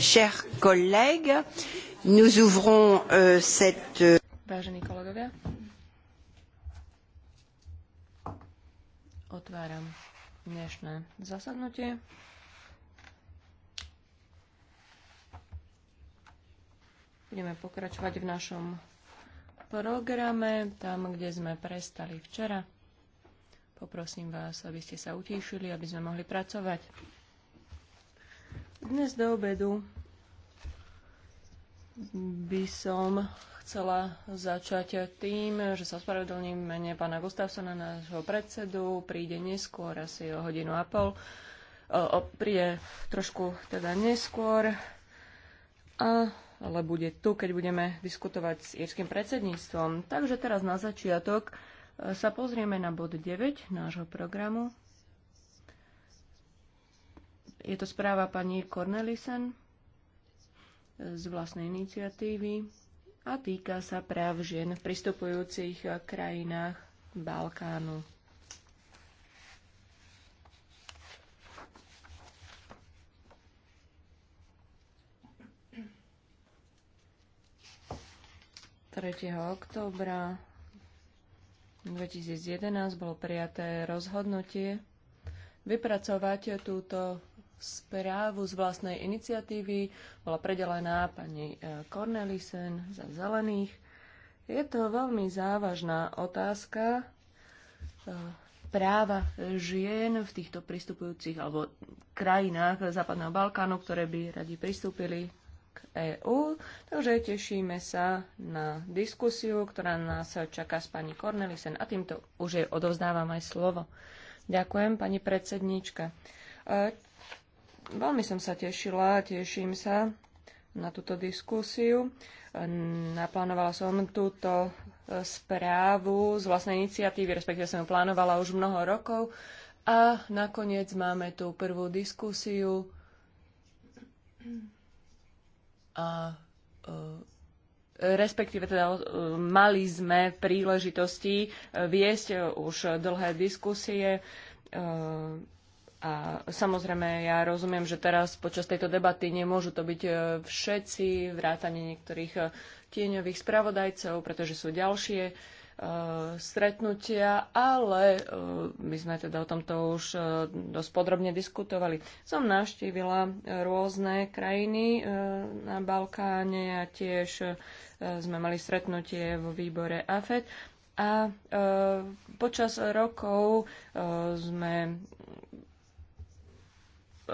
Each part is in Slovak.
chers collègues, nous ouvrons euh, cette. Euh, Vážení kolegovia, otváram dnešné zasadnutie. Budeme pokračovať v našom programe, tam, kde sme prestali včera. Poprosím vás, aby ste sa utíšili, aby sme mohli pracovať. Dnes do obedu by som chcela začať tým, že sa spravedlním mene pána Gustavsona, nášho predsedu, príde neskôr, asi o hodinu a pol, o, príde trošku teda neskôr, a, ale bude tu, keď budeme diskutovať s írským predsedníctvom. Takže teraz na začiatok e, sa pozrieme na bod 9 nášho programu. Je to správa pani Cornelisen z vlastnej iniciatívy a týka sa práv žien v pristupujúcich krajinách Balkánu. Tretieho oktobra 2011 bolo prijaté rozhodnutie vypracovať túto správu z vlastnej iniciatívy. Bola predelená pani e, Cornelisen za zelených. Je to veľmi závažná otázka e, práva žien v týchto pristupujúcich alebo krajinách Západného Balkánu, ktoré by radi pristúpili k EÚ. Takže tešíme sa na diskusiu, ktorá nás čaká s pani Cornelisen a týmto už jej odovzdávam aj slovo. Ďakujem, pani predsednička. E, Veľmi som sa tešila, teším sa na túto diskusiu. Naplánovala som túto e, správu z vlastnej iniciatívy, respektíve som ju plánovala už mnoho rokov. A nakoniec máme tu prvú diskusiu a e, respektíve teda e, mali sme príležitosti viesť už dlhé diskusie a samozrejme, ja rozumiem, že teraz počas tejto debaty nemôžu to byť e, všetci, vrátane niektorých e, tieňových spravodajcov, pretože sú ďalšie e, stretnutia, ale my sme teda o tomto už dosť podrobne diskutovali. Som navštívila rôzne krajiny na Balkáne a tiež sme mali stretnutie vo výbore AFED a počas rokov sme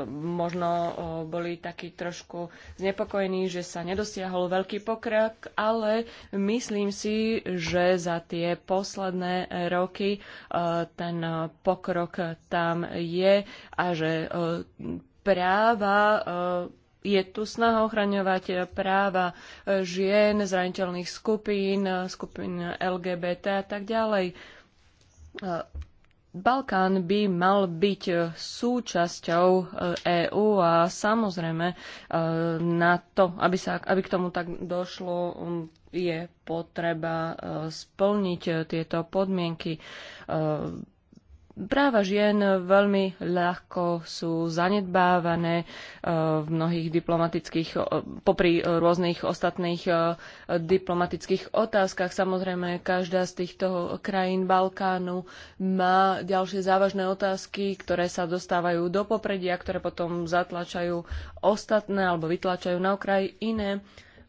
možno eh, boli takí trošku znepokojení, že sa nedosiahol veľký pokrok, ale myslím si, že za tie posledné roky eh, ten pokrok tam je a že eh, práva je tu snaha ochraňovať práva žien, zraniteľných skupín, skupín LGBT a tak ďalej Balkán by mal byť e, súčasťou EÚ e a samozrejme e, na to, aby, sa, aby k tomu tak došlo, je potreba splniť tieto podmienky. Práva žien veľmi ľahko sú zanedbávané eh, v mnohých diplomatických, eh, popri rôznych ostatných eh, diplomatických otázkach. Samozrejme, každá z týchto krajín Balkánu má ďalšie závažné otázky, ktoré sa dostávajú do popredia, ktoré potom zatlačajú ostatné alebo vytlačajú na okraj iné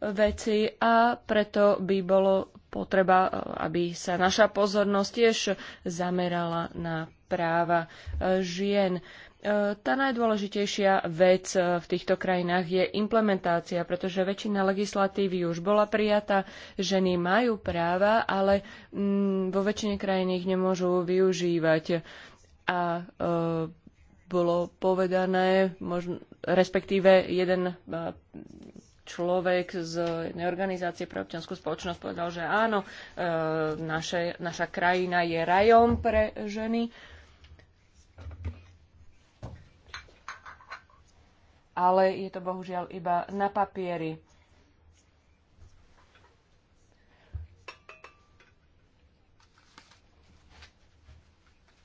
veci a preto by bolo potreba, aby sa naša pozornosť tiež zamerala na práva e, žien. E, tá najdôležitejšia vec e, v týchto krajinách je implementácia, pretože väčšina legislatívy už bola prijatá, ženy majú práva, ale mm, vo väčšine krajín ich nemôžu využívať. A bolo povedané, možno, respektíve jeden človek z jednej organizácie pre občianskú spoločnosť povedal, že áno, naše, naša krajina je rajom pre ženy. ale je to bohužiaľ iba na papieri.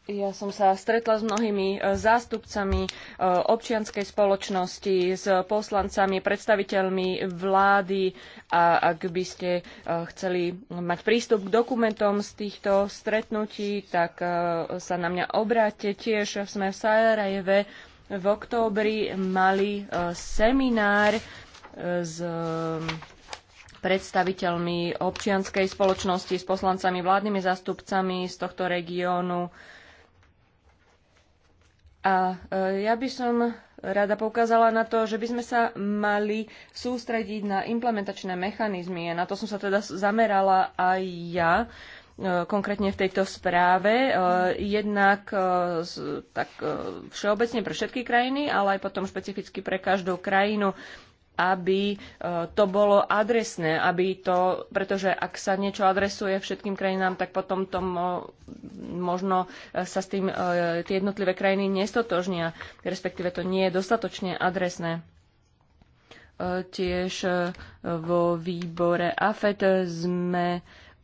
Ja som sa stretla s mnohými e, zástupcami e, občianskej spoločnosti, s poslancami, predstaviteľmi vlády a ak by ste e, chceli mať prístup k dokumentom z týchto stretnutí, tak sa na mňa obráte tiež. Sme v Sarajeve v októbri mali e, seminár e, s e, predstaviteľmi občianskej spoločnosti, s poslancami, vládnymi zástupcami z tohto regiónu. A ja by som rada poukázala na to, že by sme sa mali sústrediť na implementačné mechanizmy. A na to som sa teda zamerala aj ja E, konkrétne v tejto správe, e, jednak e, tak všeobecne pre všetky krajiny, ale aj potom špecificky pre každú krajinu, aby to bolo adresné, aby to, pretože ak sa niečo adresuje všetkým krajinám, tak potom to možno sa s tým tie jednotlivé krajiny nestotožnia, respektíve to nie je dostatočne adresné tiež vo výbore AFET sme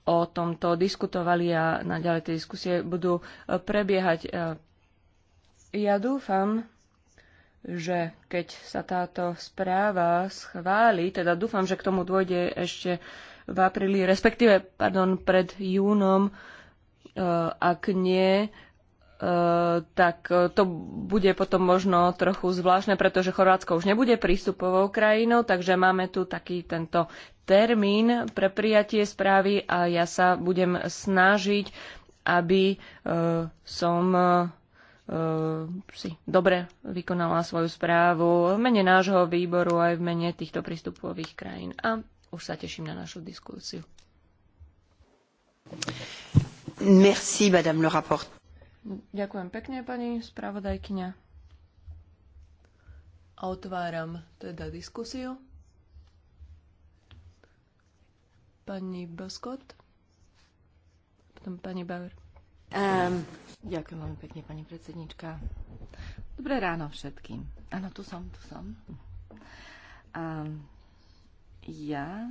o tomto diskutovali a naďalej tie diskusie budú e, prebiehať. E, ja dúfam, že keď sa táto správa schváli, teda dúfam, že k tomu dôjde ešte v apríli, respektíve, pardon, pred júnom, e, ak nie, tak to bude potom možno trochu zvláštne, pretože Chorvátsko už nebude prístupovou krajinou, takže máme tu taký tento termín pre prijatie správy a ja sa budem snažiť, aby e, som e, si dobre vykonala svoju správu v mene nášho výboru aj v mene týchto prístupových krajín. A už sa teším na našu diskusiu. Merci, madame le rapport. Ďakujem pekne, pani spravodajkyňa. otváram teda diskusiu. Pani Boskot, potom pani Bauer. Um, ďakujem veľmi pekne, pani predsednička. Dobré ráno všetkým. Áno, tu som, tu som. Um, ja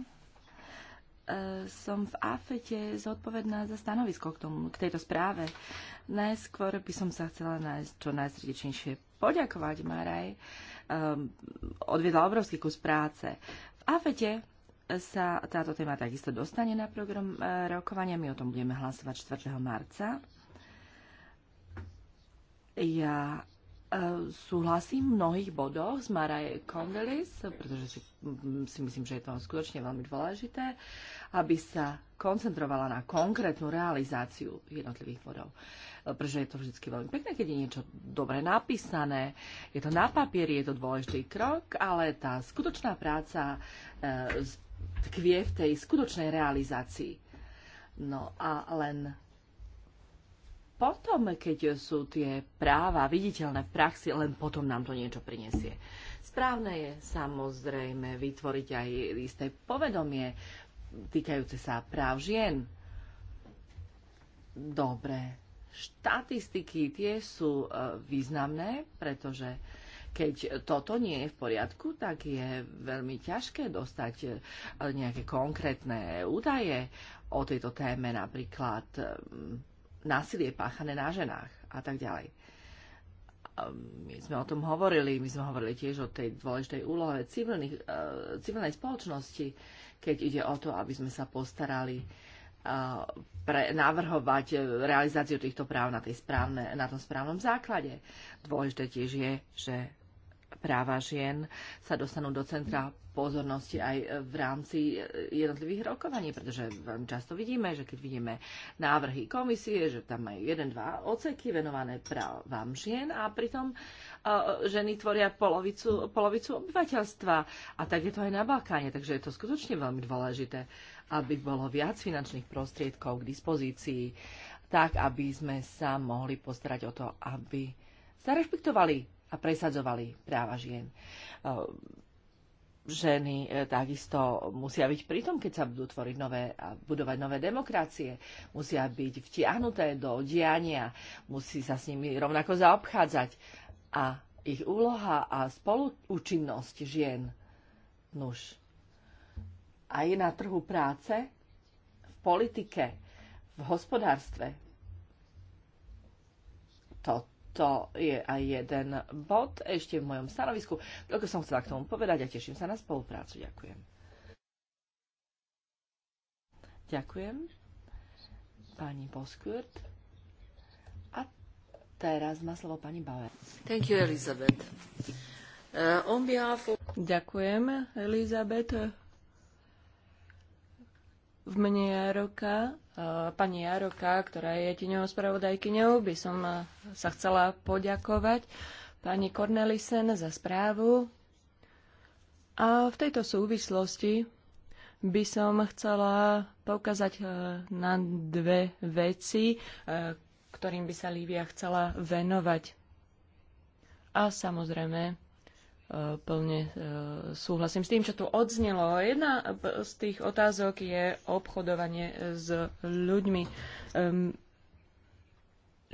e, som v AFETE zodpovedná za stanovisko k, tomu, k tejto správe. Najskôr by som sa chcela nájsť čo najsrdečnejšie poďakovať Maraj. Um, odviedla obrovský kus práce. V AFETE sa táto téma takisto dostane na program e, rokovania. My o tom budeme hlasovať 4. marca. Ja e, súhlasím v mnohých bodoch s Maraj Kondelis, pretože si, si myslím, že je to skutočne veľmi dôležité, aby sa koncentrovala na konkrétnu realizáciu jednotlivých bodov. E, pretože je to vždy veľmi pekné, keď je niečo dobre napísané, je to na papieri, je to dôležitý krok, ale tá skutočná práca tkvie v tej skutočnej realizácii. No a len potom, keď sú tie práva viditeľné v praxi, len potom nám to niečo prinesie. Správne je samozrejme vytvoriť aj isté povedomie týkajúce sa práv žien. Dobre, štatistiky tie sú e, významné, pretože keď toto nie je v poriadku, tak je veľmi ťažké dostať eh, nejaké konkrétne údaje o tejto téme, napríklad mm, násilie páchané na ženách a tak ďalej. Mm, my sme o tom hovorili, my sme hovorili tiež o tej dôležitej úlohe civilných, eh, civilnej spoločnosti, keď ide o to, aby sme sa postarali eh, pre, navrhovať realizáciu týchto práv na, tej správne, na tom správnom základe. Dôležité tiež je, že práva žien sa dostanú do centra pozornosti aj v rámci jednotlivých rokovaní, pretože veľmi často vidíme, že keď vidíme návrhy komisie, že tam majú jeden, dva oceky venované právam žien a pritom e, ženy tvoria polovicu, polovicu obyvateľstva. A tak je to aj na Balkáne, takže je to skutočne veľmi dôležité, aby bolo viac finančných prostriedkov k dispozícii, tak aby sme sa mohli postarať o to, aby sa rešpektovali a presadzovali práva žien. E, ženy e, takisto musia byť pritom, keď sa budú tvoriť nové a budovať nové demokracie. Musia byť vtiahnuté do diania, musí sa s nimi rovnako zaobchádzať. A ich úloha a spoluúčinnosť žien, nuž, aj na trhu práce, v politike, v hospodárstve, to to je aj jeden bod ešte v mojom stanovisku. Toľko som chcela k tomu povedať a teším sa na spoluprácu. Ďakujem. Ďakujem. Pani Boskurt. A teraz má slovo pani Bauer. Thank you, Elizabeth. Uh, on behalf of... Ďakujem, Elizabeth. V mene Jaroka, pani Jaroka, ktorá je tiňou spravodajkyňou, by som sa chcela poďakovať pani Cornelisen za správu. A v tejto súvislosti by som chcela poukázať e, na dve veci, e, ktorým by sa Lívia chcela venovať. A samozrejme, plne e, súhlasím s tým, čo tu odznelo. Jedna z tých otázok je obchodovanie s ľuďmi.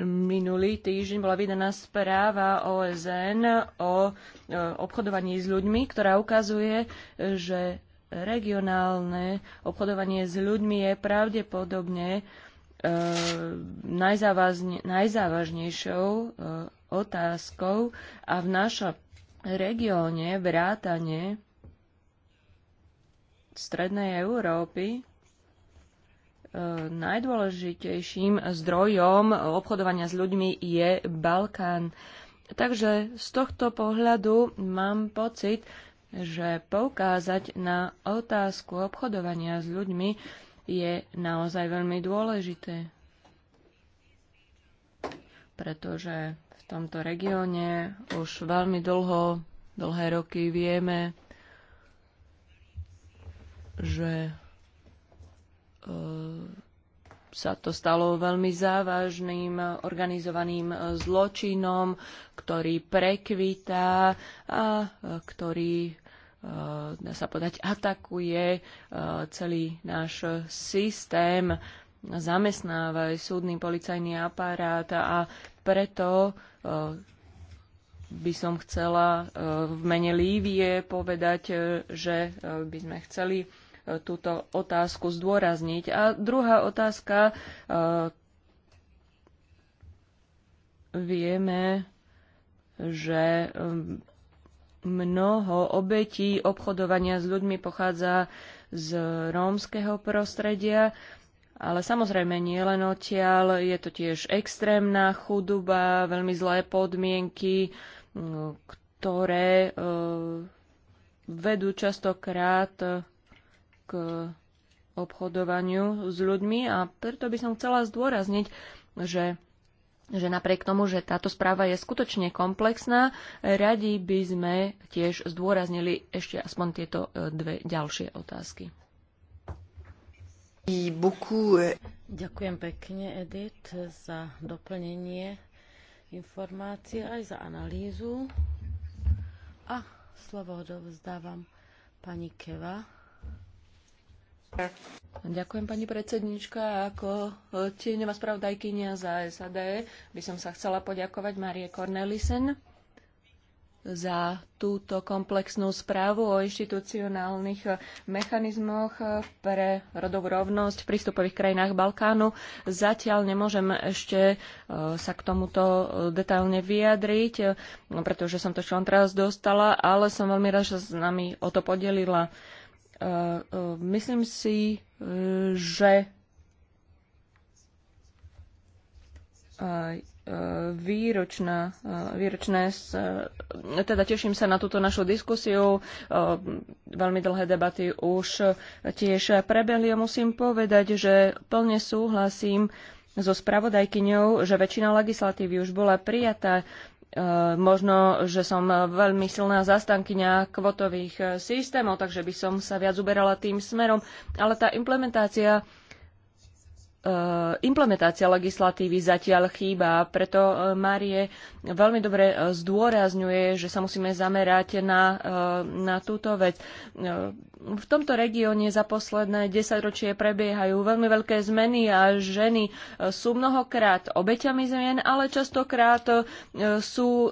Minulý týždeň bola vydaná správa OSN o e, obchodovaní s ľuďmi, ktorá ukazuje, že regionálne obchodovanie s ľuďmi je pravdepodobne e, najzávažnejšou otázkou a vnáša regióne vrátane strednej Európy e, najdôležitejším zdrojom obchodovania s ľuďmi je Balkán. Takže z tohto pohľadu mám pocit, že poukázať na otázku obchodovania s ľuďmi je naozaj veľmi dôležité. Pretože v tomto regióne. Už veľmi dlho, dlhé roky vieme, že e, sa to stalo veľmi závažným organizovaným e, zločinom, ktorý prekvitá a e, ktorý dá sa povedať, atakuje celý náš systém zamestnávajú súdny policajný aparát a preto e, by som chcela e, v mene Lívie povedať, e, že by sme chceli túto otázku zdôrazniť. A druhá otázka. Vieme, že mnoho obetí obchodovania s ľuďmi pochádza z rómskeho prostredia ale samozrejme nie len odtiaľ, je to tiež extrémna chudoba, veľmi zlé podmienky, ktoré eh, vedú častokrát eh, k obchodovaniu s ľuďmi a preto by som chcela zdôrazniť, že že napriek tomu, že táto správa je skutočne komplexná, radi by sme tiež zdôraznili ešte aspoň tieto eh, dve ďalšie otázky. Ďakujem pekne, Edith, za doplnenie informácie aj za analýzu. A slovo dovzdávam pani Keva. Ďakujem pani predsednička. Ako tieňová spravodajkynia za SAD by som sa chcela poďakovať Marie Cornelisen za túto komplexnú správu o inštitucionálnych eh, mechanizmoch eh, pre rodovú rovnosť v prístupových krajinách Balkánu. Zatiaľ nemôžem ešte eh, sa k tomuto detailne vyjadriť, pretože som to čo teraz dostala, ale som veľmi rád, že s nami o to podelila. Myslím si, že E, výročná, e, výročné, e, teda teším sa na túto našu diskusiu. Veľmi dlhé debaty už tiež prebehli a musím povedať, že plne súhlasím so spravodajkyňou, že väčšina legislatívy už bola prijatá. Možno, že som veľmi silná zastankyňa kvotových systémov, takže by som sa viac uberala tým smerom, ale tá implementácia E, implementácia legislatívy zatiaľ chýba. Preto e, Márie veľmi dobre e, zdôrazňuje, že sa musíme zamerať na, na túto vec. V tomto regióne za posledné desaťročie prebiehajú veľmi veľké zmeny a ženy sú mnohokrát obeťami zmien, ale častokrát sú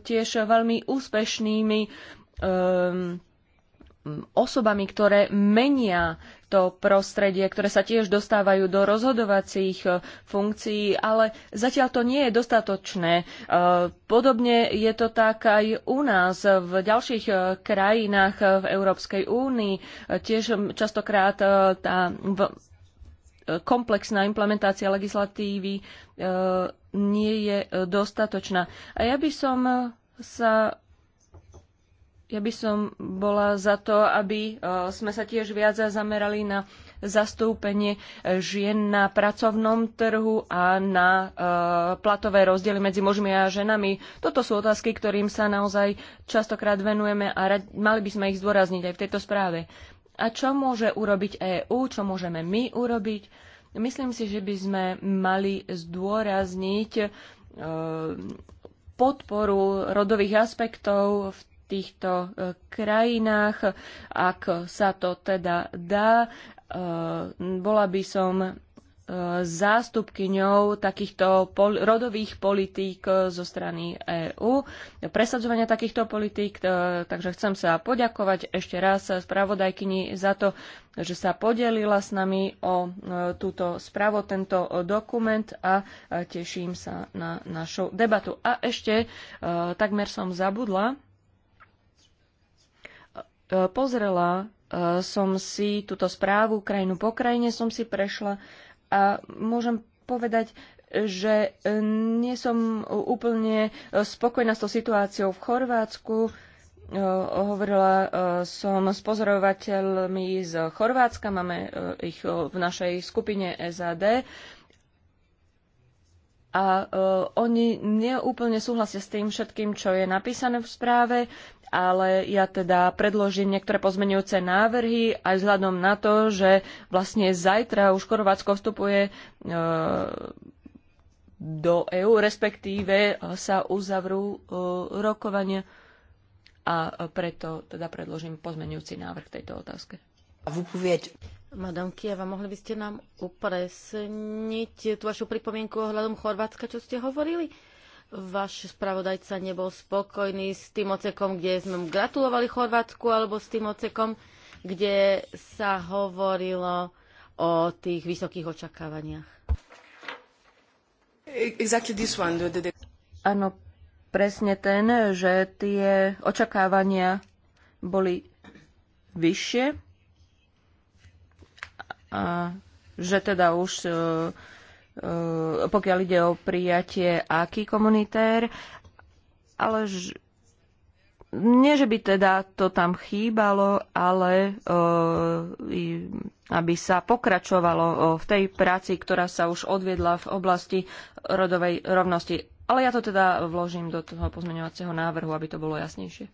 tiež veľmi úspešnými um, osobami, ktoré menia to prostredie, ktoré sa tiež dostávajú do rozhodovacích e, funkcií, ale zatiaľ to nie je dostatočné. E, podobne je to tak aj u nás v ďalších e, krajinách v Európskej únii. Tiež častokrát tá komplexná implementácia legislatívy nie je dostatočná. A ja by som sa ja by som bola za to, aby e, sme sa tiež viac zamerali na zastúpenie e, žien na pracovnom trhu a na e, platové rozdiely medzi mužmi a ženami. Toto sú otázky, ktorým sa naozaj častokrát venujeme a mali by sme ich zdôrazniť aj v tejto správe. A čo môže urobiť EÚ, čo môžeme my urobiť? Myslím si, že by sme mali zdôrazniť podporu rodových aspektov v týchto e, krajinách. Ak sa to teda dá, e, bola by som e, zástupkyňou takýchto pol- rodových politík zo strany EÚ, presadzovania takýchto politík, takže chcem sa poďakovať ešte raz spravodajkyni za to, že sa podelila s nami o túto správu, tento dokument a teším sa na našu debatu. A ešte takmer som zabudla, E, pozrela e, som si túto správu krajinu po krajine, som si prešla a môžem povedať, že e, nie som úplne spokojná s tou situáciou v Chorvátsku. Hovorila som s pozorovateľmi z Chorvátska, máme ich v našej skupine SAD a uh, oni neúplne súhlasia s tým všetkým, čo je napísané v správe, ale ja teda predložím niektoré pozmenujúce návrhy aj vzhľadom na to, že vlastne zajtra už Chorvátsko vstupuje uh, do EÚ, respektíve sa uzavrú uh, rokovania a preto teda predložím pozmenujúci návrh tejto otázke. Madam Kieva, mohli by ste nám upresniť tú vašu pripomienku ohľadom Chorvátska, čo ste hovorili? Váš spravodajca nebol spokojný s tým ocekom, kde sme mu gratulovali Chorvátsku, alebo s tým ocekom, kde sa hovorilo o tých vysokých očakávaniach. Áno, presne ten, že tie očakávania boli vyššie že teda už e, e, pokiaľ ide o prijatie aký komunitér, ale nie, že by teda to tam chýbalo, ale e, aby sa pokračovalo v tej práci, ktorá sa už odviedla v oblasti rodovej rovnosti. Ale ja to teda vložím do toho pozmeňovacieho návrhu, aby to bolo jasnejšie.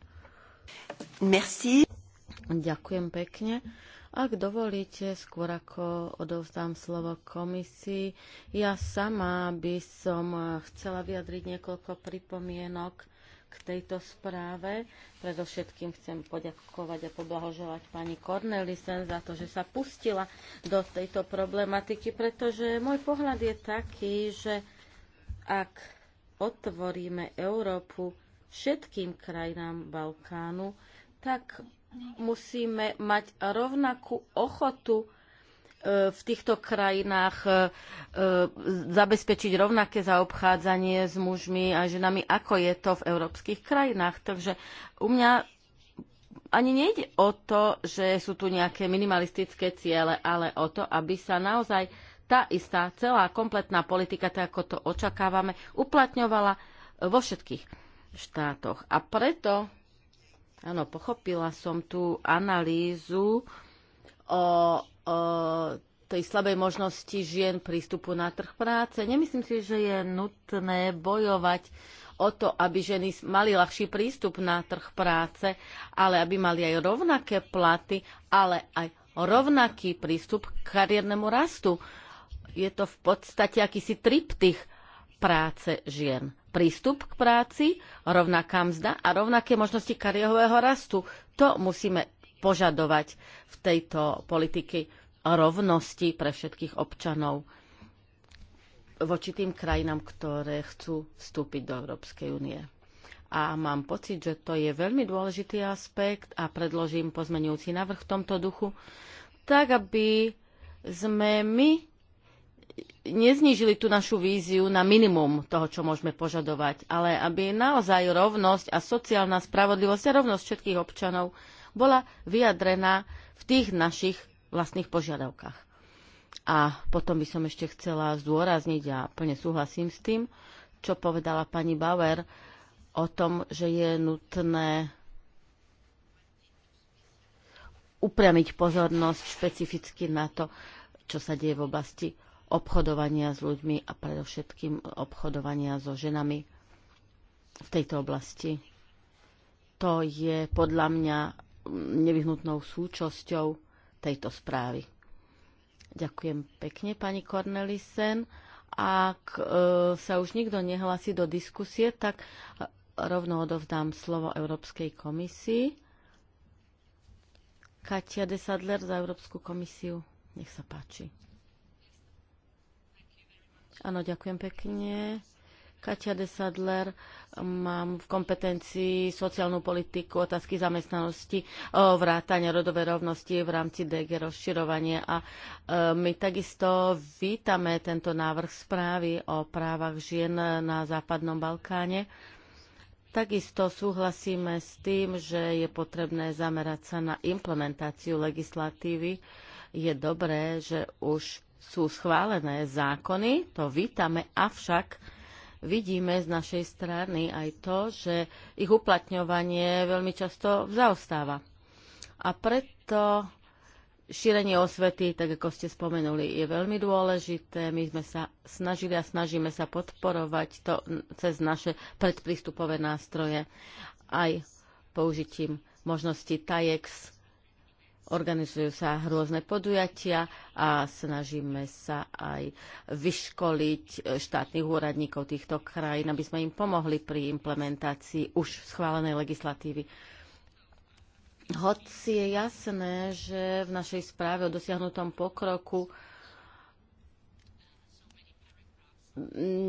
Merci. Ďakujem pekne. Ak dovolíte, skôr ako odovzdám slovo komisii, ja sama by som eh, chcela vyjadriť niekoľko pripomienok k tejto správe. Predovšetkým chcem poďakovať a poblahoželať pani Cornelisen za to, že sa pustila do tejto problematiky, pretože môj pohľad je taký, že ak otvoríme Európu všetkým krajinám Balkánu, tak musíme mať rovnakú ochotu e, v týchto krajinách e, e, zabezpečiť rovnaké zaobchádzanie s mužmi a ženami, ako je to v európskych krajinách. Takže u mňa ani nejde o to, že sú tu nejaké minimalistické ciele, ale o to, aby sa naozaj tá istá celá kompletná politika, tak ako to očakávame, uplatňovala vo všetkých štátoch. A preto Áno, pochopila som tú analýzu o, o tej slabej možnosti žien prístupu na trh práce. Nemyslím si, že je nutné bojovať o to, aby ženy mali ľahší prístup na trh práce, ale aby mali aj rovnaké platy, ale aj rovnaký prístup k kariérnemu rastu. Je to v podstate akýsi triptych práce žien prístup k práci, rovnaká mzda a rovnaké možnosti kariérového rastu. To musíme požadovať v tejto politike rovnosti pre všetkých občanov voči tým krajinám, ktoré chcú vstúpiť do Európskej únie. A mám pocit, že to je veľmi dôležitý aspekt a predložím pozmenujúci návrh v tomto duchu, tak aby sme my neznížili tú našu víziu na minimum toho, čo môžeme požadovať, ale aby naozaj rovnosť a sociálna spravodlivosť a rovnosť všetkých občanov bola vyjadrená v tých našich vlastných požiadavkách. A potom by som ešte chcela zdôrazniť, a plne súhlasím s tým, čo povedala pani Bauer o tom, že je nutné upriamiť pozornosť špecificky na to, čo sa deje v oblasti obchodovania s ľuďmi a predovšetkým obchodovania so ženami v tejto oblasti. To je podľa mňa nevyhnutnou súčasťou tejto správy. Ďakujem pekne, pani Cornelisen. Ak e, sa už nikto nehlasí do diskusie, tak rovno odovzdám slovo Európskej komisii. Katia Desadler za Európsku komisiu. Nech sa páči. Áno, ďakujem pekne. Katia Desadler, mám v kompetencii sociálnu politiku, otázky zamestnanosti, vrátania rodovej rovnosti v rámci DG rozširovanie a e, my takisto vítame tento návrh správy o právach žien na Západnom Balkáne. Takisto súhlasíme s tým, že je potrebné zamerať sa na implementáciu legislatívy. Je dobré, že už sú schválené zákony, to vítame, avšak vidíme z našej strany aj to, že ich uplatňovanie veľmi často zaostáva. A preto šírenie osvety, tak ako ste spomenuli, je veľmi dôležité. My sme sa snažili a snažíme sa podporovať to cez naše predprístupové nástroje aj použitím možnosti TAIEX, Organizujú sa rôzne podujatia a snažíme sa aj vyškoliť e, štátnych úradníkov týchto krajín, aby sme im pomohli pri implementácii už schválenej legislatívy. Hoci je jasné, že v našej správe o dosiahnutom pokroku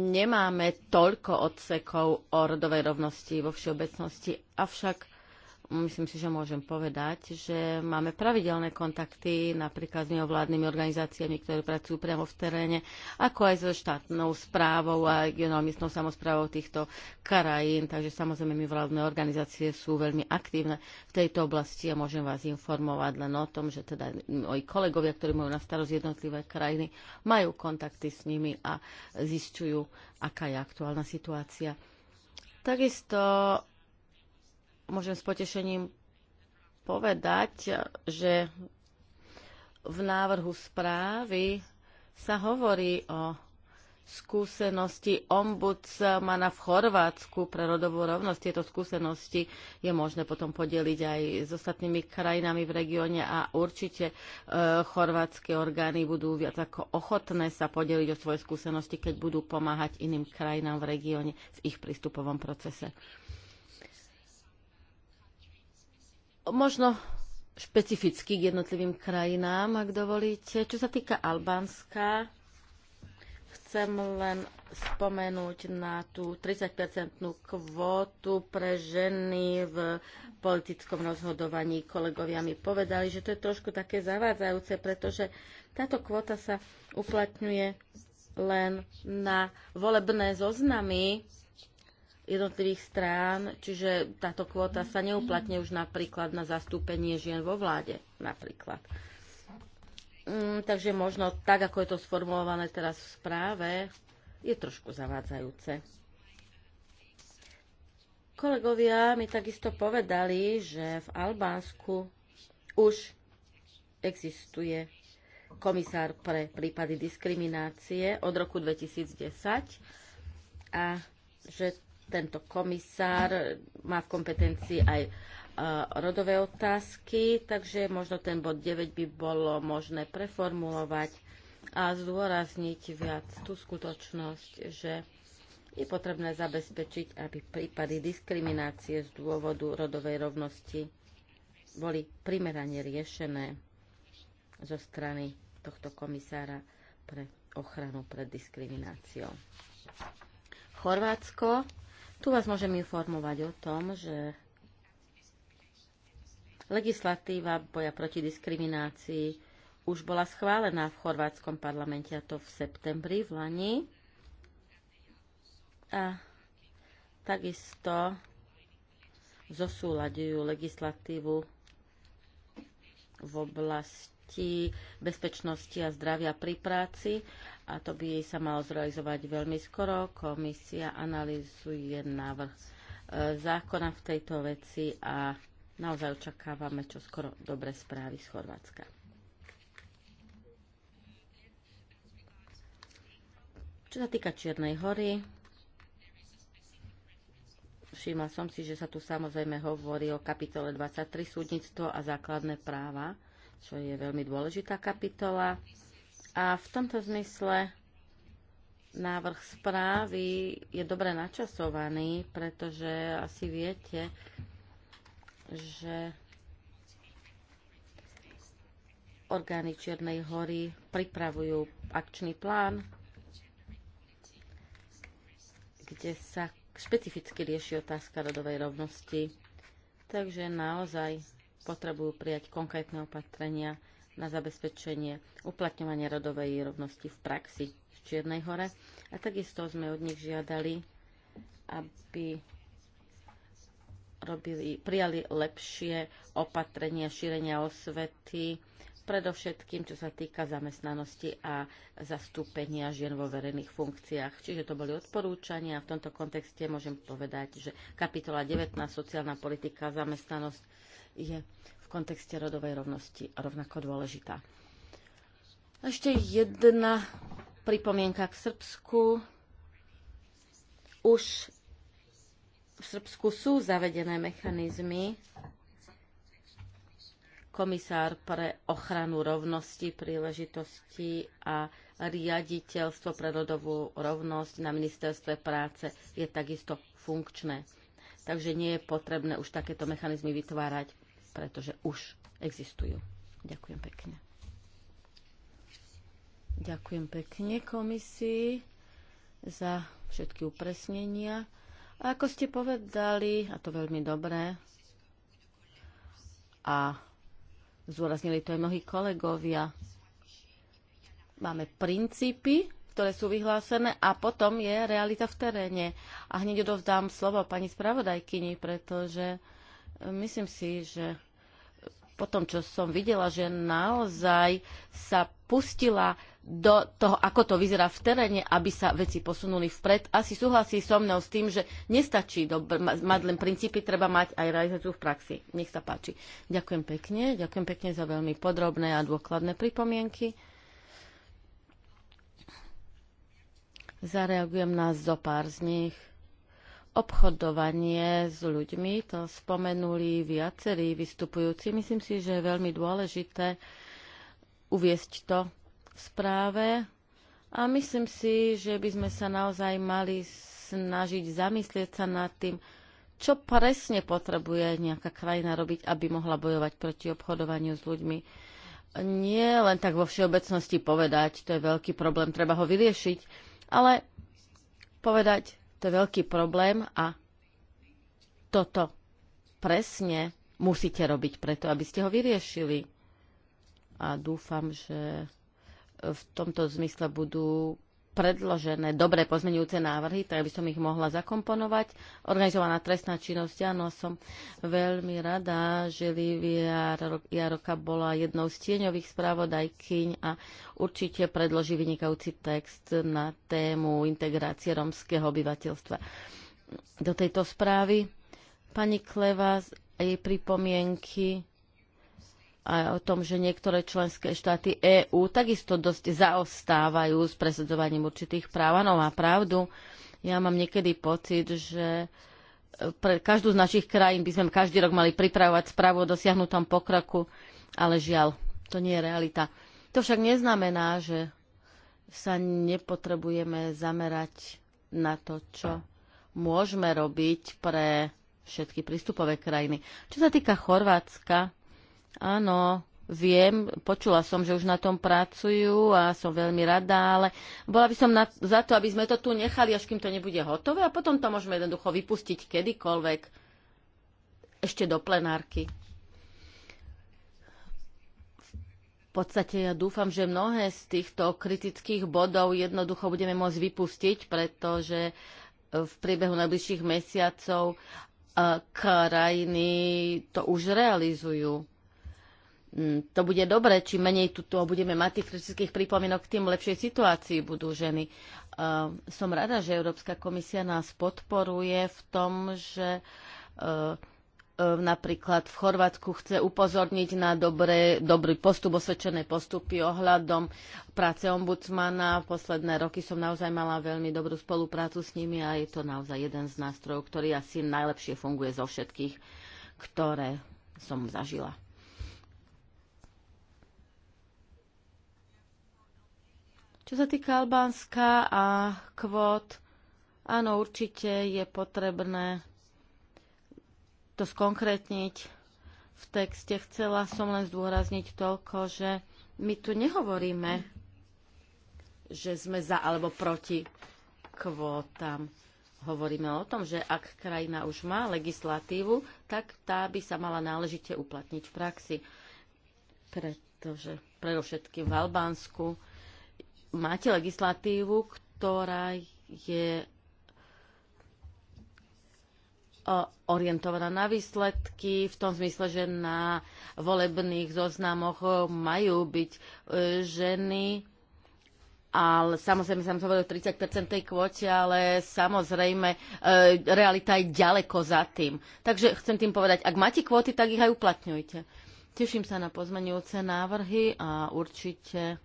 nemáme toľko odsekov o rodovej rovnosti vo všeobecnosti, avšak myslím si, že môžem povedať, že máme pravidelné kontakty napríklad s neovládnymi organizáciami, ktoré pracujú priamo v teréne, ako aj so štátnou správou a regionálnou samozprávou týchto krajín. Takže samozrejme my vládne organizácie sú veľmi aktívne v tejto oblasti a môžem vás informovať len o tom, že teda moji kolegovia, ktorí majú na starosť jednotlivé krajiny, majú kontakty s nimi a zistujú, aká je aktuálna situácia. Takisto môžem s potešením povedať, že v návrhu správy sa hovorí o skúsenosti ombudsmana v Chorvátsku pre rodovú rovnosť. Tieto skúsenosti je možné potom podeliť aj s ostatnými krajinami v regióne a určite e, chorvátske orgány budú viac ako ochotné sa podeliť o svoje skúsenosti, keď budú pomáhať iným krajinám v regióne v ich prístupovom procese. Možno špecificky k jednotlivým krajinám, ak dovolíte. Čo sa týka Albánska, chcem len spomenúť na tú 30-percentnú kvótu pre ženy v politickom rozhodovaní. Kolegovia mi povedali, že to je trošku také zavádzajúce, pretože táto kvóta sa uplatňuje len na volebné zoznamy jednotlivých strán, čiže táto kvóta sa neuplatne už napríklad na zastúpenie žien vo vláde napríklad. Mm, takže možno tak, ako je to sformulované teraz v správe, je trošku zavádzajúce. Kolegovia mi takisto povedali, že v Albánsku už existuje komisár pre prípady diskriminácie od roku 2010 a že tento komisár má v kompetencii aj e, rodové otázky, takže možno ten bod 9 by bolo možné preformulovať a zdôrazniť viac tú skutočnosť, že je potrebné zabezpečiť, aby prípady diskriminácie z dôvodu rodovej rovnosti boli primerane riešené zo strany tohto komisára pre ochranu pred diskrimináciou. Chorvátsko tu vás môžem informovať o tom, že legislatíva boja proti diskriminácii už bola schválená v chorvátskom parlamente, a to v septembri v Lani. A takisto zosúľadujú legislatívu v oblasti bezpečnosti a zdravia pri práci a to by sa malo zrealizovať veľmi skoro. Komisia analýzuje návrh e, zákona v tejto veci a naozaj očakávame čo skoro dobré správy z Chorvátska. Čo sa týka Čiernej hory, všimla som si, že sa tu samozrejme hovorí o kapitole 23 súdnictvo a základné práva, čo je veľmi dôležitá kapitola. A v tomto zmysle návrh správy je dobre načasovaný, pretože asi viete, že orgány Čiernej hory pripravujú akčný plán, kde sa špecificky rieši otázka rodovej rovnosti. Takže naozaj potrebujú prijať konkrétne opatrenia na zabezpečenie uplatňovania rodovej rovnosti v praxi v Čiernej hore. A takisto sme od nich žiadali, aby robili, prijali lepšie opatrenia šírenia osvety, predovšetkým čo sa týka zamestnanosti a zastúpenia žien vo verejných funkciách. Čiže to boli odporúčania a v tomto kontexte môžem povedať, že kapitola 19 sociálna politika a zamestnanosť je kontexte rodovej rovnosti rovnako dôležitá. Ešte jedna pripomienka k Srbsku. Už v Srbsku sú zavedené mechanizmy. Komisár pre ochranu rovnosti, príležitosti a riaditeľstvo pre rodovú rovnosť na ministerstve práce je takisto funkčné. Takže nie je potrebné už takéto mechanizmy vytvárať pretože už existujú. Ďakujem pekne. Ďakujem pekne komisii za všetky upresnenia. A ako ste povedali, a to veľmi dobré, a zúraznili to aj mnohí kolegovia, máme princípy, ktoré sú vyhlásené a potom je realita v teréne. A hneď odovzdám slovo pani spravodajkyni, pretože Myslím si, že po tom, čo som videla, že naozaj sa pustila do toho, ako to vyzerá v teréne, aby sa veci posunuli vpred. Asi súhlasí so mnou s tým, že nestačí do, mať len princípy, treba mať aj realizáciu v praxi. Nech sa páči. Ďakujem pekne, ďakujem pekne za veľmi podrobné a dôkladné pripomienky. Zareagujem na zo pár z nich obchodovanie s ľuďmi, to spomenuli viacerí vystupujúci. Myslím si, že je veľmi dôležité uviesť to v správe a myslím si, že by sme sa naozaj mali snažiť zamyslieť sa nad tým, čo presne potrebuje nejaká krajina robiť, aby mohla bojovať proti obchodovaniu s ľuďmi. Nie len tak vo všeobecnosti povedať, to je veľký problém, treba ho vyriešiť, ale povedať, to je veľký problém a toto presne musíte robiť preto, aby ste ho vyriešili. A dúfam, že v tomto zmysle budú predložené dobré pozmenujúce návrhy, tak by som ich mohla zakomponovať. Organizovaná trestná činnosť, áno, som veľmi rada, že Lívia Jaroka bola jednou z tieňových spravodajkyň a určite predloží vynikajúci text na tému integrácie romského obyvateľstva. Do tejto správy pani Kleva a jej pripomienky a o tom, že niektoré členské štáty EÚ takisto dosť zaostávajú s presadzovaním určitých práv. Áno, má pravdu. Ja mám niekedy pocit, že e, pre každú z našich krajín by sme každý rok mali pripravovať správu o dosiahnutom pokroku, ale žiaľ, to nie je realita. To však neznamená, že sa nepotrebujeme zamerať na to, čo môžeme robiť pre všetky prístupové krajiny. Čo sa týka Chorvátska, Áno, viem, počula som, že už na tom pracujú a som veľmi rada, ale bola by som na, za to, aby sme to tu nechali, až kým to nebude hotové a potom to môžeme jednoducho vypustiť kedykoľvek ešte do plenárky. V podstate ja dúfam, že mnohé z týchto kritických bodov jednoducho budeme môcť vypustiť, pretože e, v priebehu najbližších mesiacov e, krajiny to už realizujú Mm, to bude dobre, čím menej tu budeme mať tých kritických pripomienok, tým lepšej situácii budú ženy. Uh, som rada, že Európska komisia nás podporuje v tom, že uh, uh, napríklad v Chorvátsku chce upozorniť na dobré, dobrý postup, osvedčené postupy ohľadom práce ombudsmana. V posledné roky som naozaj mala veľmi dobrú spoluprácu s nimi a je to naozaj jeden z nástrojov, ktorý asi najlepšie funguje zo všetkých, ktoré som zažila. Čo sa týka Albánska a kvót, áno, určite je potrebné to skonkrétniť v texte. Chcela som len zdôrazniť toľko, že my tu nehovoríme, že sme za alebo proti kvótam. Hovoríme o tom, že ak krajina už má legislatívu, tak tá by sa mala náležite uplatniť v praxi. Pretože predovšetkým v Albánsku máte legislatívu, ktorá je e, orientovaná na výsledky v tom zmysle, že na volebných zoznamoch majú byť e, ženy, ale samozrejme, som hovoril o 30 tej kvote, ale samozrejme, e, realita je ďaleko za tým. Takže chcem tým povedať, ak máte kvóty, tak ich aj uplatňujte. Teším sa na pozmenujúce návrhy a určite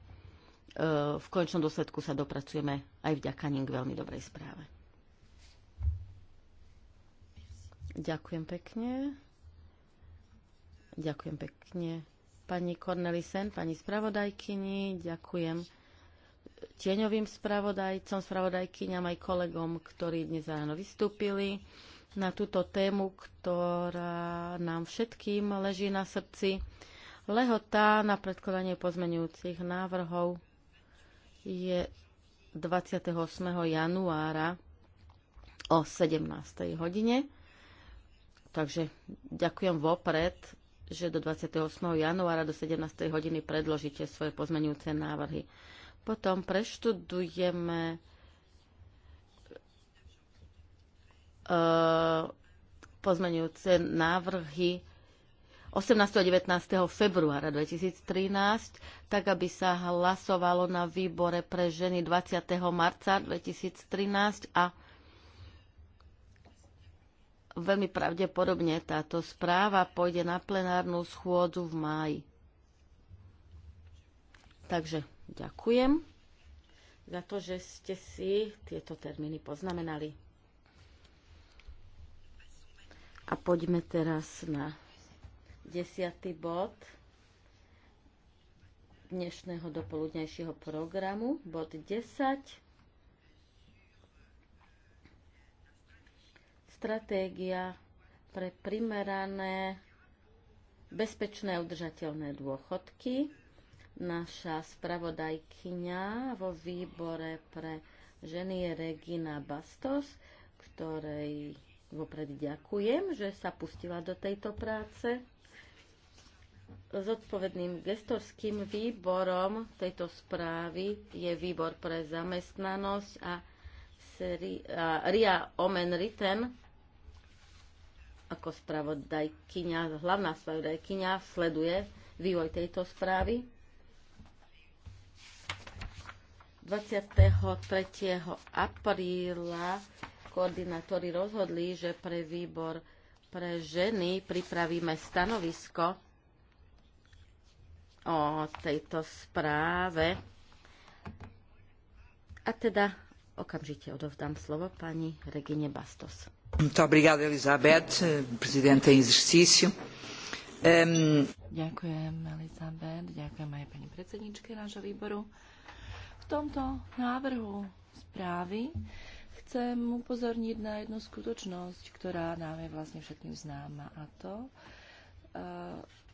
E, v končnom dôsledku sa dopracujeme aj vďaka ním k veľmi dobrej správe. Ďakujem pekne. Ďakujem pekne pani Cornelisen, pani spravodajkyni, ďakujem tieňovým spravodajcom, spravodajkyňam aj kolegom, ktorí dnes ráno vystúpili na túto tému, ktorá nám všetkým leží na srdci. Lehota na predkladanie pozmenujúcich návrhov je 28. januára o 17. hodine. Takže ďakujem vopred, že do 28. januára do 17. hodiny predložíte svoje pozmenujúce návrhy. Potom preštudujeme e, pozmenujúce návrhy 18. a 19. februára 2013, tak aby sa hlasovalo na výbore pre ženy 20. marca 2013 a veľmi pravdepodobne táto správa pôjde na plenárnu schôdzu v máji. Takže ďakujem za to, že ste si tieto termíny poznamenali. A poďme teraz na desiatý bod dnešného dopoludnejšieho programu, bod 10. Stratégia pre primerané bezpečné a udržateľné dôchodky. Naša spravodajkyňa vo výbore pre ženy je Regina Bastos, ktorej vopred ďakujem, že sa pustila do tejto práce Zodpovedným gestorským výborom tejto správy je výbor pre zamestnanosť a, seri, a Ria Omen Riten ako spravodajkynia, hlavná spravodajkynia sleduje vývoj tejto správy. 23. apríla koordinátori rozhodli, že pre výbor pre ženy pripravíme stanovisko o tejto správe. A teda okamžite odovzdám slovo pani Regine Bastos. Muito obrigada, Elizabeth, presidente em exercício. Um... Ďakujem, Elizabeth, ďakujem aj pani predsedničke nášho výboru. V tomto návrhu správy chcem upozorniť na jednu skutočnosť, ktorá nám je vlastne všetkým známa a to, uh,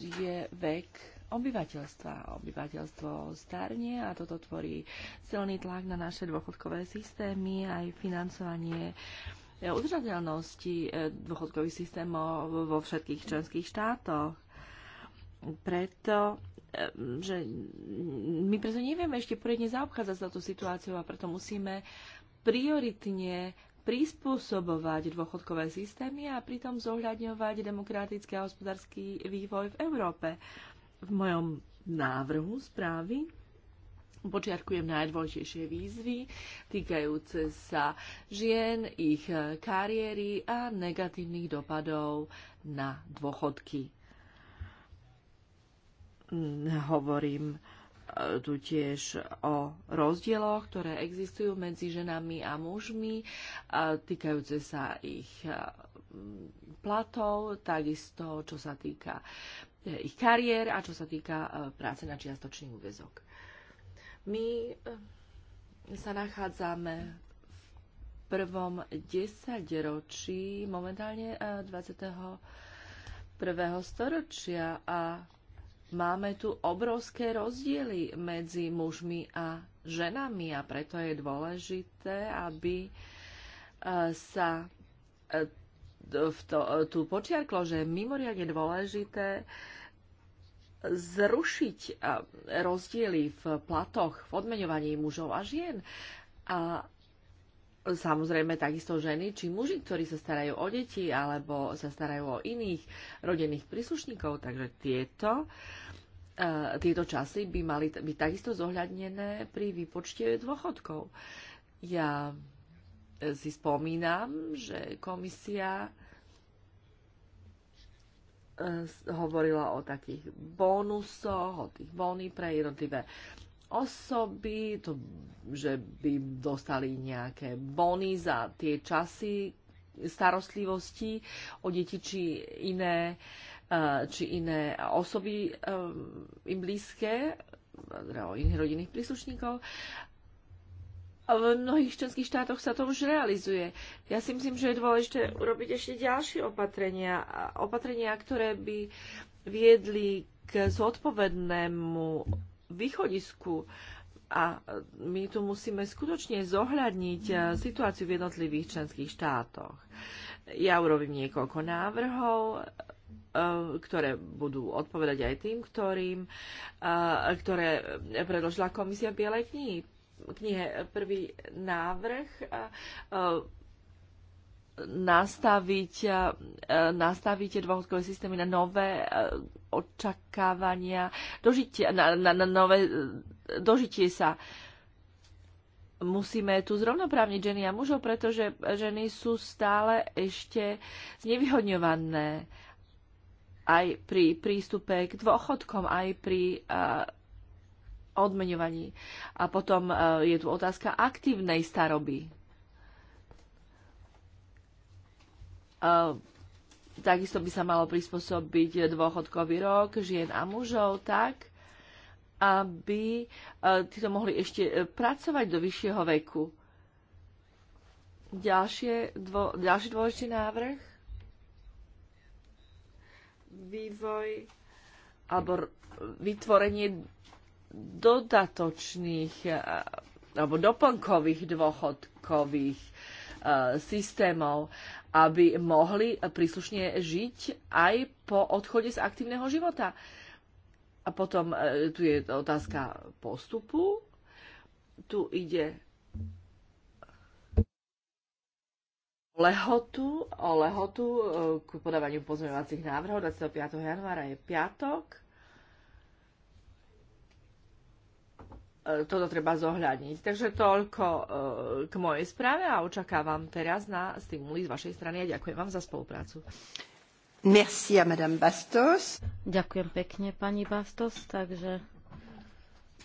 je vek obyvateľstva. Obyvateľstvo starne a toto tvorí silný tlak na naše dôchodkové systémy, aj financovanie udržateľnosti eh, dôchodkových systémov vo všetkých členských štátoch. Preto eh, že my preto nevieme ešte poriadne zaobchádzať s touto situáciou a preto musíme prioritne prispôsobovať dôchodkové systémy a pritom zohľadňovať demokratický a hospodársky vývoj v Európe. V mojom návrhu správy počiarkujem najdôležitejšie výzvy týkajúce sa žien, ich kariéry a negatívnych dopadov na dôchodky. Hovorím tu tiež o rozdieloch, ktoré existujú medzi ženami a mužmi, týkajúce sa ich platov, takisto čo sa týka e, ich kariér a čo sa týka e, práce na čiastočný úvezok. My e, sa nachádzame v prvom desaťročí momentálne 21. storočia a Máme tu obrovské rozdiely medzi mužmi a ženami a preto je dôležité, aby e, sa e, v to, e, tu počiarklo, že je mimoriadne dôležité zrušiť rozdiely v platoch, v odmeňovaní mužov a žien. A samozrejme takisto ženy či muži, ktorí sa starajú o deti alebo sa starajú o iných rodinných príslušníkov. Takže tieto, e, tieto časy by mali byť takisto zohľadnené pri výpočte dôchodkov. Ja si spomínam, že komisia e, hovorila o takých bónusoch, o tých bóny pre jednotlivé osoby, to, že by dostali nejaké bony za tie časy starostlivosti o deti či iné, e, či iné osoby e, im blízke, teda o iných rodinných príslušníkov. V mnohých členských štátoch sa to už realizuje. Ja si myslím, že je dôležité urobiť ešte ďalšie opatrenia, opatrenia, ktoré by viedli k zodpovednému východisku a my tu musíme skutočne zohľadniť e, situáciu v jednotlivých členských štátoch. Ja urobím niekoľko návrhov, e, ktoré budú odpovedať aj tým, ktorým, e, ktoré predložila komisia Bielej knihy. knihe. Prvý návrh nastaviť, nastaviť dôchodkové systémy na nové očakávania, dožitie, na, na, na nové dožitie sa. Musíme tu zrovnoprávniť ženy a mužov, pretože ženy sú stále ešte znevyhodňované aj pri prístupe k dôchodkom, aj pri uh, odmeňovaní. A potom uh, je tu otázka aktívnej staroby. Uh, Takisto by sa malo prispôsobiť dôchodkový rok žien a mužov tak, aby e, títo mohli ešte e, pracovať do vyššieho veku. Ďalšie, dvo, ďalší dôležitý návrh. Vývoj alebo vytvorenie dodatočných e, alebo doplnkových dôchodkových systémov aby mohli príslušne žiť aj po odchode z aktívneho života. A potom e, tu je otázka postupu. Tu ide lehotu, o lehotu e, k podávaniu pozmeňovacích návrhov 25. januára je piatok E, toto treba zohľadniť. Takže toľko e, k mojej správe a očakávam teraz na stimuli z vašej strany a ďakujem vám za spoluprácu. Merci a Madame Bastos. Ďakujem pekne, pani Bastos. Takže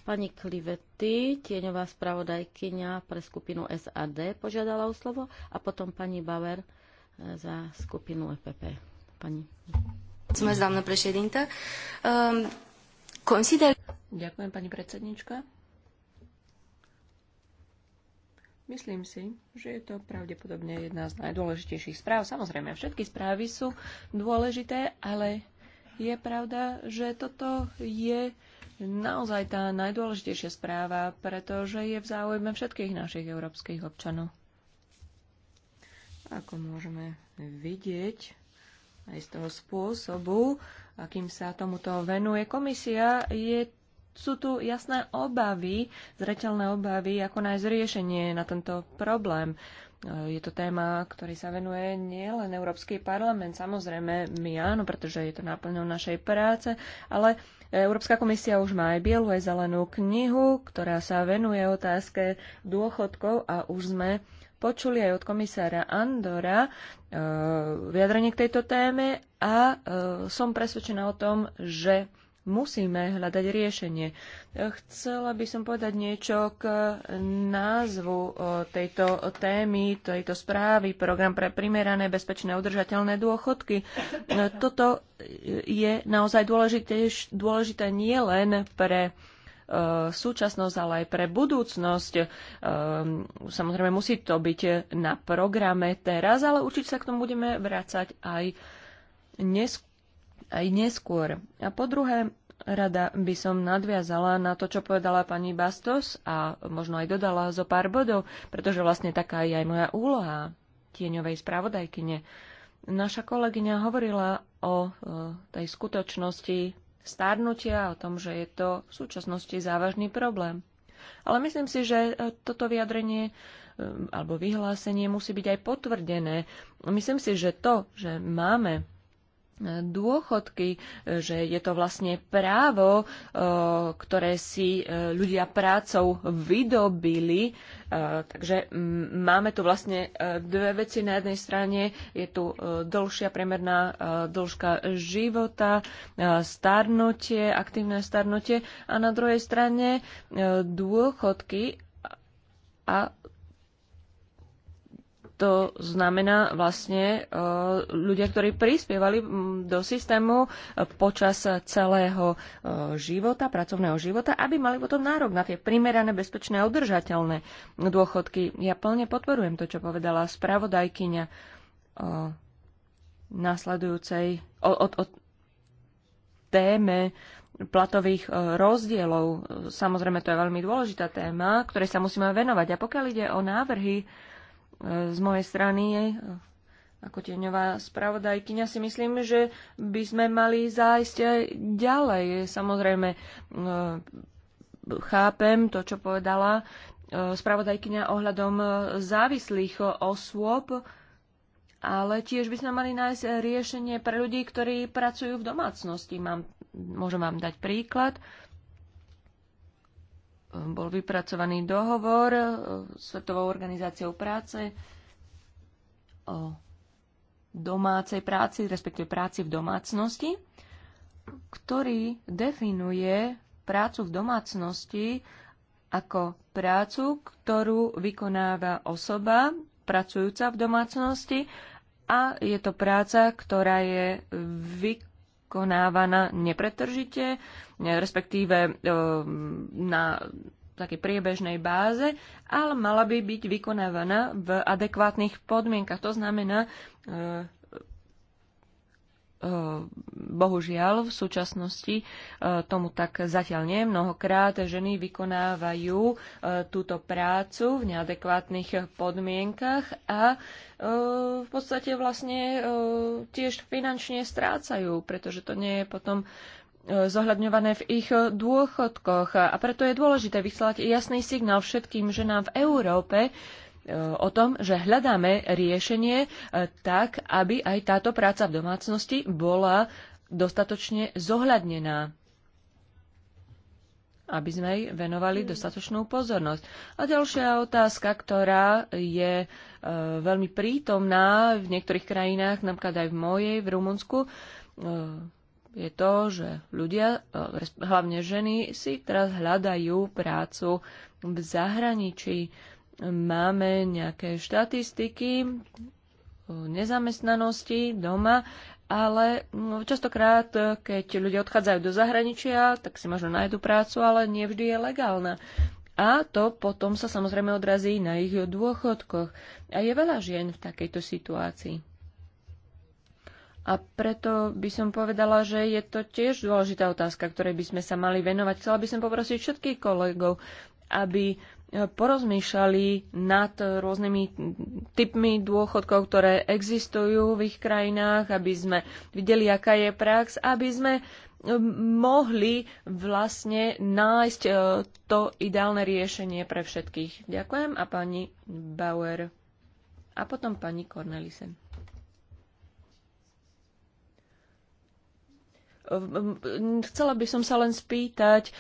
pani Klivety, tieňová spravodajkyňa pre skupinu SAD, požiadala o slovo a potom pani Bauer e, za skupinu EPP. Pani. Ehm, ďakujem, pani predsednička. Myslím si, že je to pravdepodobne jedna z najdôležitejších správ. Samozrejme, všetky správy sú dôležité, ale je pravda, že toto je naozaj tá najdôležitejšia správa, pretože je v záujme všetkých našich európskych občanov. Ako môžeme vidieť aj z toho spôsobu, akým sa tomuto venuje komisia, je sú tu jasné obavy, zreteľné obavy, ako nájsť riešenie na tento problém. E, je to téma, ktorý sa venuje nielen Európsky parlament, samozrejme my áno, pretože je to náplňou našej práce, ale Európska komisia už má aj bielu, aj zelenú knihu, ktorá sa venuje otázke dôchodkov a už sme počuli aj od komisára Andora e, vyjadrenie k tejto téme a e, som presvedčená o tom, že musíme hľadať riešenie. Chcela by som povedať niečo k názvu tejto témy, tejto správy, program pre primerané, bezpečné, udržateľné dôchodky. E, toto je naozaj dôležité, dôležité nie len pre e, súčasnosť, ale aj pre budúcnosť. E, samozrejme, musí to byť na programe teraz, ale určite sa k tomu budeme vrácať aj neskôr aj neskôr. A po druhé, rada by som nadviazala na to, čo povedala pani Bastos a možno aj dodala zo pár bodov, pretože vlastne taká je aj moja úloha tieňovej spravodajkyne. Naša kolegyňa hovorila o tej skutočnosti stárnutia, o tom, že je to v súčasnosti závažný problém. Ale myslím si, že e, toto vyjadrenie e, alebo vyhlásenie musí byť aj potvrdené. Myslím si, že to, že máme dôchodky, že je to vlastne právo, e, ktoré si e, ľudia prácou vydobili. E, takže máme tu vlastne dve veci. Na jednej strane je tu dlhšia premerná dĺžka života, starnutie, aktívne starnutie a na druhej strane dôchodky a to znamená vlastne e, ľudia, ktorí prispievali do systému e, počas celého e, života, pracovného života, aby mali potom nárok na tie primerané, bezpečné a udržateľné dôchodky. Ja plne podporujem to, čo povedala spravodajkyňa o nasledujúcej, o, o, o téme platových rozdielov. Samozrejme, to je veľmi dôležitá téma, ktorej sa musíme venovať. A pokiaľ ide o návrhy, z mojej strany eh, ako tieňová spravodajkyňa si myslím, že by sme mali zájsť ďalej. Samozrejme, eh, chápem to, čo povedala eh, spravodajkyňa ohľadom závislých osôb, ale tiež by sme mali nájsť riešenie pre ľudí, ktorí pracujú v domácnosti. Mám, môžem vám dať príklad. Uh, bol vypracovaný dohovor e, Svetovou organizáciou práce o domácej práci, respektíve práci v domácnosti, ktorý definuje prácu v domácnosti ako prácu, ktorú vykonáva osoba pracujúca v domácnosti a je to práca, ktorá je vykonávaná vykonávaná nepretržite, e, respektíve e, na takej priebežnej báze, ale mala by byť vykonávaná v adekvátnych podmienkach. To znamená, e, Eh, bohužiaľ v súčasnosti eh, tomu tak zatiaľ nie. Mnohokrát ženy vykonávajú eh, túto prácu v neadekvátnych podmienkach a v podstate vlastne tiež finančne strácajú, pretože to nie je potom zohľadňované v ich dôchodkoch. A preto je dôležité vyslať jasný signál všetkým ženám v Európe, Eh, o tom, že hľadáme riešenie eh, tak, aby aj táto práca v domácnosti bola dostatočne zohľadnená aby sme jej venovali mm. dostatočnú pozornosť. A ďalšia otázka, ktorá je e, veľmi prítomná v niektorých krajinách, napríklad aj v mojej, v Rumunsku, e, je to, že ľudia, e, hlavne ženy, si teraz hľadajú prácu v zahraničí. E, máme nejaké štatistiky nezamestnanosti doma, ale no, častokrát, keď ľudia odchádzajú do zahraničia, tak si možno nájdu prácu, ale nie vždy je legálna. A to potom sa samozrejme odrazí na ich dôchodkoch. A je veľa žien v takejto situácii. A preto by som povedala, že je to tiež dôležitá otázka, ktorej by sme sa mali venovať. Chcela by som poprosiť všetkých kolegov, aby porozmýšľali nad rôznymi typmi dôchodkov, ktoré existujú v ich krajinách, aby sme videli, aká je prax, aby sme um, mohli vlastne nájsť uh, to ideálne riešenie pre všetkých. Ďakujem a pani Bauer a potom pani Cornelisen. Ehm, chcela by som sa len spýtať eh,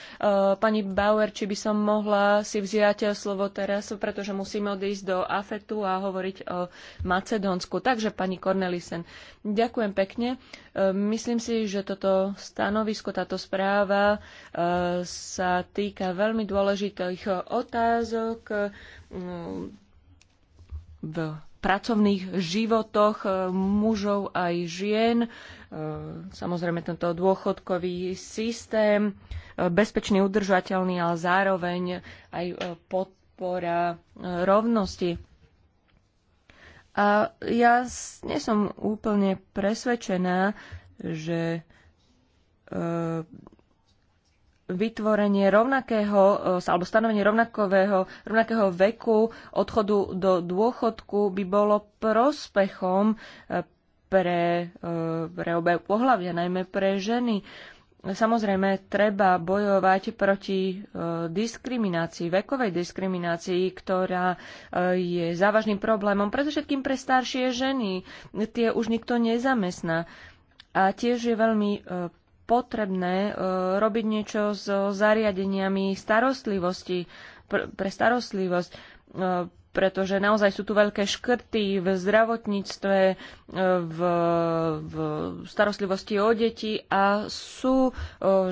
pani Bauer, či by som mohla si vziať slovo teraz, pretože musíme odísť do AFETu a hovoriť o Macedónsku. Takže pani Cornelisen, ďakujem pekne. Ehm, myslím si, že toto stanovisko, táto správa eh, sa týka veľmi dôležitých otázok ehm, v pracovných životoch e, mužov aj žien, e, samozrejme tento dôchodkový systém, e, bezpečný, udržateľný, ale zároveň aj podpora rovnosti. A ja nie som úplne presvedčená, že vytvorenie rovnakého e, alebo stanovenie rovnakového, rovnakého veku odchodu do dôchodku by bolo prospechom e, pre, e, pre obe pohľavia, najmä pre ženy. Samozrejme, treba bojovať proti diskriminácii, vekovej diskriminácii, ktorá je závažným problémom, predovšetkým pre staršie ženy. Tie už nikto nezamestná. A tiež je veľmi potrebné e, robiť niečo s zariadeniami starostlivosti, pre starostlivosť, e, pretože naozaj sú tu veľké škrty v zdravotníctve, e, v, v starostlivosti o deti a sú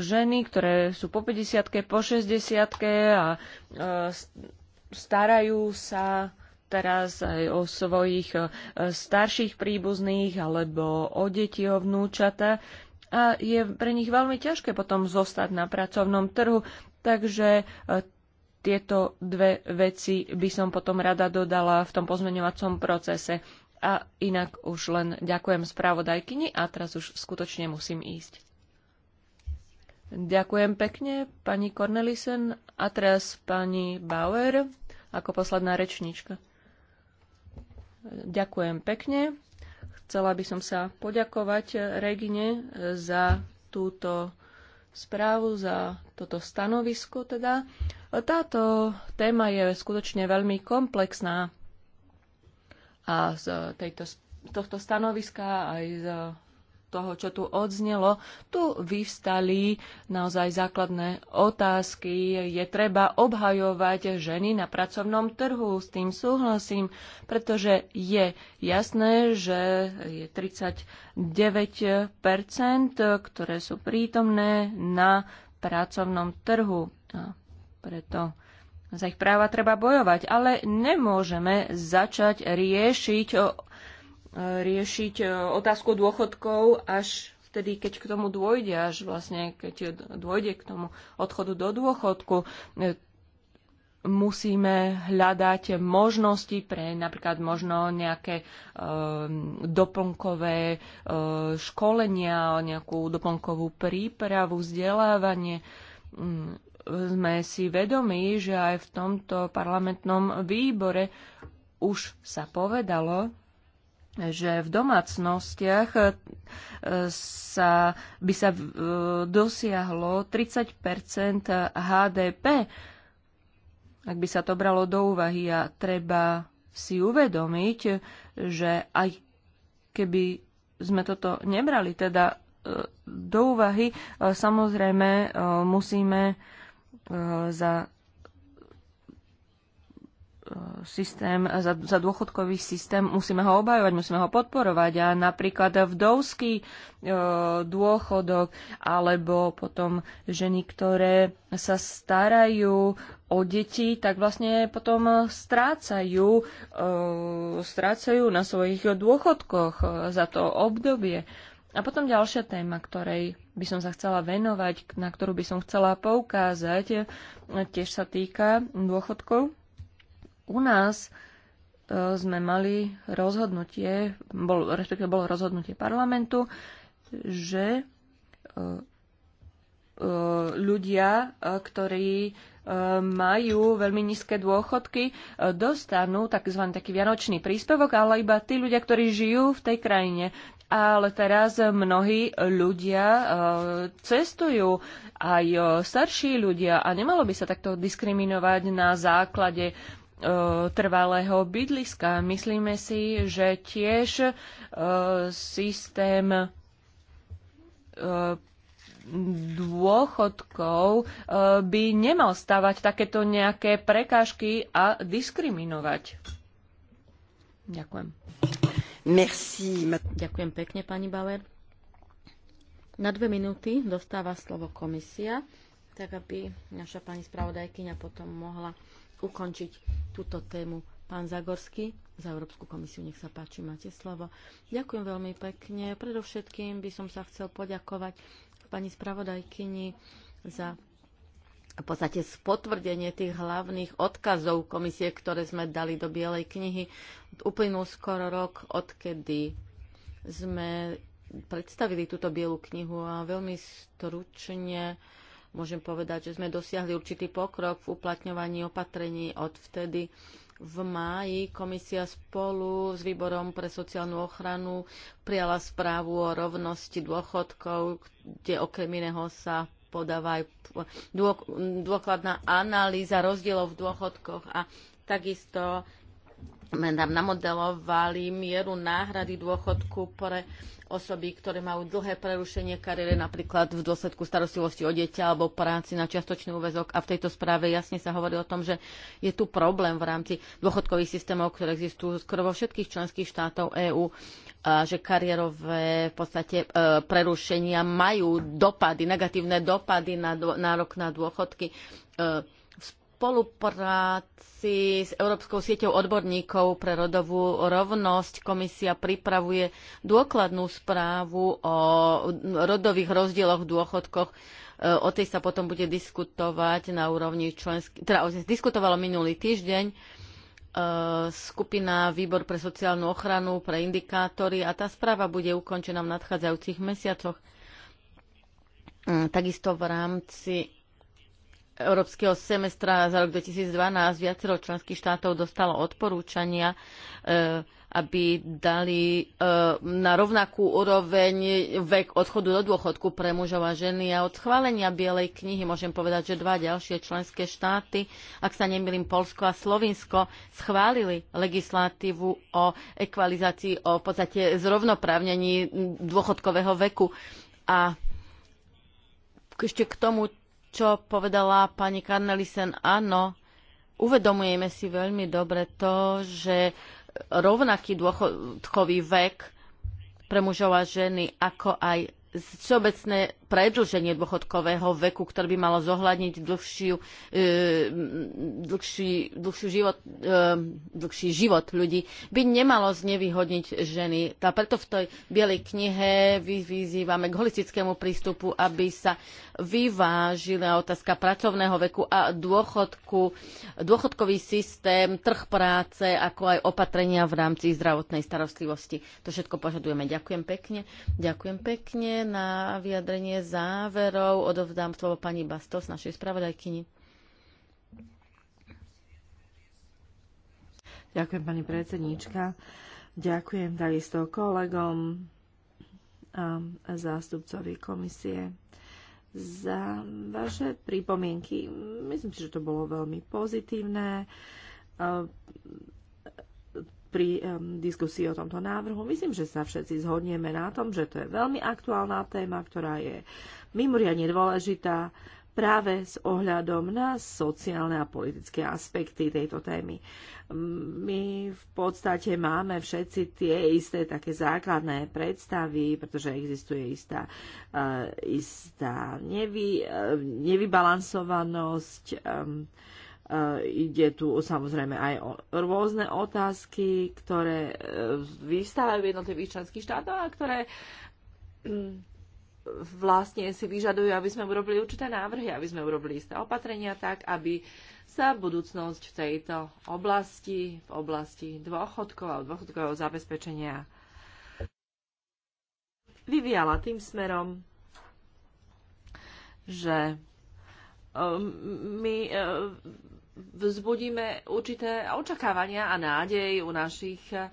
ženy, ktoré sú po 50 po 60 a starajú sa teraz aj o svojich starších príbuzných alebo o deti, o vnúčata a je pre nich veľmi ťažké potom zostať na pracovnom trhu. Takže e, tieto dve veci by som potom rada dodala v tom pozmeňovacom procese. A inak už len ďakujem spravodajkyni a teraz už skutočne musím ísť. Ďakujem pekne pani Cornelisen a teraz pani Bauer ako posledná rečníčka. Ďakujem pekne. Chcela by som sa poďakovať eh, Regine eh, za túto správu, za toto stanovisko. Teda. Eh, táto téma je skutočne veľmi komplexná a z, tejto, z tohto stanoviska aj z toho, čo tu odznelo, tu vyvstali naozaj základné otázky. Je treba obhajovať ženy na pracovnom trhu, s tým súhlasím, pretože je jasné, že je 39%, ktoré sú prítomné na pracovnom trhu. A preto za ich práva treba bojovať, ale nemôžeme začať riešiť riešiť e, otázku dôchodkov až vtedy, keď k tomu dôjde, až vlastne keď dôjde k tomu odchodu do dôchodku. E, musíme hľadať možnosti pre napríklad možno nejaké e, doplnkové e, školenia, nejakú doplnkovú prípravu, vzdelávanie mm, sme si vedomí, že aj v tomto parlamentnom výbore už sa povedalo, že v domácnostiach e, sa, by sa e, dosiahlo 30 HDP, ak by sa to bralo do úvahy a treba si uvedomiť, že aj keby sme toto nebrali teda e, do úvahy, samozrejme musíme za E, systém, za, za dôchodkový systém, musíme ho obhajovať, musíme ho podporovať. A napríklad vdovský e, dôchodok, alebo potom ženy, ktoré sa starajú o deti, tak vlastne potom strácajú, e, strácajú na svojich dôchodkoch za to obdobie. A potom ďalšia téma, ktorej by som sa chcela venovať, na ktorú by som chcela poukázať, tiež sa týka dôchodkov u nás e, sme mali rozhodnutie, bol, respektíve bolo rozhodnutie parlamentu, že e, e, ľudia, ktorí majú veľmi nízke dôchodky, dostanú tzv. taký vianočný príspevok, ale iba tí ľudia, ktorí žijú v tej krajine. Ale teraz mnohí ľudia cestujú, aj starší ľudia a nemalo by sa takto diskriminovať na základe E, trvalého bydliska. Myslíme si, že tiež e, systém e, dôchodkov by nemal stavať takéto nejaké prekážky a diskriminovať. Ďakujem. Merci. Ďakujem pekne, pani Bauer. Na dve minúty dostáva slovo komisia, tak aby naša pani spravodajkyňa potom mohla ukončiť túto tému. Pán Zagorský za Európsku komisiu, nech sa páči, máte slovo. Ďakujem veľmi pekne. Predovšetkým by som sa chcel poďakovať pani spravodajkyni za v podstate spotvrdenie tých hlavných odkazov komisie, ktoré sme dali do Bielej knihy. Uplynul skoro rok, odkedy sme predstavili túto Bielu knihu a veľmi stručne môžem povedať, že sme dosiahli určitý pokrok v uplatňovaní opatrení od vtedy. V máji komisia spolu s Výborom pre sociálnu ochranu prijala správu o rovnosti dôchodkov, kde okrem iného sa podáva aj dôkladná analýza rozdielov v dôchodkoch a takisto nám namodelovali mieru náhrady dôchodku pre osoby, ktoré majú dlhé prerušenie kariéry, napríklad v dôsledku starostlivosti o dieťa alebo práci na čiastočný úvezok. A v tejto správe jasne sa hovorí o tom, že je tu problém v rámci dôchodkových systémov, ktoré existujú skoro vo všetkých členských štátov EÚ, že kariérové v podstate e, prerušenia majú dopady, negatívne dopady na nárok na dôchodky. E, spolupráci s Európskou sieťou odborníkov pre rodovú rovnosť komisia pripravuje dôkladnú správu o rodových rozdieloch v dôchodkoch. E, o tej sa potom bude diskutovať na úrovni členských... Teda diskutovalo minulý týždeň e, skupina Výbor pre sociálnu ochranu, pre indikátory a tá správa bude ukončená v nadchádzajúcich mesiacoch. E, takisto v rámci európskeho semestra za rok 2012 viacero členských štátov dostalo odporúčania, e, aby dali e, na rovnakú úroveň vek odchodu do dôchodku pre mužov a ženy. A od schválenia Bielej knihy môžem povedať, že dva ďalšie členské štáty, ak sa nemýlim Polsko a Slovinsko, schválili legislatívu o ekvalizácii, o v podstate zrovnoprávnení dôchodkového veku. A ešte k tomu, čo povedala pani Karnelisen, áno, uvedomujeme si veľmi dobre to, že rovnaký dôchodkový vek pre mužov a ženy, ako aj všeobecné predlženie dôchodkového veku, ktoré by malo zohľadniť dlhšiu, e, dlhší, dlhší, život, e, dlhší život ľudí, by nemalo znevýhodniť ženy. A preto v tej bielej knihe vyzývame k holistickému prístupu, aby sa vyvážila otázka pracovného veku a dôchodku, dôchodkový systém, trh práce, ako aj opatrenia v rámci zdravotnej starostlivosti. To všetko požadujeme. Ďakujem pekne. Ďakujem pekne na vyjadrenie záverov odovzdám slovo pani Bastos, našej spravodajkyni. Ďakujem, pani predsedníčka. Ďakujem takisto kolegom a zástupcovi komisie za vaše pripomienky. Myslím si, že to bolo veľmi pozitívne pri um, diskusii o tomto návrhu. Myslím, že sa všetci zhodneme na tom, že to je veľmi aktuálna téma, ktorá je mimoriadne dôležitá práve s ohľadom na sociálne a politické aspekty tejto témy. My v podstate máme všetci tie isté také základné predstavy, pretože existuje istá, eh, istá nevy, eh, nevybalansovanosť. Um, Eh, ide tu samozrejme aj o rôzne otázky, ktoré eh, vystávajú v jednotlivých členských štátoch a ktoré mm, vlastne si vyžadujú, aby sme urobili určité návrhy, aby sme urobili isté opatrenia tak, aby sa budúcnosť v tejto oblasti, v oblasti dôchodkov a dôchodkového zabezpečenia vyvíjala tým smerom, že my e, vzbudíme určité očakávania a nádej u našich e,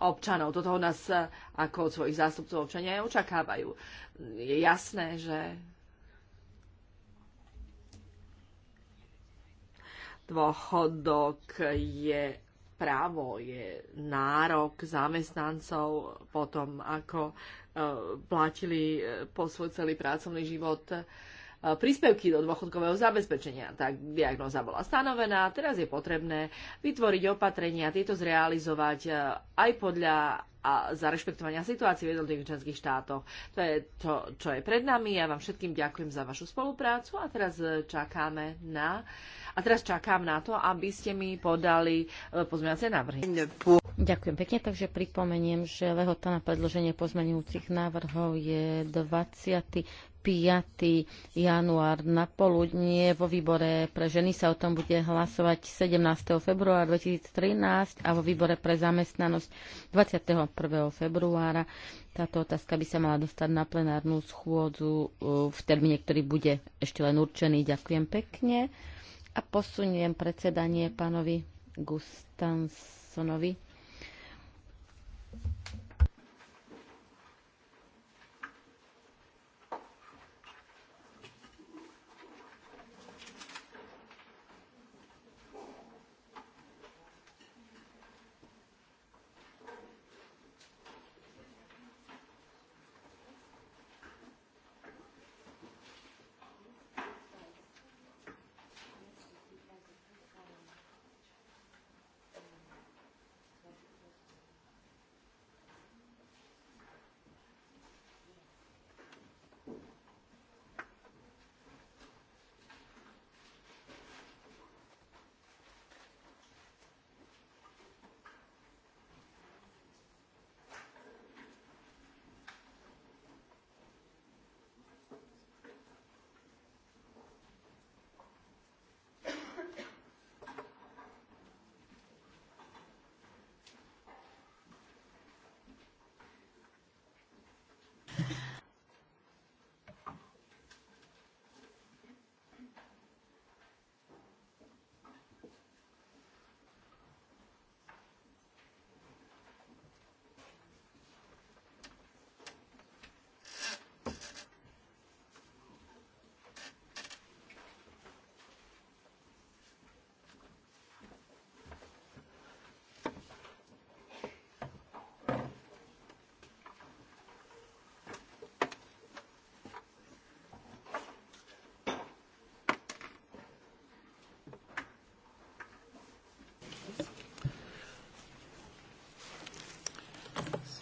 občanov. Toto od nás e, ako od svojich zástupcov občania aj očakávajú. Je jasné, že dôchodok je právo, je nárok zamestnancov potom, ako platili po svoj celý pracovný život príspevky do dôchodkového zabezpečenia. Tak diagnoza bola stanovená, teraz je potrebné vytvoriť opatrenia, tieto zrealizovať aj podľa a za rešpektovania situácie v jednotlivých členských štátoch. To je to, čo je pred nami. Ja vám všetkým ďakujem za vašu spoluprácu a teraz e, čakáme na a teraz čakám na to, aby ste mi podali e, pozmeňovacie návrhy. Ďakujem pekne, takže pripomeniem, že lehota na predloženie pozmeňujúcich návrhov je 20. 5. január na poludnie. Vo výbore pre ženy sa o tom bude hlasovať 17. februára 2013 a vo výbore pre zamestnanosť 21. februára. Táto otázka by sa mala dostať na plenárnu schôdzu uh, v termíne, ktorý bude ešte len určený. Ďakujem pekne a posuniem predsedanie pánovi Gustansonovi.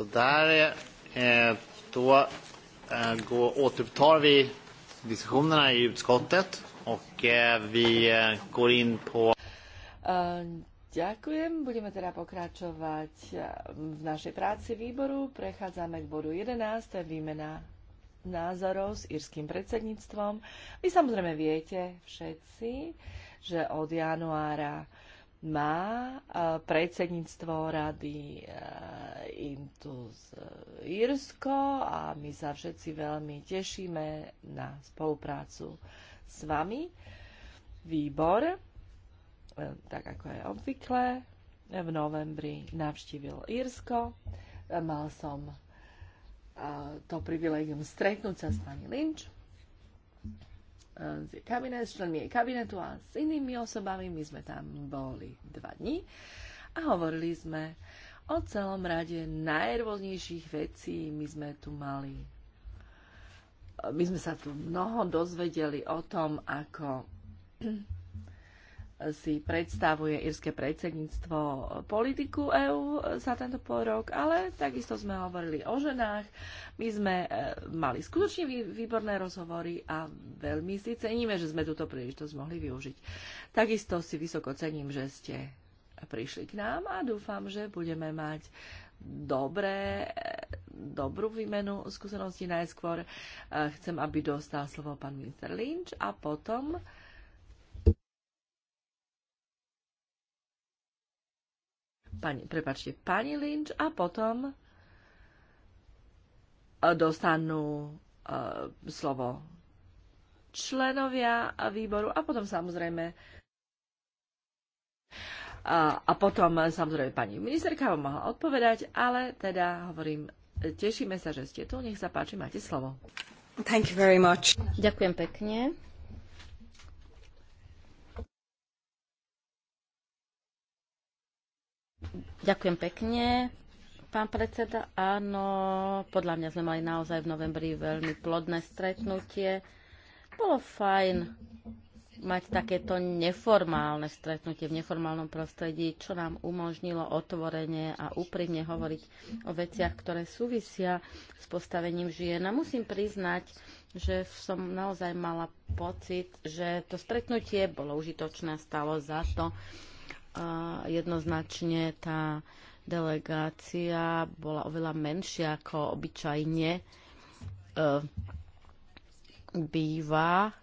Så där eh, då eh, går, återupptar vi diskussionerna i utskottet och eh, vi går in på... ďakujem. Budeme teda pokračovať v našej práci výboru. Prechádzame k bodu 11, to je výmena názorov s írským predsedníctvom. Vy samozrejme viete všetci, že od januára má predsedníctvo rady e, Intus Irsko a my sa všetci veľmi tešíme na spoluprácu s vami. Výbor, e, tak ako je obvykle, v novembri navštívil Irsko, e, Mal som to privilegium stretnúť sa s pani Lynch z kabinet, s členmi jej kabinetu a s inými osobami. My sme tam boli dva dní a hovorili sme o celom rade najrôznejších vecí. My sme tu mali my sme sa tu mnoho dozvedeli o tom, ako si predstavuje írske predsedníctvo politiku EÚ za tento pol rok, ale takisto sme hovorili o ženách. My sme e, mali skutočne výborné rozhovory a veľmi si ceníme, že sme túto príležitosť mohli využiť. Takisto si vysoko cením, že ste prišli k nám a dúfam, že budeme mať dobré, e, dobrú výmenu skúseností najskôr. E, chcem, aby dostal slovo pán minister Lynch a potom pani, prepáčte, pani Lynch a potom e, dostanú uh, slovo členovia výboru a potom samozrejme a, e, a potom samozrejme pani ministerka vám mohla odpovedať, ale teda hovorím, tešíme sa, že ste tu. Nech sa páči, máte slovo. Thank you very much. Ďakujem pekne. Ďakujem pekne. Pán predseda, áno, podľa mňa sme mali naozaj v novembri veľmi plodné stretnutie. Bolo fajn mať takéto neformálne stretnutie v neformálnom prostredí, čo nám umožnilo otvorenie a úprimne hovoriť o veciach, ktoré súvisia s postavením žien. A musím priznať, že som naozaj mala pocit, že to stretnutie bolo užitočné, stalo za to a jednoznačne tá delegácia bola oveľa menšia ako obyčajne e, býva.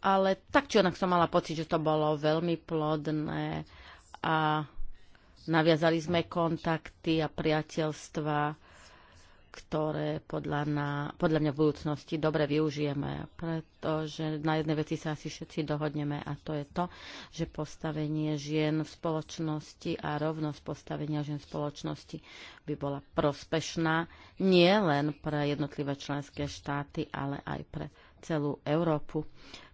Ale tak či onak som mala pocit, že to bolo veľmi plodné a naviazali sme kontakty a priateľstva ktoré podľa, na, podľa mňa v budúcnosti dobre využijeme, pretože na jednej veci sa asi všetci dohodneme a to je to, že postavenie žien v spoločnosti a rovnosť postavenia žien v spoločnosti by bola prospešná nie len pre jednotlivé členské štáty, ale aj pre celú Európu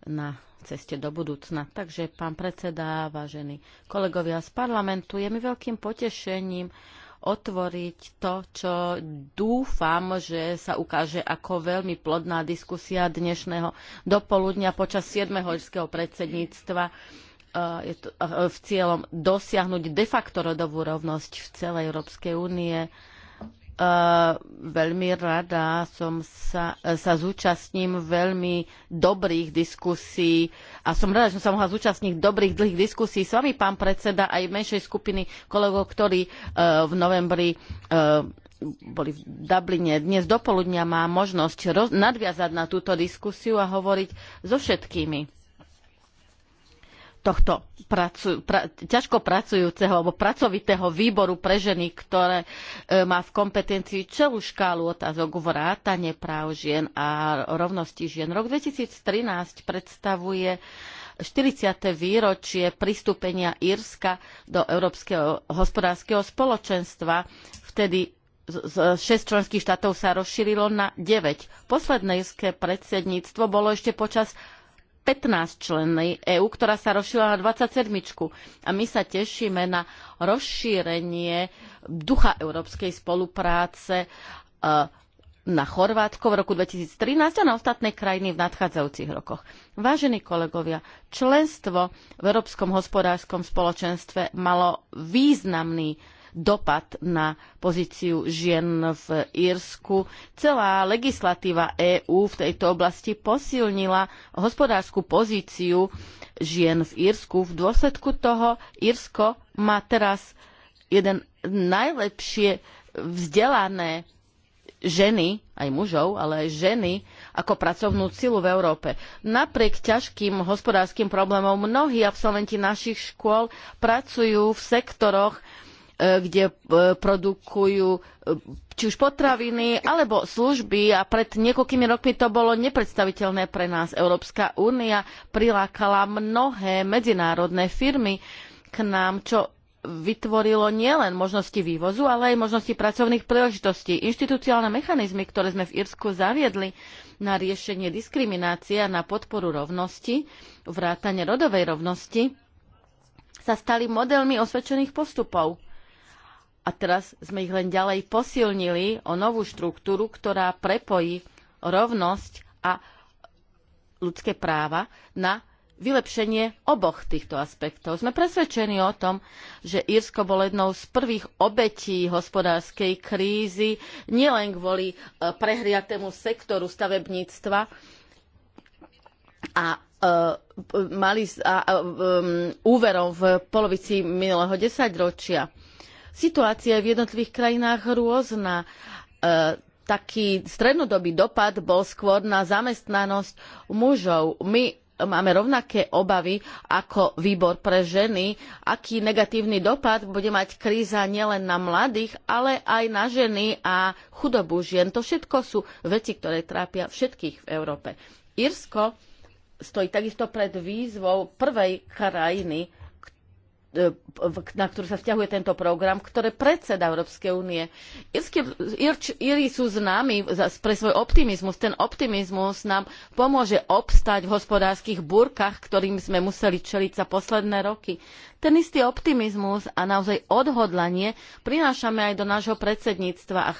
na ceste do budúcna. Takže, pán predseda, vážení kolegovia z parlamentu, je mi veľkým potešením otvoriť to, čo dúfam, že sa ukáže ako veľmi plodná diskusia dnešného dopoludnia počas 7. hoľského predsedníctva eh, je to, v eh, cieľom dosiahnuť de facto rodovú rovnosť v celej Európskej únie Eh, veľmi rada som sa, eh, sa zúčastním veľmi dobrých diskusí a som rada, že som sa mohla zúčastniť dobrých, dlhých diskusí s vami, pán predseda, aj menšej skupiny kolegov, ktorí uh, v novembri uh, boli v Dubline. Dnes poludnia má možnosť roz- nadviazať na túto diskusiu a hovoriť so všetkými tohto pracu, pra, ťažko pracujúceho alebo pracovitého výboru pre ženy, ktoré e, má v kompetencii celú škálu otázok vrátane práv žien a rovnosti žien. Rok 2013 predstavuje 40. výročie pristúpenia Írska do Európskeho hospodárskeho spoločenstva. Vtedy z 6 členských štátov sa rozšírilo na 9. Posledné írske predsedníctvo bolo ešte počas 15 člennej EÚ, ktorá sa rozšírila na 27. A my sa tešíme na rozšírenie ducha európskej spolupráce e, na Chorvátsko v roku 2013 a na ostatné krajiny v nadchádzajúcich rokoch. Vážení kolegovia, členstvo v Európskom hospodárskom spoločenstve malo významný dopad na pozíciu žien v Írsku. Celá legislatíva EÚ v tejto oblasti posilnila hospodárskú pozíciu žien v Írsku. V dôsledku toho Írsko má teraz jeden najlepšie vzdelané ženy, aj mužov, ale aj ženy ako pracovnú silu v Európe. Napriek ťažkým hospodárskym problémom mnohí absolventi našich škôl pracujú v sektoroch, E, kde e, produkujú e, či už potraviny alebo služby a pred niekoľkými rokmi to bolo nepredstaviteľné pre nás. Európska únia prilákala mnohé medzinárodné firmy k nám, čo vytvorilo nielen možnosti vývozu, ale aj možnosti pracovných príležitostí. Inštitucionálne mechanizmy, ktoré sme v Írsku zaviedli na riešenie diskriminácie a na podporu rovnosti, vrátane rodovej rovnosti, sa stali modelmi osvedčených postupov a teraz sme ich len ďalej posilnili o novú štruktúru, ktorá prepojí rovnosť a ľudské práva na vylepšenie oboch týchto aspektov. Sme presvedčení o tom, že Írsko bolo jednou z prvých obetí hospodárskej krízy, nielen kvôli e, prehriatému sektoru stavebníctva a e, mali s, um, úverom v polovici minulého desaťročia. Situácia je v jednotlivých krajinách rôzna. E, taký strednodobý dopad bol skôr na zamestnanosť mužov. My máme rovnaké obavy ako výbor pre ženy, aký negatívny dopad bude mať kríza nielen na mladých, ale aj na ženy a chudobu žien. To všetko sú veci, ktoré trápia všetkých v Európe. Írsko stojí takisto pred výzvou prvej krajiny E, na ktorú sa vzťahuje tento program, ktoré predseda Európskej únie. Iri sú známi pre svoj optimizmus. Ten optimizmus nám pomôže obstať v hospodárskych búrkach, ktorým sme museli čeliť za posledné roky. Ten istý optimizmus a naozaj odhodlanie prinášame aj do nášho predsedníctva a, e,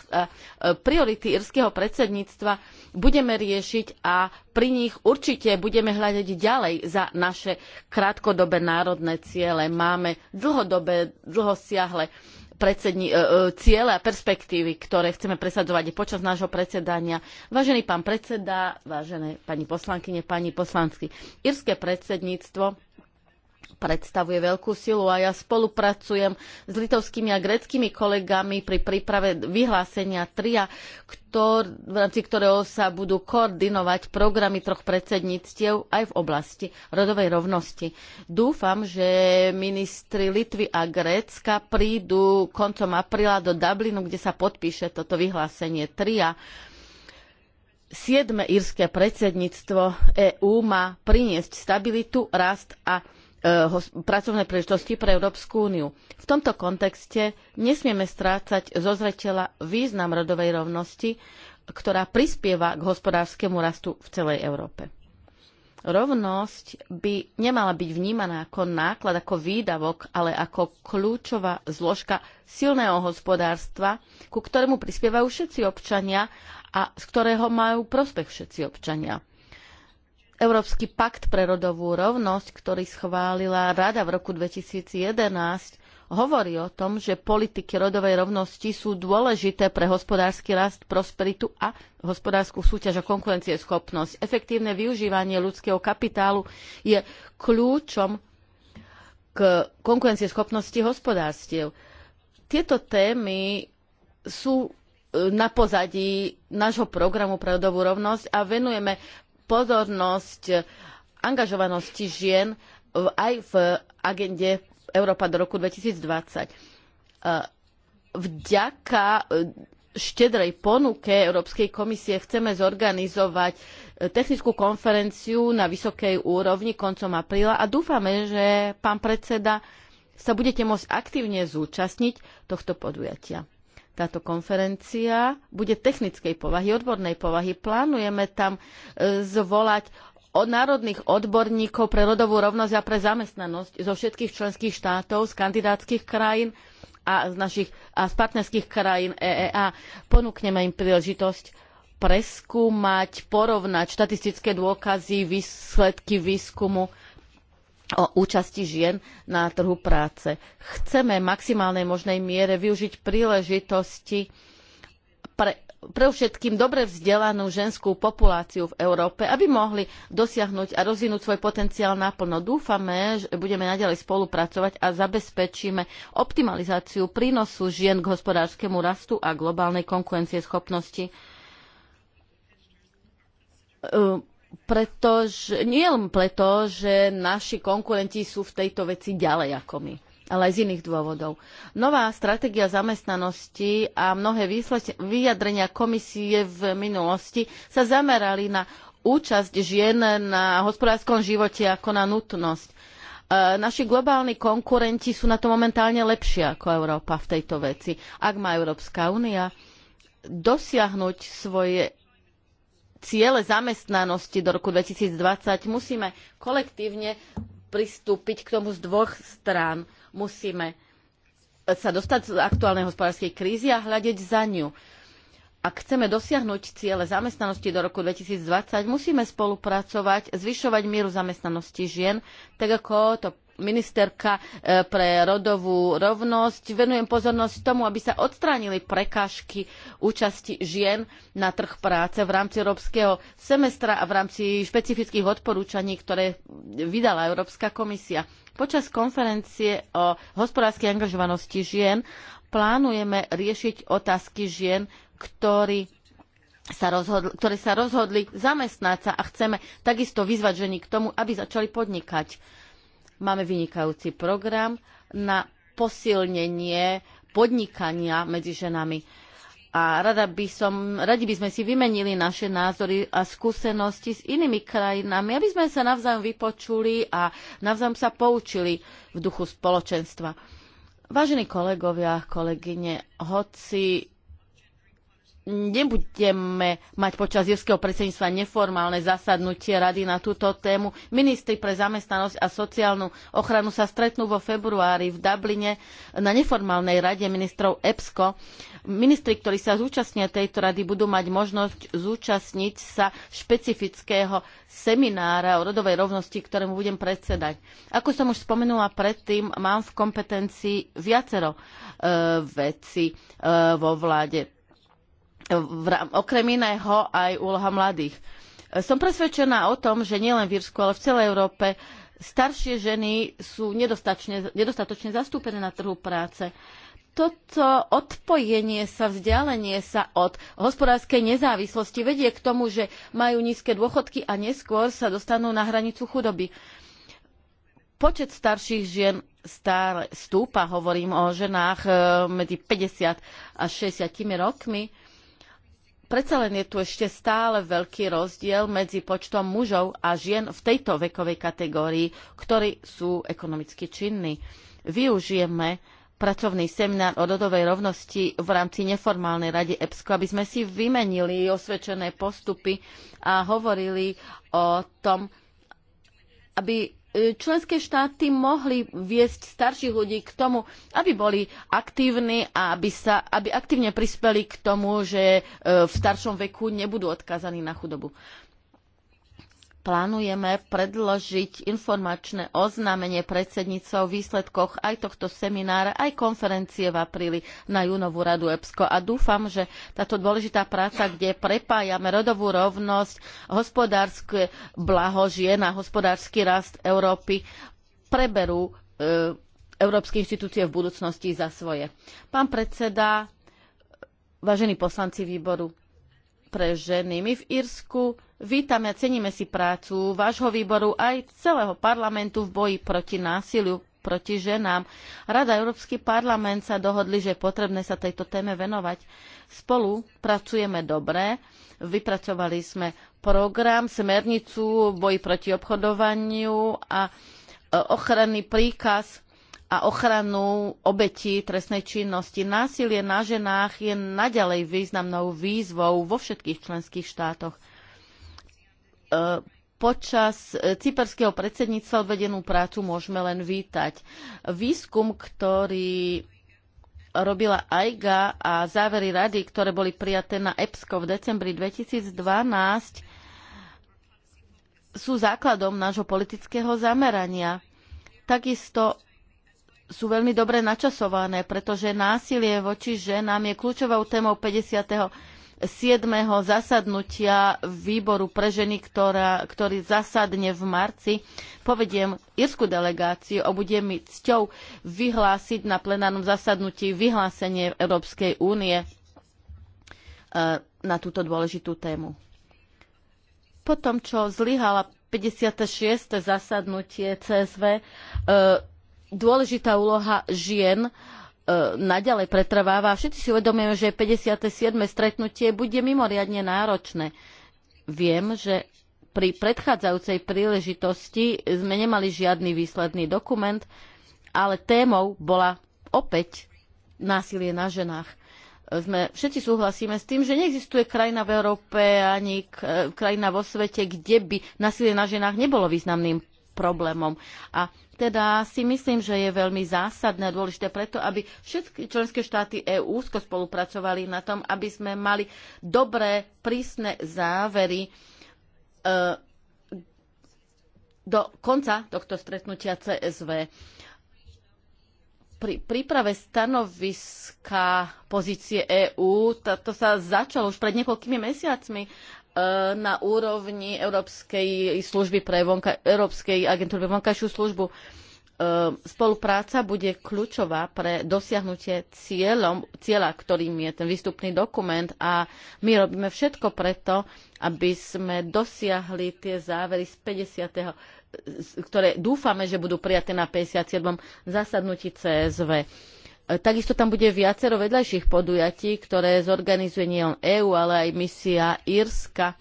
priority írskeho predsedníctva budeme riešiť a pri nich určite budeme hľadať ďalej za naše krátkodobé národné ciele. Máme dlhodobé, dlhosiahle predsedni- e, e, ciele a perspektívy, ktoré chceme presadzovať počas nášho predsedania. Vážený pán predseda, vážené pani poslankyne, pani poslanci, írske predsedníctvo predstavuje veľkú silu a ja spolupracujem s litovskými a greckými kolegami pri príprave vyhlásenia TRIA, ktor, v rámci ktorého sa budú koordinovať programy troch predsedníctiev aj v oblasti rodovej rovnosti. Dúfam, že ministri Litvy a Grécka prídu koncom apríla do Dublinu, kde sa podpíše toto vyhlásenie TRIA. Siedme írske predsedníctvo EÚ má priniesť stabilitu, rast a E, pracovné príležitosti pre Európsku úniu. V tomto kontexte nesmieme strácať zo zreteľa význam rodovej rovnosti, ktorá prispieva k hospodárskemu rastu v celej Európe. Rovnosť by nemala byť vnímaná ako náklad, ako výdavok, ale ako kľúčová zložka silného hospodárstva, ku ktorému prispievajú všetci občania a z ktorého majú prospech všetci občania. Európsky pakt pre rodovú rovnosť, ktorý schválila Rada v roku 2011, hovorí o tom, že politiky rodovej rovnosti sú dôležité pre hospodársky rast, prosperitu a hospodárskú súťaž a konkurencieschopnosť. Efektívne využívanie ľudského kapitálu je kľúčom k konkurencieschopnosti hospodárstiev. Tieto témy sú e, na pozadí nášho programu pre rodovú rovnosť a venujeme pozornosť angažovanosti žien aj v agende Európa do roku 2020. E, vďaka e, štedrej ponuke Európskej komisie chceme zorganizovať e, technickú konferenciu na vysokej úrovni koncom apríla a dúfame, že pán predseda sa budete môcť aktívne zúčastniť tohto podujatia. Táto konferencia bude technickej povahy, odbornej povahy. Plánujeme tam e, zvolať od národných odborníkov pre rodovú rovnosť a pre zamestnanosť zo všetkých členských štátov, z kandidátskych krajín a z, našich, a z partnerských krajín EEA. Ponúkneme im príležitosť preskúmať, porovnať štatistické dôkazy, výsledky výskumu o účasti žien na trhu práce. Chceme v maximálnej možnej miere využiť príležitosti pre, pre všetkým dobre vzdelanú ženskú populáciu v Európe, aby mohli dosiahnuť a rozvinúť svoj potenciál naplno. Dúfame, že budeme naďalej spolupracovať a zabezpečíme optimalizáciu prínosu žien k hospodárskemu rastu a globálnej konkurencieschopnosti. Uh, pretože, nie len preto, že naši konkurenti sú v tejto veci ďalej ako my ale aj z iných dôvodov. Nová stratégia zamestnanosti a mnohé vyjadrenia komisie v minulosti sa zamerali na účasť žien na hospodárskom živote ako na nutnosť. E, naši globálni konkurenti sú na to momentálne lepšie ako Európa v tejto veci. Ak má Európska únia dosiahnuť svoje ciele zamestnanosti do roku 2020 musíme kolektívne pristúpiť k tomu z dvoch strán. Musíme sa dostať z aktuálnej hospodárskej krízy a hľadiť za ňu. Ak chceme dosiahnuť ciele zamestnanosti do roku 2020, musíme spolupracovať, zvyšovať mieru zamestnanosti žien, tak ako to ministerka e, pre rodovú rovnosť. Venujem pozornosť tomu, aby sa odstránili prekážky účasti žien na trh práce v rámci európskeho semestra a v rámci špecifických odporúčaní, ktoré vydala Európska komisia. Počas konferencie o hospodárskej angažovanosti žien plánujeme riešiť otázky žien, ktorí sa rozhodli, ktoré sa rozhodli zamestnať sa a chceme takisto vyzvať ženy k tomu, aby začali podnikať Máme vynikajúci program na posilnenie podnikania medzi ženami. A rada by som, radi by sme si vymenili naše názory a skúsenosti s inými krajinami, aby sme sa navzájom vypočuli a navzájom sa poučili v duchu spoločenstva. Vážení kolegovia, kolegyne, hoci nebudeme mať počas jeského predsedníctva neformálne zasadnutie rady na túto tému. Ministri pre zamestnanosť a sociálnu ochranu sa stretnú vo februári v Dubline na neformálnej rade ministrov EPSCO. Ministri, ktorí sa zúčastnia tejto rady, budú mať možnosť zúčastniť sa špecifického seminára o rodovej rovnosti, ktorému budem predsedať. Ako som už spomenula predtým, mám v kompetencii viacero e, veci e, vo vláde okrem iného aj úloha mladých. Som presvedčená o tom, že nielen v Írsku, ale v celej Európe staršie ženy sú nedostatočne, nedostatočne zastúpené na trhu práce toto odpojenie sa, vzdialenie sa od hospodárskej nezávislosti vedie k tomu, že majú nízke dôchodky a neskôr sa dostanú na hranicu chudoby. Počet starších žien stále stúpa, hovorím o ženách eh, medzi 50 a 60 rokmi predsa len je tu ešte stále veľký rozdiel medzi počtom mužov a žien v tejto vekovej kategórii, ktorí sú ekonomicky činní. Využijeme pracovný seminár o rodovej rovnosti v rámci neformálnej rady EPSCO, aby sme si vymenili osvedčené postupy a hovorili o tom, aby členské štáty mohli viesť starších ľudí k tomu, aby boli aktívni a aby, sa, aby aktívne prispeli k tomu, že e, v staršom veku nebudú odkázaní na chudobu plánujeme predložiť informačné oznámenie predsednicov o výsledkoch aj tohto seminára, aj konferencie v apríli na Junovú radu EPSCO. A dúfam, že táto dôležitá práca, kde prepájame rodovú rovnosť, hospodárske blaho žien a hospodársky rast Európy, preberú e, európske inštitúcie v budúcnosti za svoje. Pán predseda, vážení poslanci výboru pre ženy, my v Írsku Vítame a ceníme si prácu vášho výboru aj celého parlamentu v boji proti násiliu proti ženám. Rada Európsky parlament sa dohodli, že je potrebné sa tejto téme venovať. Spolu pracujeme dobre, vypracovali sme program, smernicu boji proti obchodovaniu a e, ochranný príkaz a ochranu obetí trestnej činnosti. Násilie na ženách je naďalej významnou výzvou vo všetkých členských štátoch. E, počas e, cyperského predsedníctva odvedenú prácu môžeme len vítať. Výskum, ktorý robila AIGA a závery rady, ktoré boli prijaté na EPSCO v decembri 2012, sú základom nášho politického zamerania. Takisto sú veľmi dobre načasované, pretože násilie voči ženám je kľúčovou témou 50 7. zasadnutia výboru pre ženy, ktorá, ktorý zasadne v marci. Povediem írsku delegáciu a bude mi cťou vyhlásiť na plenárnom zasadnutí vyhlásenie Európskej únie e, na túto dôležitú tému. Po tom, čo zlyhala 56. zasadnutie CSV, e, dôležitá úloha žien E, naďalej pretrváva. Všetci si uvedomujeme, že 57. stretnutie bude mimoriadne náročné. Viem, že pri predchádzajúcej príležitosti sme nemali žiadny výsledný dokument, ale témou bola opäť násilie na ženách. Sme, všetci súhlasíme s tým, že neexistuje krajina v Európe ani e, krajina vo svete, kde by násilie na ženách nebolo významným problémom. A teda si myslím, že je veľmi zásadné a dôležité preto, aby všetky členské štáty EÚ úzko spolupracovali na tom, aby sme mali dobré, prísne závery e, do konca tohto stretnutia CSV. Pri príprave stanoviska pozície EÚ, to, sa začalo už pred niekoľkými mesiacmi E, na úrovni Európskej služby pre vonka, Európskej agentúry pre vonkajšiu službu. E, spolupráca bude kľúčová pre dosiahnutie cieľom, cieľa, ktorým je ten výstupný dokument a my robíme všetko preto, aby sme dosiahli tie závery z 50 ktoré dúfame, že budú prijaté na 57. zasadnutí CSV Takisto tam bude viacero vedľajších podujatí, ktoré zorganizuje nielen EÚ, ale aj misia Írska.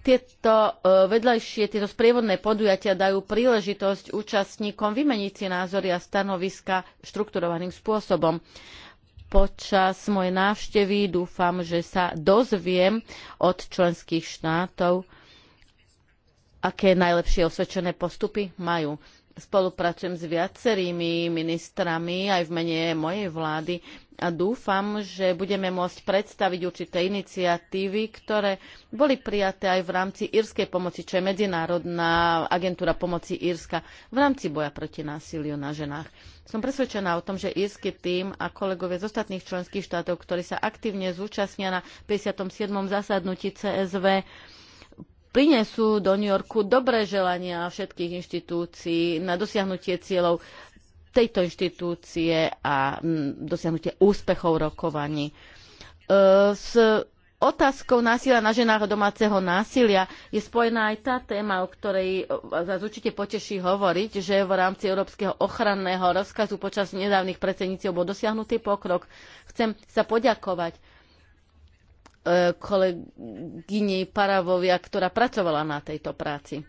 Tieto e, vedľajšie, tieto sprievodné podujatia dajú príležitosť účastníkom vymeniť si názory a stanoviska štrukturovaným spôsobom. Počas mojej návštevy dúfam, že sa dozviem od členských štátov, aké najlepšie osvedčené postupy majú spolupracujem s viacerými ministrami aj v mene mojej vlády a dúfam, že budeme môcť predstaviť určité iniciatívy, ktoré boli prijaté aj v rámci írskej pomoci, čo je Medzinárodná agentúra pomoci Írska v rámci boja proti násiliu na ženách. Som presvedčená o tom, že írsky tým a kolegovia z ostatných členských štátov, ktorí sa aktívne zúčastnia na 57. zasadnutí CSV, prinesú do New Yorku dobré želania všetkých inštitúcií na dosiahnutie cieľov tejto inštitúcie a dosiahnutie úspechov rokovaní. E, s otázkou násilia na ženách a domáceho násilia je spojená aj tá téma, o ktorej vás určite poteší hovoriť, že v rámci Európskeho ochranného rozkazu počas nedávnych predsedníciov bol dosiahnutý pokrok. Chcem sa poďakovať kolegyni Paravovia, ktorá pracovala na tejto práci.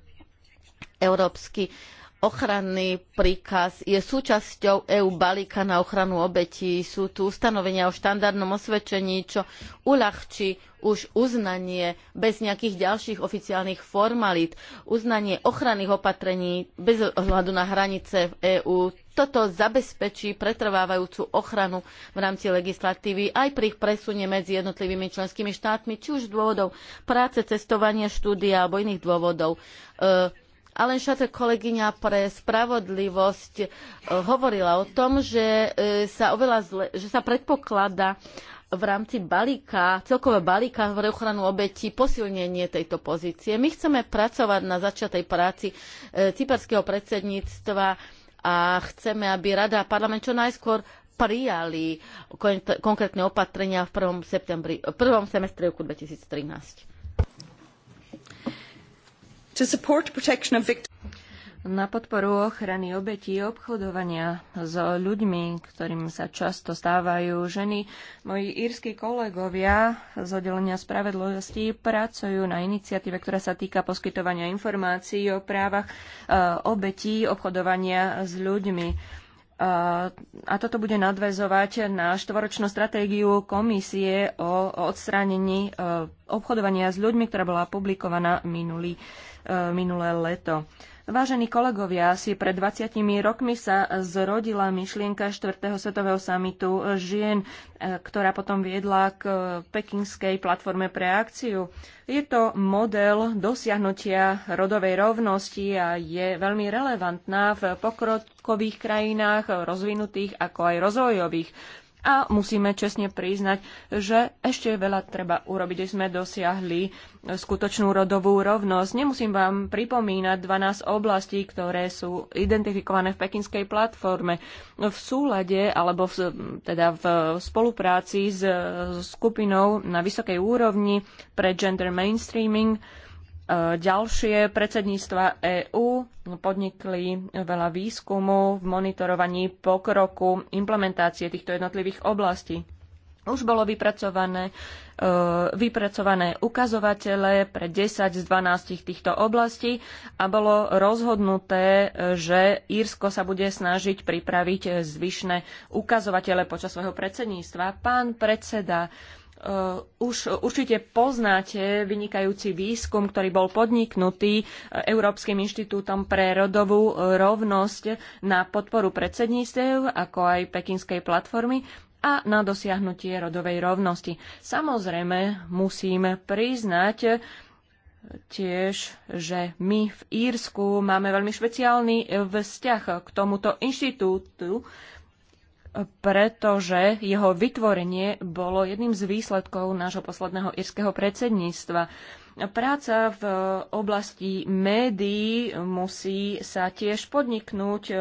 Európsky ochranný príkaz je súčasťou EÚ balíka na ochranu obetí. Sú tu ustanovenia o štandardnom osvedčení, čo uľahčí už uznanie bez nejakých ďalších oficiálnych formalít. Uznanie ochranných opatrení bez ohľadu na hranice v EÚ toto zabezpečí pretrvávajúcu ochranu v rámci legislatívy aj pri ich presune medzi jednotlivými členskými štátmi, či už z dôvodov práce, cestovania, štúdia alebo iných dôvodov. E, Alen Šater, kolegyňa pre spravodlivosť, e, hovorila o tom, že e, sa, oveľa zle, že sa predpokladá v rámci balíka, celkového balíka pre ochranu obetí posilnenie tejto pozície. My chceme pracovať na začiatej práci cyperského predsedníctva a chceme, aby Rada a parlament čo najskôr prijali konkrétne opatrenia v prvom Septembri, semestri roku 2013. To support protection of victims na podporu ochrany obetí obchodovania s ľuďmi, ktorým sa často stávajú ženy. Moji írsky kolegovia z oddelenia spravedlivosti pracujú na iniciatíve, ktorá sa týka poskytovania informácií o právach e, obetí obchodovania s ľuďmi. E, a toto bude nadväzovať na štvoročnú stratégiu komisie o odstránení e, obchodovania s ľuďmi, ktorá bola publikovaná minulý, minulé leto. Vážení kolegovia, asi pred 20 rokmi sa zrodila myšlienka 4. svetového samitu žien, e, ktorá potom viedla k pekinskej platforme pre akciu. Je to model dosiahnutia rodovej rovnosti a je veľmi relevantná v pokrokových krajinách, rozvinutých ako aj rozvojových a musíme čestne priznať, že ešte je veľa treba urobiť, aby sme dosiahli skutočnú rodovú rovnosť. Nemusím vám pripomínať 12 oblastí, ktoré sú identifikované v pekinskej platforme. V súlade alebo v, teda v spolupráci s skupinou na vysokej úrovni pre gender mainstreaming Ďalšie predsedníctva EÚ podnikli veľa výskumu v monitorovaní pokroku implementácie týchto jednotlivých oblastí. Už bolo vypracované, e, vypracované ukazovatele pre 10 z 12 týchto oblastí a bolo rozhodnuté, že Írsko sa bude snažiť pripraviť zvyšné ukazovatele počas svojho predsedníctva. Pán predseda, Eh, už určite poznáte vynikajúci výskum, ktorý bol podniknutý eh, Európskym inštitútom pre rodovú eh, rovnosť na podporu predsedníctiev, ako aj pekinskej platformy a na dosiahnutie rodovej rovnosti. Samozrejme, musím priznať, tiež, že my v Írsku máme veľmi špeciálny vzťah k tomuto inštitútu, pretože jeho vytvorenie bolo jedným z výsledkov nášho posledného írskeho predsedníctva. Práca v oblasti médií musí sa tiež podniknúť e,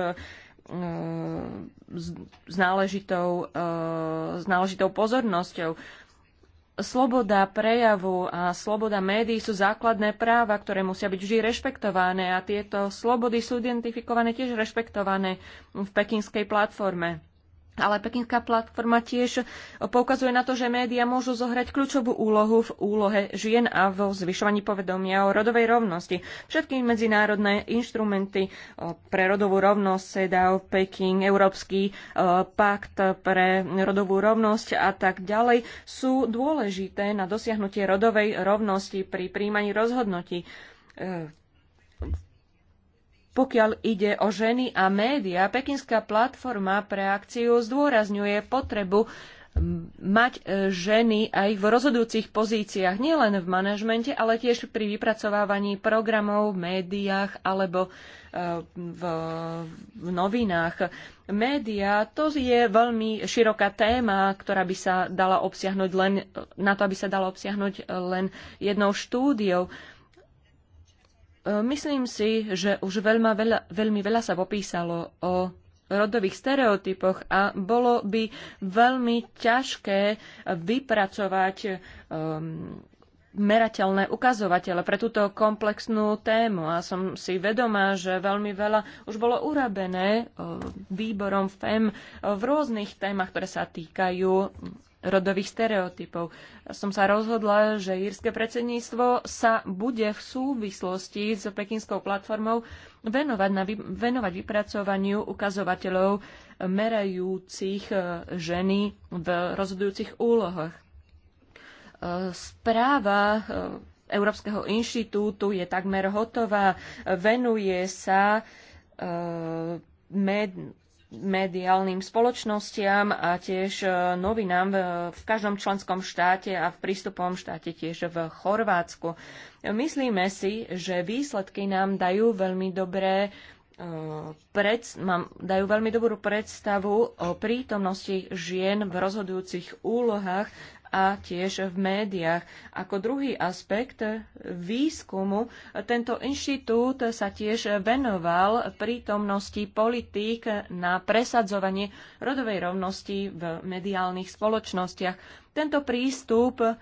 s náležitou, e, s náležitou pozornosťou. Sloboda prejavu a sloboda médií sú základné práva, ktoré musia byť vždy rešpektované a tieto slobody sú identifikované tiež rešpektované v pekinskej platforme. Ale Pekinská platforma tiež poukazuje na to, že médiá môžu zohrať kľúčovú úlohu v úlohe žien a vo zvyšovaní povedomia o rodovej rovnosti. Všetky medzinárodné inštrumenty pre rodovú rovnosť, CEDAW, Peking, Európsky pakt pre rodovú rovnosť a tak ďalej sú dôležité na dosiahnutie rodovej rovnosti pri príjmaní rozhodnutí e, pokiaľ ide o ženy a média, Pekinská platforma pre akciu zdôrazňuje potrebu mať e, ženy aj v rozhodujúcich pozíciách, nielen v manažmente, ale tiež pri vypracovávaní programov v médiách alebo e, v, v novinách. Média to je veľmi široká téma, ktorá by sa dala obsiahnuť len, na to, aby sa dala obsiahnuť len jednou štúdiou. E, myslím si, že už veľma, veľa, veľmi veľa sa popísalo o rodových stereotypoch a bolo by veľmi ťažké vypracovať um, merateľné ukazovatele pre túto komplexnú tému. A som si vedomá, že veľmi veľa už bolo urabené e, výborom FEM v rôznych témach, ktoré sa týkajú rodových stereotypov. Som sa rozhodla, že írske predsedníctvo sa bude v súvislosti s pekinskou platformou venovať, na, venovať vypracovaniu ukazovateľov merajúcich e, ženy v rozhodujúcich úlohách. E, správa e, Európskeho inštitútu je takmer hotová, venuje sa mediálnym spoločnostiam a tiež e, novinám v každom členskom štáte a v prístupovom štáte tiež v Chorvátsku. Myslíme si, že výsledky nám dajú veľmi dobré e, pred, mám, dajú veľmi dobrú predstavu o prítomnosti žien v rozhodujúcich úlohách a tiež v médiách. Ako druhý aspekt výskumu, tento inštitút sa tiež venoval prítomnosti politík na presadzovanie rodovej rovnosti v mediálnych spoločnostiach. Tento prístup eh,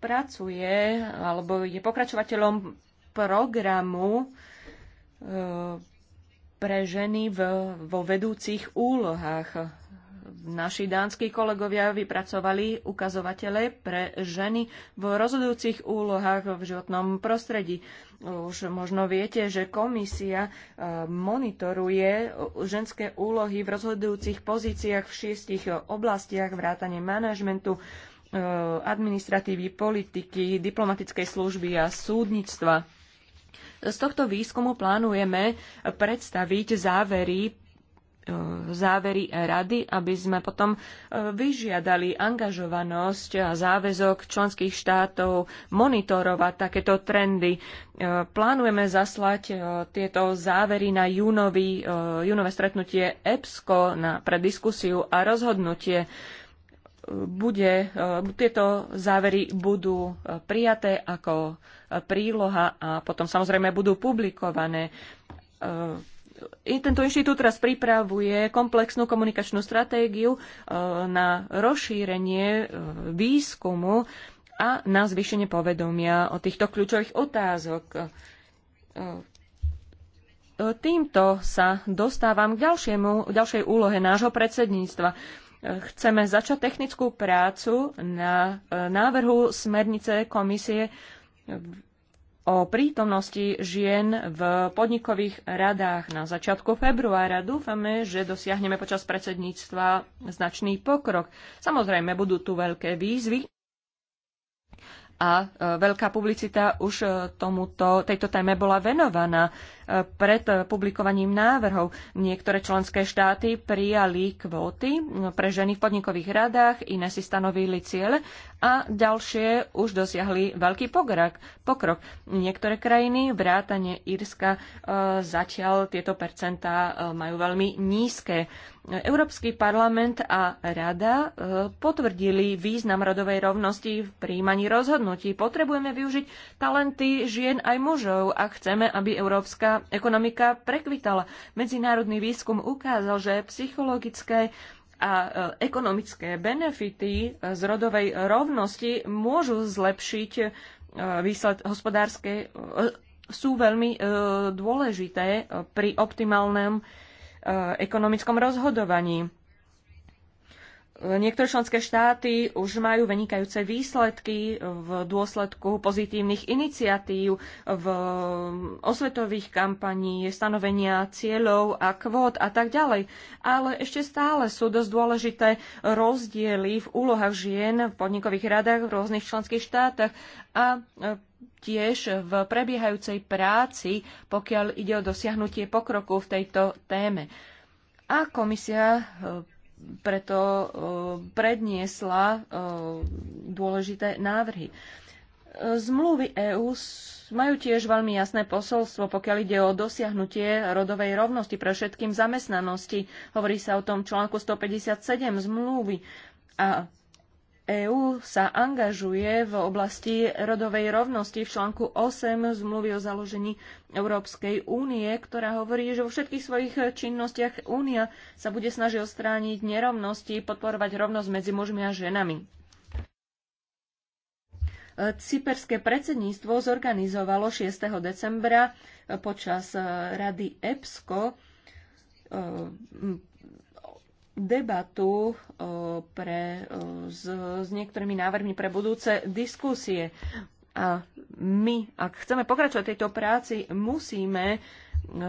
pracuje alebo je pokračovateľom programu eh, pre ženy v, vo vedúcich úlohách naši dánsky kolegovia vypracovali ukazovatele pre ženy v rozhodujúcich úlohách v životnom prostredí. Už možno viete, že komisia e, monitoruje ženské úlohy v rozhodujúcich pozíciách v šiestich oblastiach vrátane manažmentu, e, administratívy, politiky, diplomatickej služby a súdnictva. Z tohto výskumu plánujeme predstaviť závery závery rady, aby sme potom e, vyžiadali angažovanosť a záväzok členských štátov monitorovať takéto trendy. E, plánujeme zaslať e, tieto závery na júnový, júnové stretnutie EPSCO na, pre diskusiu a rozhodnutie bude, tieto závery budú prijaté ako príloha a potom samozrejme budú publikované tento inštitút teraz pripravuje komplexnú komunikačnú stratégiu e, na rozšírenie e, výskumu a na zvýšenie povedomia o týchto kľúčových otázok. E, týmto sa dostávam k ďalšiemu, ďalšej úlohe nášho predsedníctva. Chceme začať technickú prácu na návrhu smernice komisie o prítomnosti žien v podnikových radách na začiatku februára. Dúfame, že dosiahneme počas predsedníctva značný pokrok. Samozrejme, budú tu veľké výzvy a e, veľká publicita už e, tomuto, tejto téme bola venovaná pred publikovaním návrhov. Niektoré členské štáty prijali kvóty pre ženy v podnikových radách, iné si stanovili ciele a ďalšie už dosiahli veľký pokrok. pokrok. Niektoré krajiny, vrátane Írska, e, zatiaľ tieto percentá e, majú veľmi nízke. Európsky parlament a rada e, potvrdili význam rodovej rovnosti v príjmaní rozhodnutí. Potrebujeme využiť talenty žien aj mužov a chceme, aby Európska ekonomika prekvitala. Medzinárodný výskum ukázal, že psychologické a e, ekonomické benefity e, z rodovej rovnosti môžu zlepšiť e, výsled hospodárskej, sú veľmi dôležité pri optimálnom ekonomickom rozhodovaní. Niektoré členské štáty už majú vynikajúce výsledky v dôsledku pozitívnych iniciatív, v osvetových kampaní, stanovenia cieľov a kvót a tak ďalej. Ale ešte stále sú dosť dôležité rozdiely v úlohách žien v podnikových radách v rôznych členských štátach a e, tiež v prebiehajúcej práci, pokiaľ ide o dosiahnutie pokroku v tejto téme. A komisia e, preto e, predniesla e, dôležité návrhy. E, zmluvy EÚ majú tiež veľmi jasné posolstvo, pokiaľ ide o dosiahnutie rodovej rovnosti pre všetkým zamestnanosti. Hovorí sa o tom článku 157 zmluvy. A EÚ sa angažuje v oblasti rodovej rovnosti v článku 8 zmluvy o založení Európskej únie, ktorá hovorí, že vo všetkých svojich činnostiach únia sa bude snažiť ostrániť nerovnosti, podporovať rovnosť medzi mužmi a ženami. Cyperské predsedníctvo zorganizovalo 6. decembra počas rady EPSCO debatu pre, s, s niektorými návrhmi pre budúce diskusie. A my, ak chceme pokračovať v tejto práci, musíme e,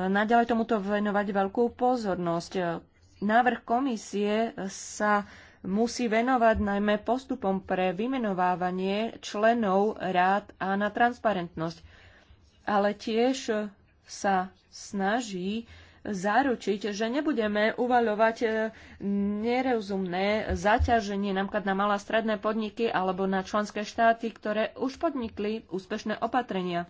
naďalej tomuto venovať veľkú pozornosť. Návrh komisie sa musí venovať najmä postupom pre vymenovávanie členov rád a na transparentnosť. Ale tiež sa snaží zaručiť, že nebudeme uvaľovať e, nerozumné zaťaženie napríklad na malá stredné podniky alebo na členské štáty, ktoré už podnikli úspešné opatrenia.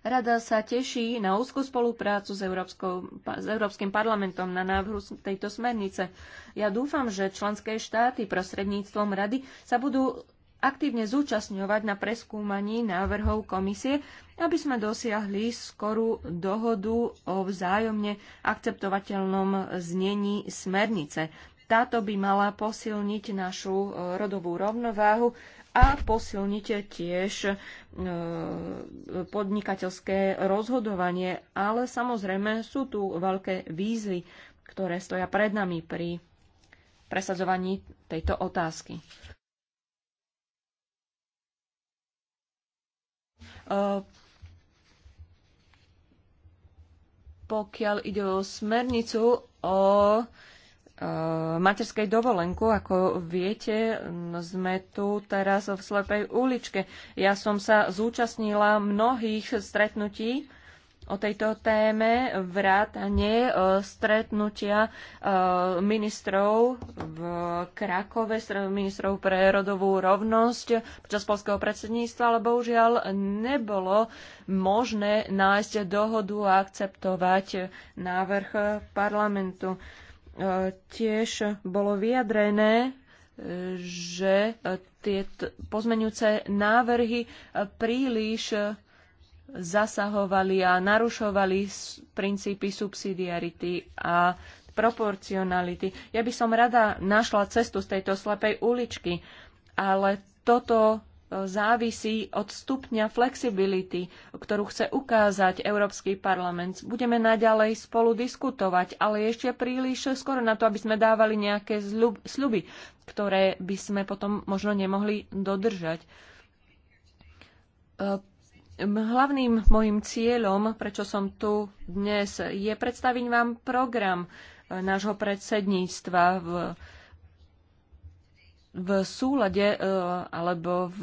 Rada sa teší na úzkú spoluprácu s, Európskou, s Európskym parlamentom na návrhu tejto smernice. Ja dúfam, že členské štáty prostredníctvom rady sa budú aktívne zúčastňovať na preskúmaní návrhov komisie aby sme dosiahli skorú dohodu o vzájomne akceptovateľnom znení smernice. Táto by mala posilniť našu e, rodovú rovnováhu a posilniť tiež e, podnikateľské rozhodovanie. Ale samozrejme sú tu veľké výzvy, ktoré stoja pred nami pri presadzovaní tejto otázky. E, pokiaľ ide o smernicu o e, materskej dovolenku. Ako viete, sme tu teraz v slepej uličke. Ja som sa zúčastnila mnohých stretnutí o tejto téme vrátane e, stretnutia e, ministrov v Krakove, ministrov pre rodovú rovnosť počas polského predsedníctva, ale bohužiaľ nebolo možné nájsť dohodu a akceptovať návrh parlamentu. E, tiež bolo vyjadrené, že tie pozmenujúce návrhy príliš zasahovali a narušovali princípy subsidiarity a proporcionality. Ja by som rada našla cestu z tejto slepej uličky, ale toto e, závisí od stupňa flexibility, ktorú chce ukázať Európsky parlament. Budeme naďalej spolu diskutovať, ale ešte príliš skoro na to, aby sme dávali nejaké sľuby, ktoré by sme potom možno nemohli dodržať e, Hlavným môjim cieľom, prečo som tu dnes, je predstaviť vám program e, nášho predsedníctva v, v súlade e, alebo v,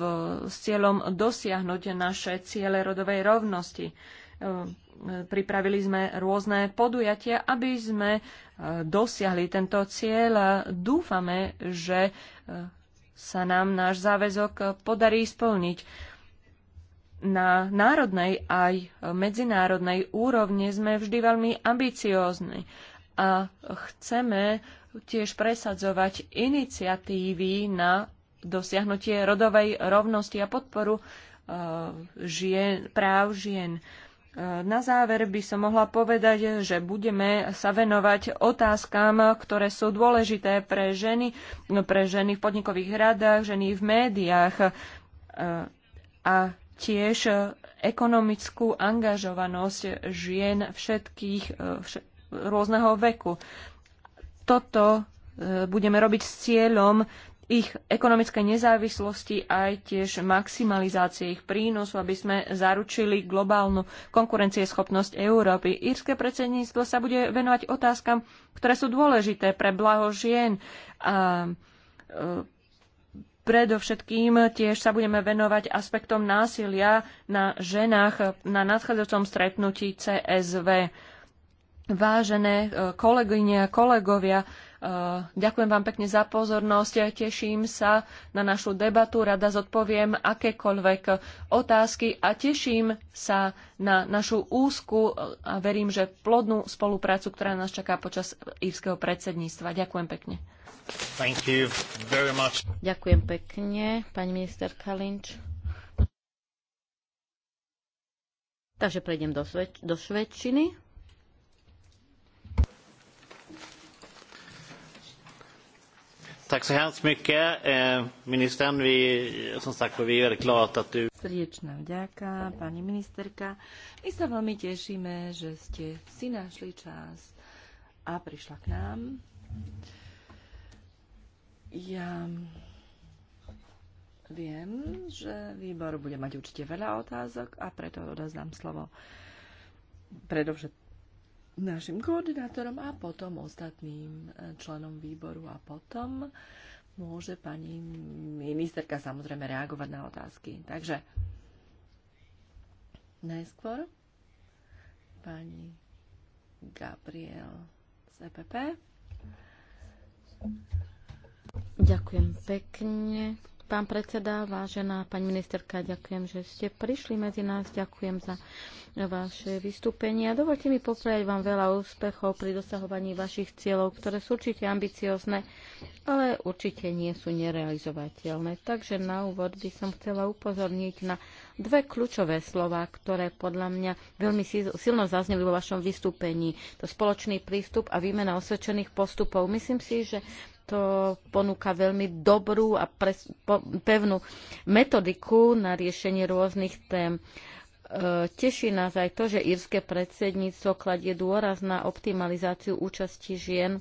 s cieľom dosiahnuť naše ciele rodovej rovnosti. E, pripravili sme rôzne podujatia, aby sme dosiahli tento cieľ a dúfame, že sa nám náš záväzok podarí splniť na národnej aj medzinárodnej úrovni sme vždy veľmi ambiciózni a chceme tiež presadzovať iniciatívy na dosiahnutie rodovej rovnosti a podporu e, žien, práv žien. E, na záver by som mohla povedať, že budeme sa venovať otázkam, ktoré sú dôležité pre ženy, no pre ženy v podnikových radách, ženy v médiách e, a tiež e, ekonomickú angažovanosť žien všetkých e, vš rôzneho veku. Toto e, budeme robiť s cieľom ich ekonomickej nezávislosti aj tiež maximalizácie ich prínosu, aby sme zaručili globálnu konkurencieschopnosť Európy. Írske predsedníctvo sa bude venovať otázkam, ktoré sú dôležité pre blaho žien a Predovšetkým tiež sa budeme venovať aspektom násilia na ženách na nadchádzajúcom stretnutí CSV. Vážené e, kolegyne a kolegovia, e, ďakujem vám pekne za pozornosť. a Teším sa na našu debatu. Rada zodpoviem akékoľvek otázky a teším sa na našu úzku e, a verím, že plodnú spoluprácu, ktorá nás čaká počas írskeho predsedníctva. Ďakujem pekne. Ďakujem pekne, pani minister Kalinč. Takže prejdem do, do Švedčiny. Tack så hemskt mycket, eh, ministern. Vi, som sagt, vi är glad att du... Srdečná vďaka, pani ministerka. My sa veľmi tešíme, že ste si našli čas a prišla k nám. Ja viem, že výbor bude mať určite veľa otázok a preto odozdám slovo predovšetkým našim koordinátorom a potom ostatným e, členom výboru a potom môže pani ministerka samozrejme reagovať na otázky. Takže najskôr pani Gabriel z EPP. Ďakujem pekne. Pán predseda, vážená pani ministerka, ďakujem, že ste prišli medzi nás, ďakujem za vaše vystúpenie a dovolte mi poprieť vám veľa úspechov pri dosahovaní vašich cieľov, ktoré sú určite ambiciozne, ale určite nie sú nerealizovateľné. Takže na úvod by som chcela upozorniť na dve kľúčové slova, ktoré podľa mňa veľmi silno zazneli vo vašom vystúpení. To spoločný prístup a výmena osvedčených postupov. Myslím si, že to ponúka veľmi dobrú a pres, po, pevnú metodiku na riešenie rôznych tém. E, teší nás aj to, že írske predsedníctvo kladie dôraz na optimalizáciu účasti žien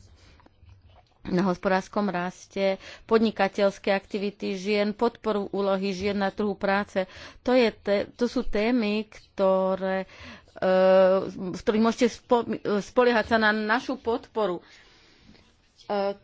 na hospodárskom raste, podnikateľské aktivity žien, podporu úlohy žien na trhu práce. To, je te, to sú témy, ktoré, e, z ktorých môžete spo, e, spoliehať sa na našu podporu. E,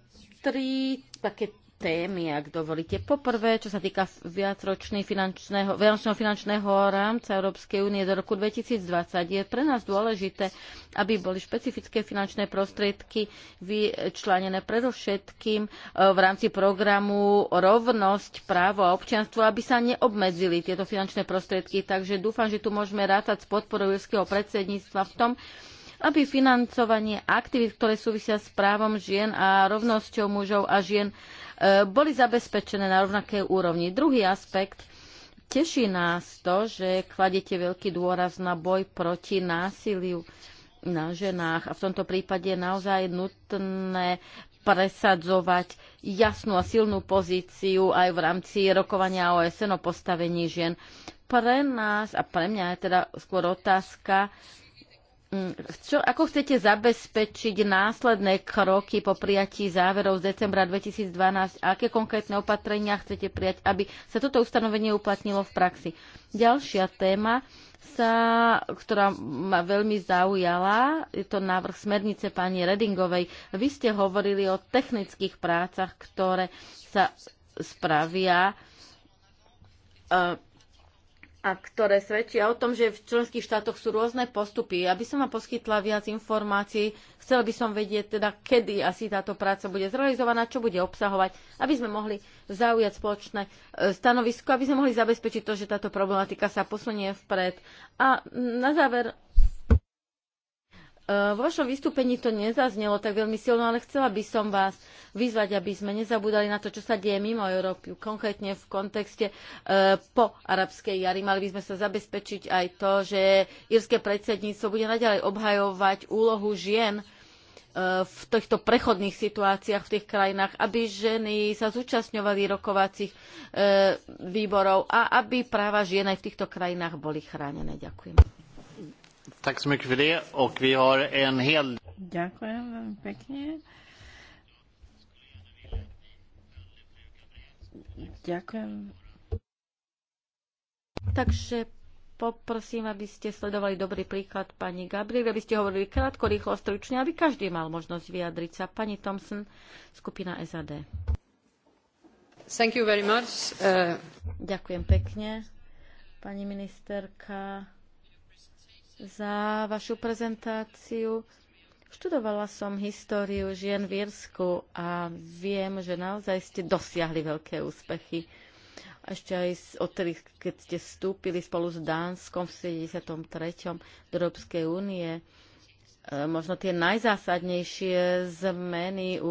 tri také témy, ak dovolíte. Poprvé, čo sa týka viacročného finančného, finančného rámca Európskej únie do roku 2020, je pre nás dôležité, aby boli špecifické finančné prostriedky vyčlenené predovšetkým e, v rámci programu rovnosť, právo a občianstvo, aby sa neobmedzili tieto finančné prostriedky. Takže dúfam, že tu môžeme rátať s podporou európskeho predsedníctva v tom, aby financovanie aktivít, ktoré súvisia s právom žien a rovnosťou mužov a žien, e, boli zabezpečené na rovnakej úrovni. Druhý aspekt teší nás to, že kladete veľký dôraz na boj proti násiliu na ženách a v tomto prípade je naozaj nutné presadzovať jasnú a silnú pozíciu aj v rámci rokovania OSN o postavení žien. Pre nás a pre mňa je teda skôr otázka, Mm, čo, ako chcete zabezpečiť následné kroky po prijatí záverov z decembra 2012 a aké konkrétne opatrenia chcete prijať, aby sa toto ustanovenie uplatnilo v praxi? Ďalšia téma, sa, ktorá ma veľmi zaujala, je to návrh smernice pani Redingovej. Vy ste hovorili o technických prácach, ktoré sa spravia. E, a ktoré svedčia o tom, že v členských štátoch sú rôzne postupy. Aby som vám poskytla viac informácií, chcela by som vedieť teda, kedy asi táto práca bude zrealizovaná, čo bude obsahovať, aby sme mohli zaujať spoločné e, stanovisko, aby sme mohli zabezpečiť to, že táto problematika sa posunie vpred. A na záver Eh, vo vašom vystúpení to nezaznelo tak veľmi silno, ale chcela by som vás vyzvať, aby sme nezabúdali na to, čo sa deje mimo Európy, konkrétne v kontexte e, po arabskej jari. Mali by sme sa zabezpečiť aj to, že írske predsedníctvo bude naďalej obhajovať úlohu žien eh, v týchto prechodných situáciách v tých krajinách, aby ženy sa zúčastňovali rokovacích e, výborov a aby práva žien aj v týchto krajinách boli chránené. Ďakujem. Takže poprosím, aby ste sledovali dobrý príklad pani Gabriel, aby ste hovorili krátko, rýchlo, stručne, aby každý mal možnosť vyjadriť sa. Pani Thompson, skupina SAD. Thank you very much. Uh... Ďakujem pekne. Pani ministerka, za vašu prezentáciu. Študovala som históriu žien v Írsku a viem, že naozaj ste dosiahli veľké úspechy. Ešte aj odtedy, keď ste vstúpili spolu s Dánskom v 73. do Európskej únie, E, možno tie najzásadnejšie zmeny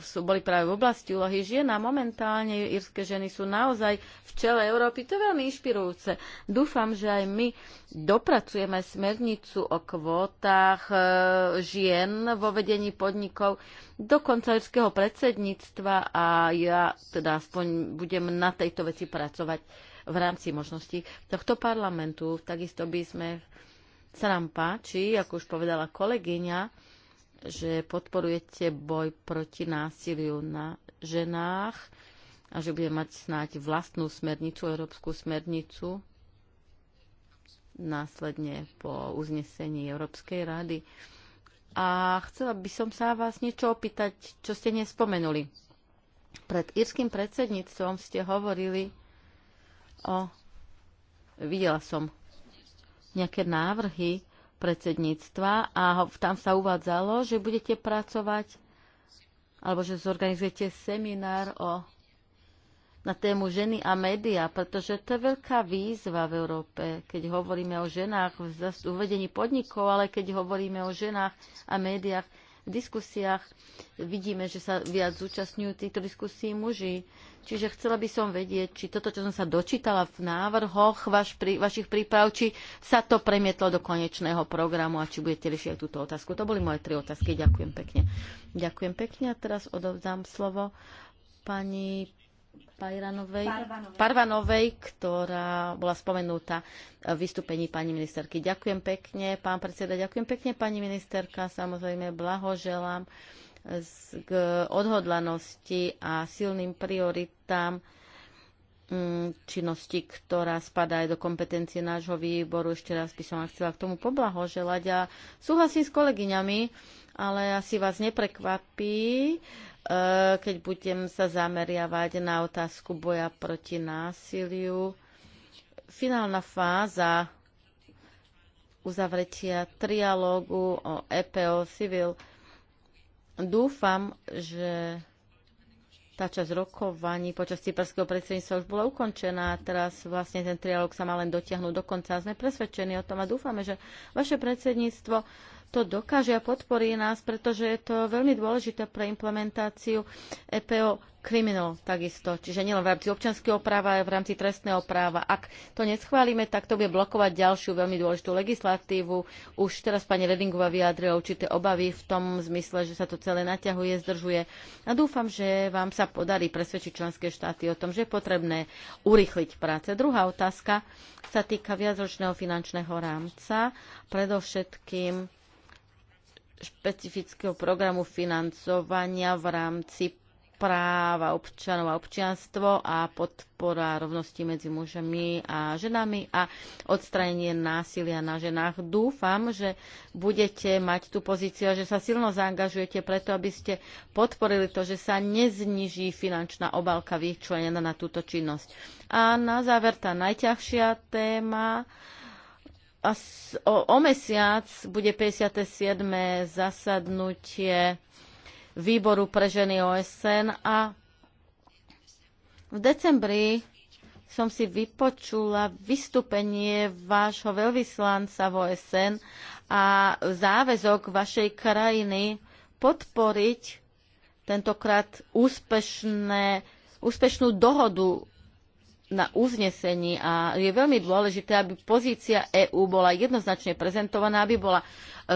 sú, boli práve v oblasti úlohy žien a momentálne írske ženy sú naozaj v čele Európy. To je veľmi inšpirujúce. Dúfam, že aj my dopracujeme smernicu o kvótach e, žien vo vedení podnikov do konca írskeho predsedníctva a ja teda aspoň budem na tejto veci pracovať v rámci možností tohto parlamentu. Takisto by sme sa nám páči, ako už povedala kolegyňa, že podporujete boj proti násiliu na ženách a že bude mať snáď vlastnú smernicu, európsku smernicu, následne po uznesení Európskej rady. A chcela by som sa vás niečo opýtať, čo ste nespomenuli. Pred írským predsedníctvom ste hovorili o... Videla som nejaké návrhy predsedníctva a tam sa uvádzalo, že budete pracovať alebo že zorganizujete seminár o, na tému ženy a média, pretože to je veľká výzva v Európe, keď hovoríme o ženách v uvedení podnikov, ale keď hovoríme o ženách a médiách, v diskusiách vidíme, že sa viac zúčastňujú týchto diskusí muži. Čiže chcela by som vedieť, či toto, čo som sa dočítala v návrhoch vaš, pri, vašich príprav, či sa to premietlo do konečného programu a či budete riešiť aj túto otázku. To boli moje tri otázky. Ďakujem pekne. Ďakujem pekne a teraz odovzdám slovo pani Pajranovej, Parvanovej. Parvanovej, ktorá bola spomenutá v vystúpení pani ministerky. Ďakujem pekne, pán predseda, ďakujem pekne, pani ministerka, samozrejme blahoželám k odhodlanosti a silným prioritám mm, činnosti, ktorá spadá aj do kompetencie nášho výboru. Ešte raz by som vám chcela k tomu poblahoželať a súhlasím s kolegyňami, ale asi vás neprekvapí, e, keď budem sa zameriavať na otázku boja proti násiliu. Finálna fáza uzavretia trialógu o EPO Civil Dúfam, že tá časť rokovaní počas cyperského predsedníctva už bola ukončená a teraz vlastne ten trialog sa má len dotiahnuť do konca. Sme presvedčení o tom a dúfame, že vaše predsedníctvo to dokáže a podporí nás, pretože je to veľmi dôležité pre implementáciu EPO criminal takisto, čiže nielen v rámci občanského práva, ale v rámci trestného práva. Ak to neschválime, tak to bude blokovať ďalšiu veľmi dôležitú legislatívu. Už teraz pani Redingová vyjadrila určité obavy v tom zmysle, že sa to celé naťahuje, zdržuje. A dúfam, že vám sa podarí presvedčiť členské štáty o tom, že je potrebné urychliť práce. Druhá otázka sa týka viacročného finančného rámca, predovšetkým špecifického programu financovania v rámci práva občanov a občianstvo a podpora rovnosti medzi mužami a ženami a odstranenie násilia na ženách. Dúfam, že budete mať tú pozíciu a že sa silno zaangažujete preto, aby ste podporili to, že sa nezniží finančná obálka vyčlenená na túto činnosť. A na záver tá najťažšia téma o, o mesiac bude 57. zasadnutie výboru pre ženy OSN a v decembri som si vypočula vystúpenie vášho veľvyslanca v OSN a záväzok vašej krajiny podporiť tentokrát úspešné, úspešnú dohodu na uznesení a je veľmi dôležité, aby pozícia EÚ bola jednoznačne prezentovaná, aby bola e,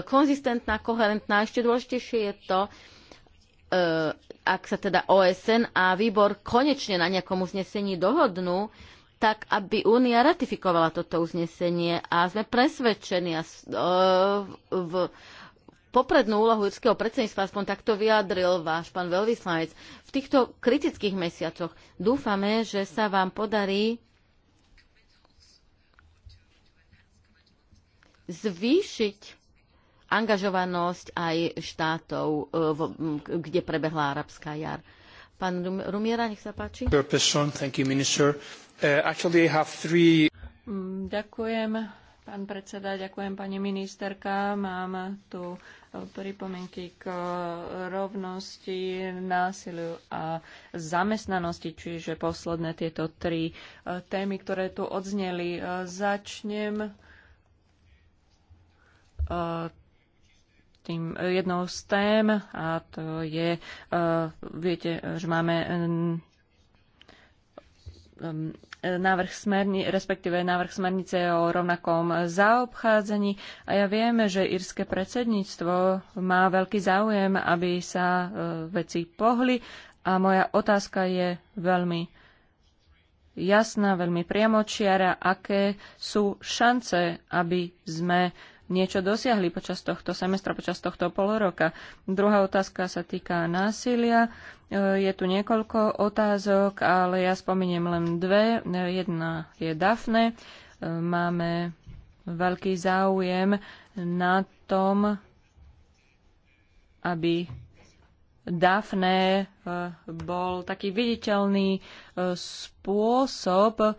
konzistentná, koherentná. Ešte dôležitejšie je to, e, ak sa teda OSN a výbor konečne na nejakom uznesení dohodnú, tak aby Únia ratifikovala toto uznesenie a sme presvedčení e, v poprednú úlohu irského predsedníctva, aspoň takto vyjadril váš pán veľvyslanec. V týchto kritických mesiacoch dúfame, že sa vám podarí zvýšiť angažovanosť aj štátov, e, kde prebehla arabská jar. Pán Rumiera, nech sa páči. Uh, mm, ďakujem, pán predseda, ďakujem, pani ministerka. Mám tu pripomienky k rovnosti, násiliu a zamestnanosti, čiže posledné tieto tri e, témy, ktoré tu odzneli. E, začnem e, tým jednou z tém a to je, viete, že máme Um, návrh smerni, respektíve návrh smernice o rovnakom zaobchádzaní. A ja vieme, že írske predsedníctvo má veľký záujem, aby sa uh, veci pohli. A moja otázka je veľmi jasná, veľmi priamočiara, aké sú šance, aby sme niečo dosiahli počas tohto semestra, počas tohto poloroka. Druhá otázka sa týka násilia. E, je tu niekoľko otázok, ale ja spomeniem len dve. E, jedna je Dafne. E, máme veľký záujem na tom, aby Dafne bol taký viditeľný spôsob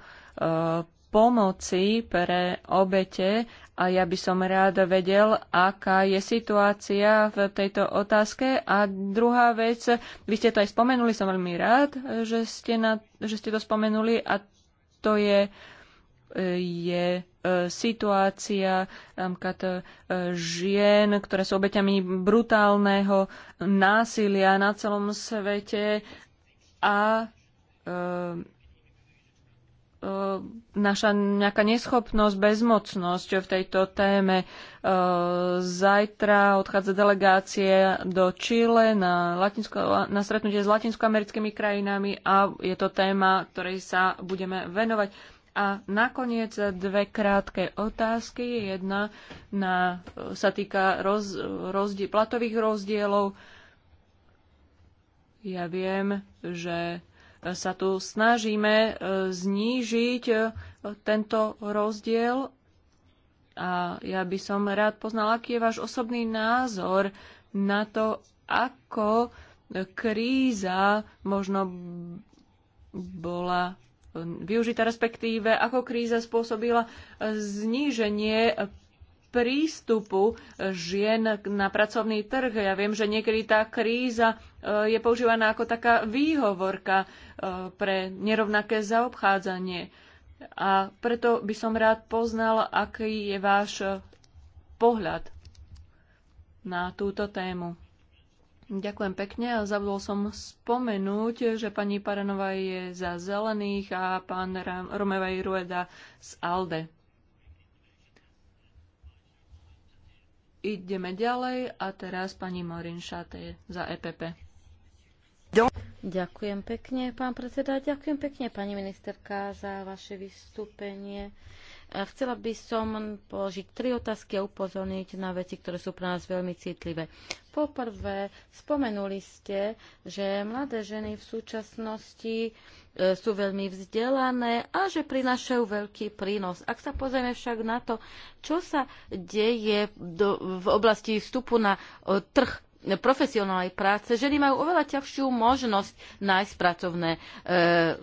pomoci pre obete a ja by som rád vedel, aká je situácia v tejto otázke. A druhá vec, vy ste to aj spomenuli, som veľmi rád, že ste, na, že ste to spomenuli a to je, je e, situácia napríklad e, žien, ktoré sú obeťami brutálneho násilia na celom svete a e, E, naša nejaká neschopnosť, bezmocnosť v tejto téme. E, zajtra odchádza delegácie do Čile na, Latinsko, na stretnutie s latinskoamerickými krajinami a je to téma, ktorej sa budeme venovať. A nakoniec dve krátke otázky. Jedna na, sa týka roz, rozdiel, platových rozdielov. Ja viem, že sa tu snažíme e, znížiť e, tento rozdiel a ja by som rád poznala, aký je váš osobný názor na to, ako kríza možno bola e, využitá, respektíve ako kríza spôsobila zníženie prístupu žien na pracovný trh. Ja viem, že niekedy tá kríza e, je používaná ako taká výhovorka e, pre nerovnaké zaobchádzanie. A preto by som rád poznal, aký je váš e, pohľad na túto tému. Ďakujem pekne a zabudol som spomenúť, že pani Paranova je za zelených a pán Romevaj Rueda z ALDE. Ideme ďalej a teraz pani Morin Šatej za EPP. Ďakujem pekne, pán predseda. Ďakujem pekne, pani ministerka, za vaše vystúpenie. Chcela by som položiť tri otázky a upozorniť na veci, ktoré sú pre nás veľmi citlivé. Poprvé, spomenuli ste, že mladé ženy v súčasnosti e, sú veľmi vzdelané a že prinášajú veľký prínos. Ak sa pozrieme však na to, čo sa deje do, v oblasti vstupu na e, trh profesionálnej práce, ženy majú oveľa ťažšiu možnosť nájsť pracovné e,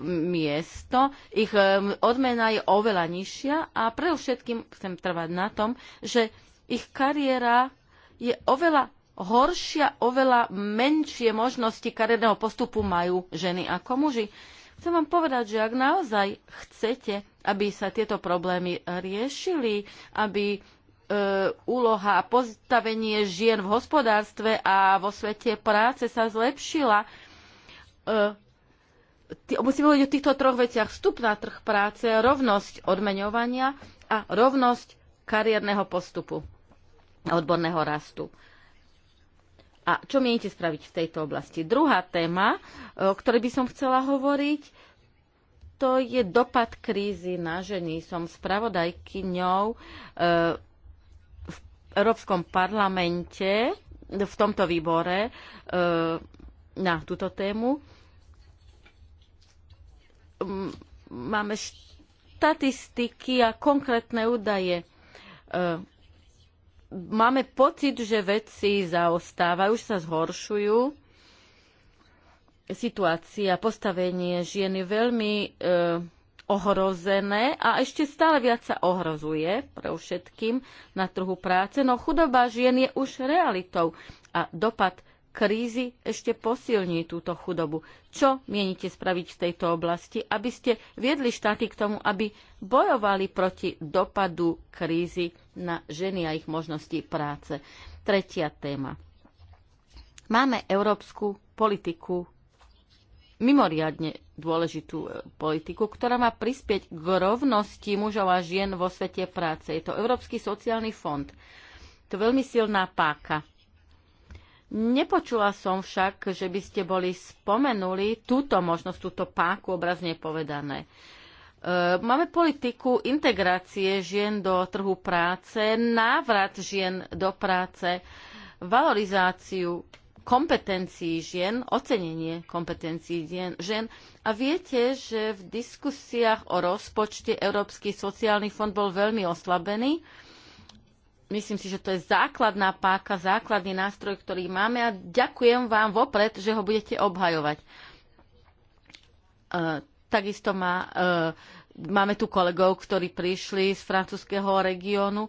miesto. Ich e, odmena je oveľa nižšia a predovšetkým chcem trvať na tom, že ich kariéra je oveľa horšia, oveľa menšie možnosti kariérneho postupu majú ženy ako muži. Chcem vám povedať, že ak naozaj chcete, aby sa tieto problémy riešili, aby E, úloha a postavenie žien v hospodárstve a vo svete práce sa zlepšila. E, musíme hovoriť o týchto troch veciach. Vstup na trh práce, rovnosť odmeňovania a rovnosť kariérneho postupu a odborného rastu. A čo mienite spraviť v tejto oblasti? Druhá téma, e, o ktorej by som chcela hovoriť, to je dopad krízy na ženy. Som spravodajkyňou Európskom parlamente, v tomto výbore e, na túto tému. Máme štatistiky a konkrétne údaje. E, máme pocit, že veci zaostávajú, už sa zhoršujú. Situácia, postavenie žien je veľmi e, ohrozené a ešte stále viac sa ohrozuje pre všetkým na trhu práce, no chudoba žien je už realitou a dopad krízy ešte posilní túto chudobu. Čo mienite spraviť v tejto oblasti, aby ste viedli štáty k tomu, aby bojovali proti dopadu krízy na ženy a ich možnosti práce? Tretia téma. Máme európsku politiku mimoriadne dôležitú e, politiku, ktorá má prispieť k rovnosti mužov a žien vo svete práce. Je to Európsky sociálny fond. To je veľmi silná páka. Nepočula som však, že by ste boli spomenuli túto možnosť, túto páku obrazne povedané. E, máme politiku integrácie žien do trhu práce, návrat žien do práce, valorizáciu kompetencií žien, ocenenie kompetencií žien. A viete, že v diskusiách o rozpočte Európsky sociálny fond bol veľmi oslabený. Myslím si, že to je základná páka, základný nástroj, ktorý máme a ďakujem vám vopred, že ho budete obhajovať. E, takisto má, e, máme tu kolegov, ktorí prišli z francúzského regiónu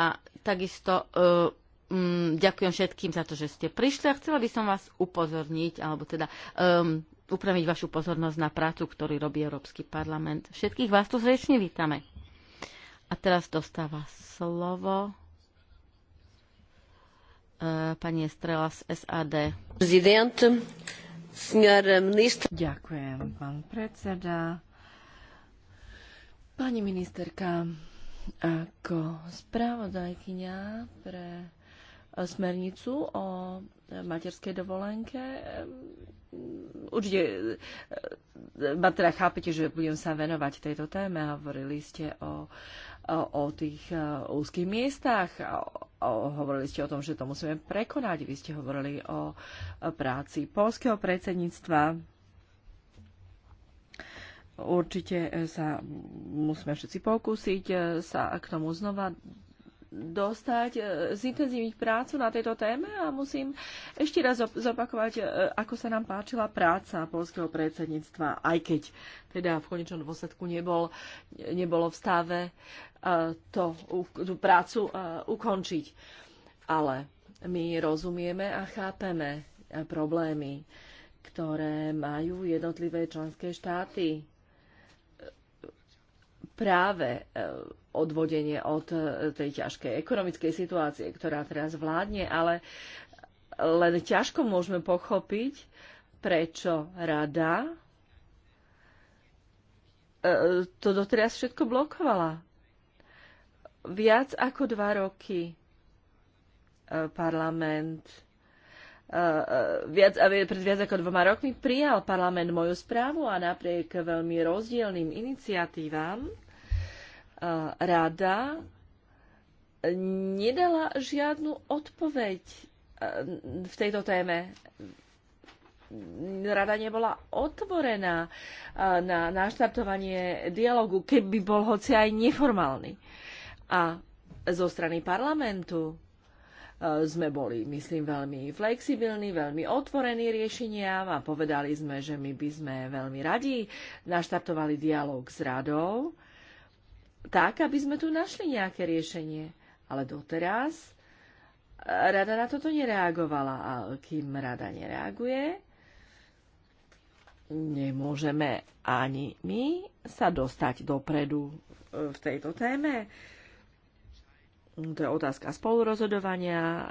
a takisto e, Mm, ďakujem všetkým za to, že ste prišli a chcela by som vás upozorniť, alebo teda um, upraviť vašu pozornosť na prácu, ktorú robí Európsky parlament. Všetkých vás tu zrečne vítame. A teraz dostáva slovo uh, pani Estrela z SAD. Prezident, ministr. Ďakujem, pán predseda. Pani ministerka, ako správodajkyňa pre smernicu o materskej dovolenke. Určite ma teda chápete, že budem sa venovať tejto téme. Hovorili ste o, o, o tých e, úzkých miestach, o, hovorili ste o tom, že to musíme prekonať. Vy ste hovorili o práci polského predsedníctva. Určite sa musíme všetci pokúsiť e, sa k tomu znova dostať, e, intenzívnych prácu na tejto téme a musím ešte raz zopakovať, e, ako sa nám páčila práca polského predsedníctva, aj keď teda v konečnom dôsledku nebol, nebolo v stave e, to, tú prácu ukončiť. Ale my rozumieme a chápeme problémy, ktoré majú jednotlivé členské štáty práve e, odvodenie od e, tej ťažkej ekonomickej situácie, ktorá teraz vládne, ale len ťažko môžeme pochopiť, prečo rada e, to doteraz všetko blokovala. Viac ako dva roky parlament viac, pred viac ako dvoma rokmi prijal parlament moju správu a napriek veľmi rozdielným iniciatívam Eh, rada nedala žiadnu odpoveď eh, v tejto téme. Rada nebola otvorená eh, na naštartovanie dialogu, keby bol hoci aj neformálny. A zo strany parlamentu sme boli, myslím, veľmi flexibilní, veľmi otvorení riešeniam a povedali sme, že my by sme veľmi radi naštartovali dialog s radou tak, aby sme tu našli nejaké riešenie. Ale doteraz eh, rada na toto nereagovala. A kým rada nereaguje, nemôžeme ani my sa dostať dopredu eh, v tejto téme. To je otázka spolurozhodovania.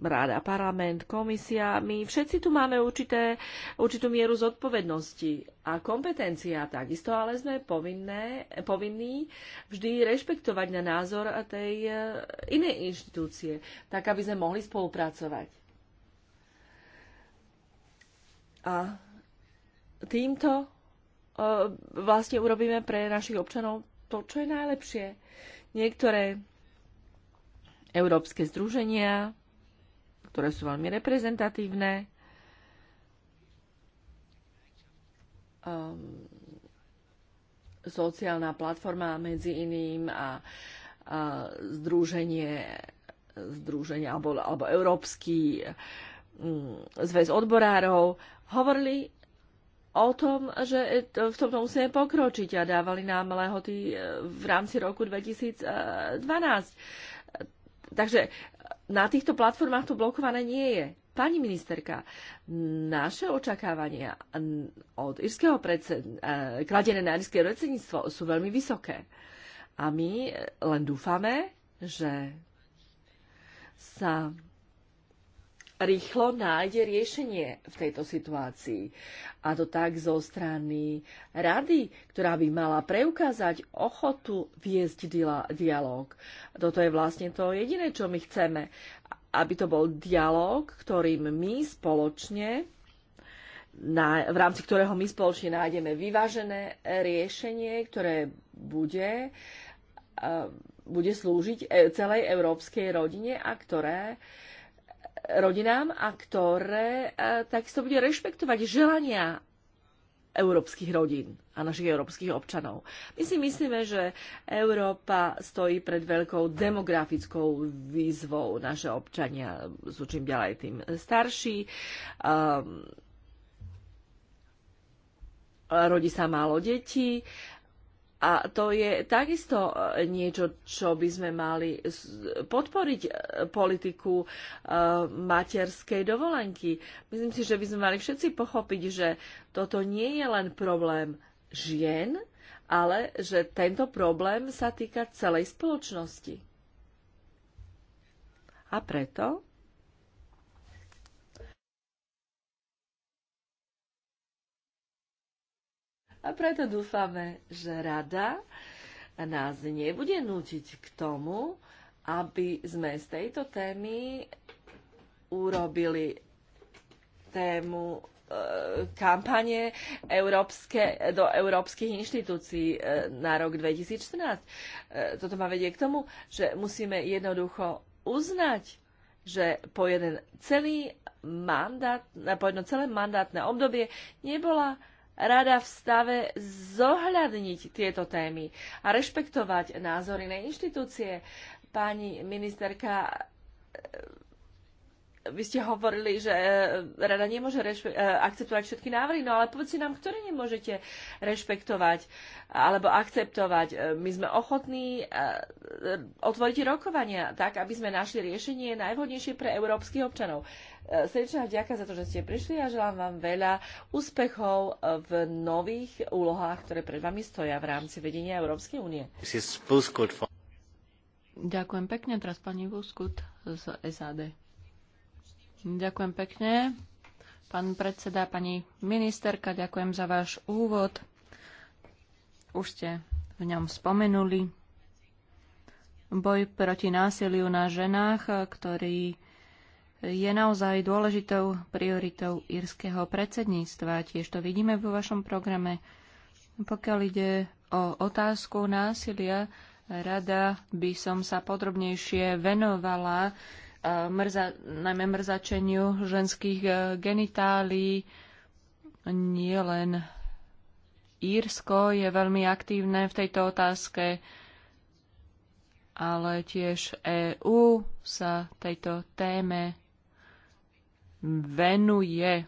Ráda, parlament, komisia, my všetci tu máme určité, určitú mieru zodpovednosti a kompetencia takisto, ale sme povinné, povinní vždy rešpektovať na názor tej e, inej inštitúcie, tak aby sme mohli spolupracovať. A týmto e, vlastne urobíme pre našich občanov to, čo je najlepšie. Niektoré európske združenia ktoré sú veľmi reprezentatívne. Um, sociálna platforma medzi iným a, a združenie, združenie alebo, alebo Európsky um, zväz odborárov hovorili o tom, že to v tomto musíme pokročiť a dávali nám lehoty e, v rámci roku 2012. E, Takže na týchto platformách to blokované nie je. Pani ministerka, naše očakávania od irského predsed... Eh, kladené na irské predsedníctvo sú veľmi vysoké. A my len dúfame, že sa rýchlo nájde riešenie v tejto situácii. A to tak zo strany rady, ktorá by mala preukázať ochotu viesť dialog. Toto je vlastne to jediné, čo my chceme. Aby to bol dialog, ktorým my spoločne na, v rámci ktorého my spoločne nájdeme vyvážené riešenie, ktoré bude, uh, bude slúžiť eh, celej európskej rodine a ktoré uh, rodinám a ktoré e, takisto bude rešpektovať želania európskych rodín a našich európskych občanov. My si myslíme, že Európa stojí pred veľkou demografickou výzvou. Naše občania sú čím ďalej tým starší. Um, rodí sa málo detí a to je takisto e, niečo, čo by sme mali podporiť e, politiku e, materskej dovolenky. Myslím si, že by sme mali všetci pochopiť, že toto nie je len problém žien, ale že tento problém sa týka celej spoločnosti. A preto A preto dúfame, že rada nás nebude nútiť k tomu, aby sme z tejto témy urobili tému e, kampane európske, do európskych inštitúcií e, na rok 2014. E, toto ma vedie k tomu, že musíme jednoducho uznať, že po jeden celý mandát, po jedno celé mandátne obdobie nebola rada v stave zohľadniť tieto témy a rešpektovať názory na inštitúcie. Pani ministerka vy ste hovorili, že e, rada nemôže e, akceptovať všetky návrhy, no ale povedzte nám, ktoré nemôžete rešpektovať alebo akceptovať. E, my sme ochotní otvoriť rokovania tak, aby sme našli riešenie najvhodnejšie pre európskych občanov. Srdečná vďaka za to, že ste prišli a želám vám veľa úspechov v nových úlohách, ktoré pred vami stoja v rámci vedenia Európskej únie. Ďakujem pekne, teraz pani Vuskut z SAD. Ďakujem pekne. Pán predseda, pani ministerka, ďakujem za váš úvod. Už ste v ňom spomenuli. Boj proti násiliu na ženách, ktorý je naozaj dôležitou prioritou írskeho predsedníctva. Tiež to vidíme vo vašom programe. Pokiaľ ide o otázku násilia, rada by som sa podrobnejšie venovala E, mrza, najmä mrzačeniu ženských e, genitálií. Nie len Írsko je veľmi aktívne v tejto otázke, ale tiež EÚ sa tejto téme venuje.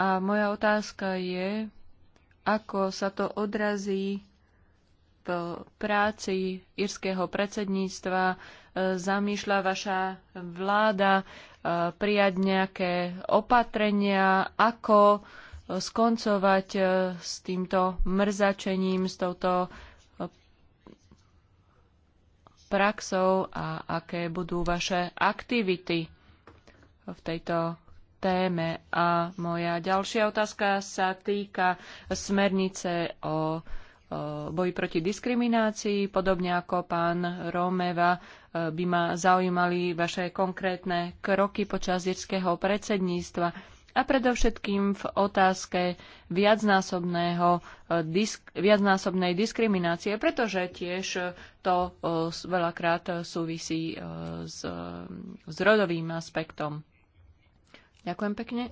A moja otázka je, ako sa to odrazí v práci írskeho predsedníctva E, zamýšľa vaša vláda e, prijať nejaké opatrenia, ako e, skoncovať s týmto mrzačením, s touto praxou a aké budú vaše aktivity v tejto téme. A moja ďalšia otázka sa týka smernice o boji proti diskriminácii, podobne ako pán Rómeva, e, by ma zaujímali vaše konkrétne kroky počas irského predsedníctva a predovšetkým v otázke viacnásobného, e, disk, viacnásobnej diskriminácie, pretože tiež to e, veľakrát súvisí s, s rodovým aspektom. Ďakujem pekne.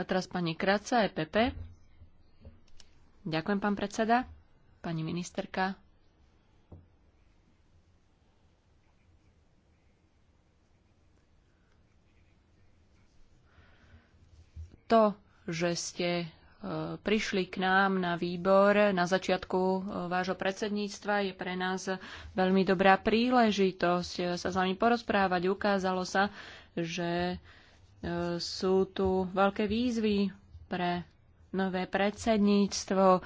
A teraz pani Kraca, EPP. Ďakujem, pán predseda. Pani ministerka. To, že ste e, prišli k nám na výbor na začiatku e, vášho predsedníctva. Je pre nás veľmi dobrá príležitosť e, sa s vami porozprávať. Ukázalo sa, že sú tu veľké výzvy pre nové predsedníctvo,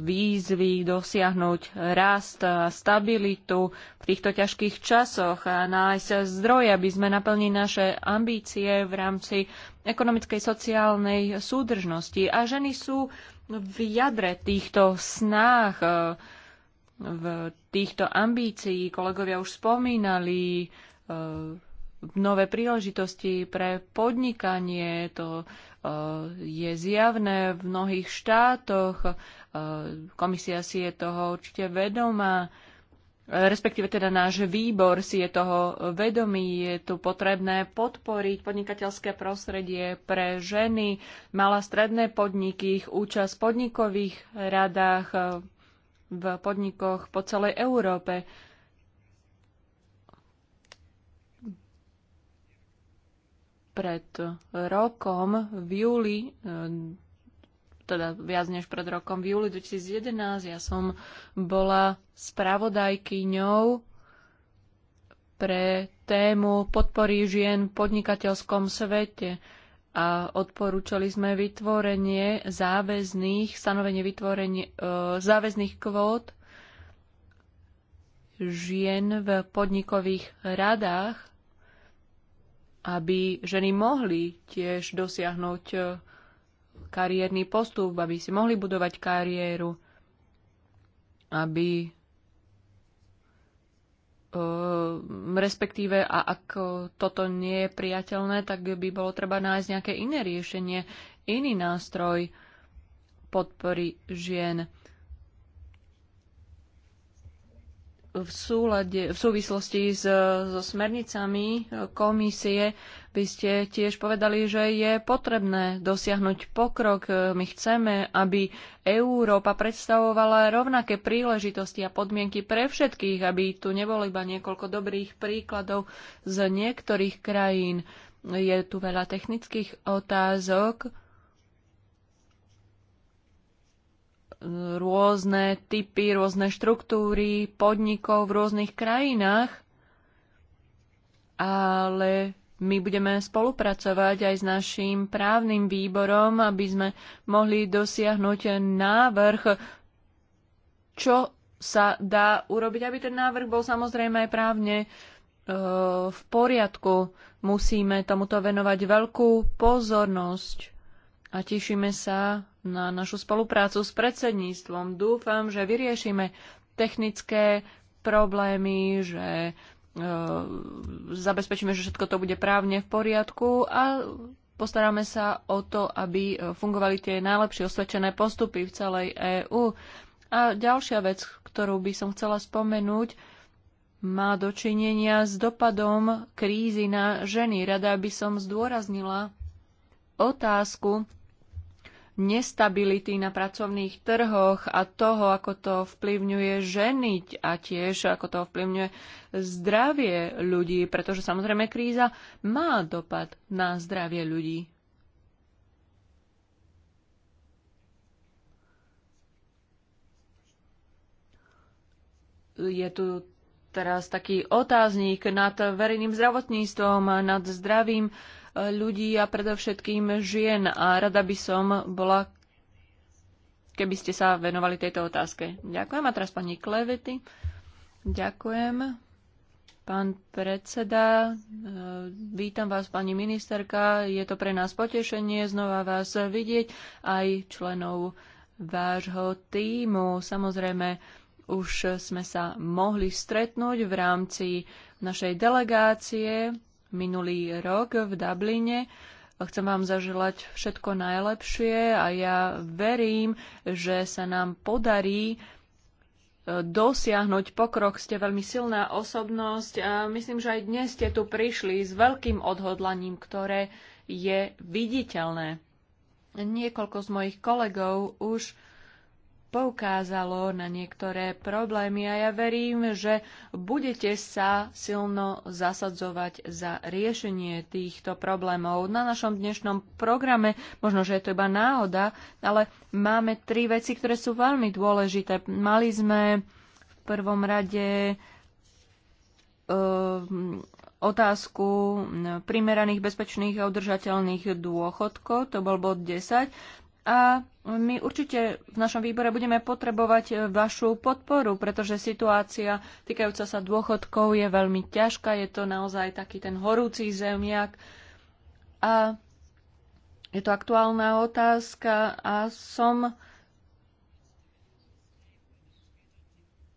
výzvy dosiahnuť rast a stabilitu v týchto ťažkých časoch a nájsť zdroje, aby sme naplnili naše ambície v rámci ekonomickej sociálnej súdržnosti. A ženy sú v jadre týchto snách, v týchto ambícií. Kolegovia už spomínali nové príležitosti pre podnikanie, to e, je zjavné v mnohých štátoch, e, komisia si je toho určite vedomá, respektíve teda náš výbor si je toho vedomý, je tu potrebné podporiť podnikateľské prostredie pre ženy, malá stredné podniky, ich účasť v podnikových radách e, v podnikoch po celej Európe. pred rokom v júli, e, teda viac než pred rokom v júli 2011, ja som bola spravodajkyňou pre tému podpory žien v podnikateľskom svete a odporúčali sme vytvorenie záväzných, stanovenie vytvorenie e, záväzných kvót žien v podnikových radách aby ženy mohli tiež dosiahnuť e, kariérny postup, aby si mohli budovať kariéru, aby e, respektíve a ak toto nie je priateľné, tak by bolo treba nájsť nejaké iné riešenie, iný nástroj podpory žien. v, súlade, v súvislosti s, so smernicami komisie by ste tiež povedali, že je potrebné dosiahnuť pokrok. My chceme, aby Európa predstavovala rovnaké príležitosti a podmienky pre všetkých, aby tu nebolo iba niekoľko dobrých príkladov z niektorých krajín. Je tu veľa technických otázok, rôzne typy, rôzne štruktúry podnikov v rôznych krajinách, ale my budeme spolupracovať aj s našim právnym výborom, aby sme mohli dosiahnuť návrh, čo sa dá urobiť, aby ten návrh bol samozrejme aj právne e, v poriadku. Musíme tomuto venovať veľkú pozornosť a tešíme sa na našu spoluprácu s predsedníctvom. Dúfam, že vyriešime technické problémy, že e, zabezpečíme, že všetko to bude právne v poriadku a postaráme sa o to, aby e, fungovali tie najlepšie osvedčené postupy v celej EÚ. A ďalšia vec, ktorú by som chcela spomenúť, má dočinenia s dopadom krízy na ženy. Rada by som zdôraznila otázku nestability na pracovných trhoch a toho, ako to vplyvňuje ženy a tiež ako to vplyvňuje zdravie ľudí, pretože samozrejme kríza má dopad na zdravie ľudí. Je tu teraz taký otáznik nad verejným zdravotníctvom, nad zdravím uh, ľudí a predovšetkým žien. A rada by som bola, keby ste sa venovali tejto otázke. Ďakujem. A teraz pani Klevety. Ďakujem. Pán predseda, e, vítam vás, pani ministerka. Je to pre nás potešenie znova vás vidieť, aj členov vášho týmu. Samozrejme, už sme sa mohli stretnúť v rámci našej delegácie minulý rok v Dubline. Chcem vám zaželať všetko najlepšie a ja verím, že sa nám podarí e, dosiahnuť pokrok. Ste veľmi silná osobnosť a myslím, že aj dnes ste tu prišli s veľkým odhodlaním, ktoré je viditeľné. Niekoľko z mojich kolegov už poukázalo na niektoré problémy a ja verím, že budete sa silno zasadzovať za riešenie týchto problémov. Na našom dnešnom programe, možno, že je to iba náhoda, ale máme tri veci, ktoré sú veľmi dôležité. Mali sme v prvom rade ehm, otázku primeraných, bezpečných a udržateľných dôchodkov, to bol bod 10 a my určite v našom výbore budeme potrebovať e, vašu podporu, pretože situácia týkajúca sa dôchodkov je veľmi ťažká, je to naozaj taký ten horúci zemiak a je to aktuálna otázka a som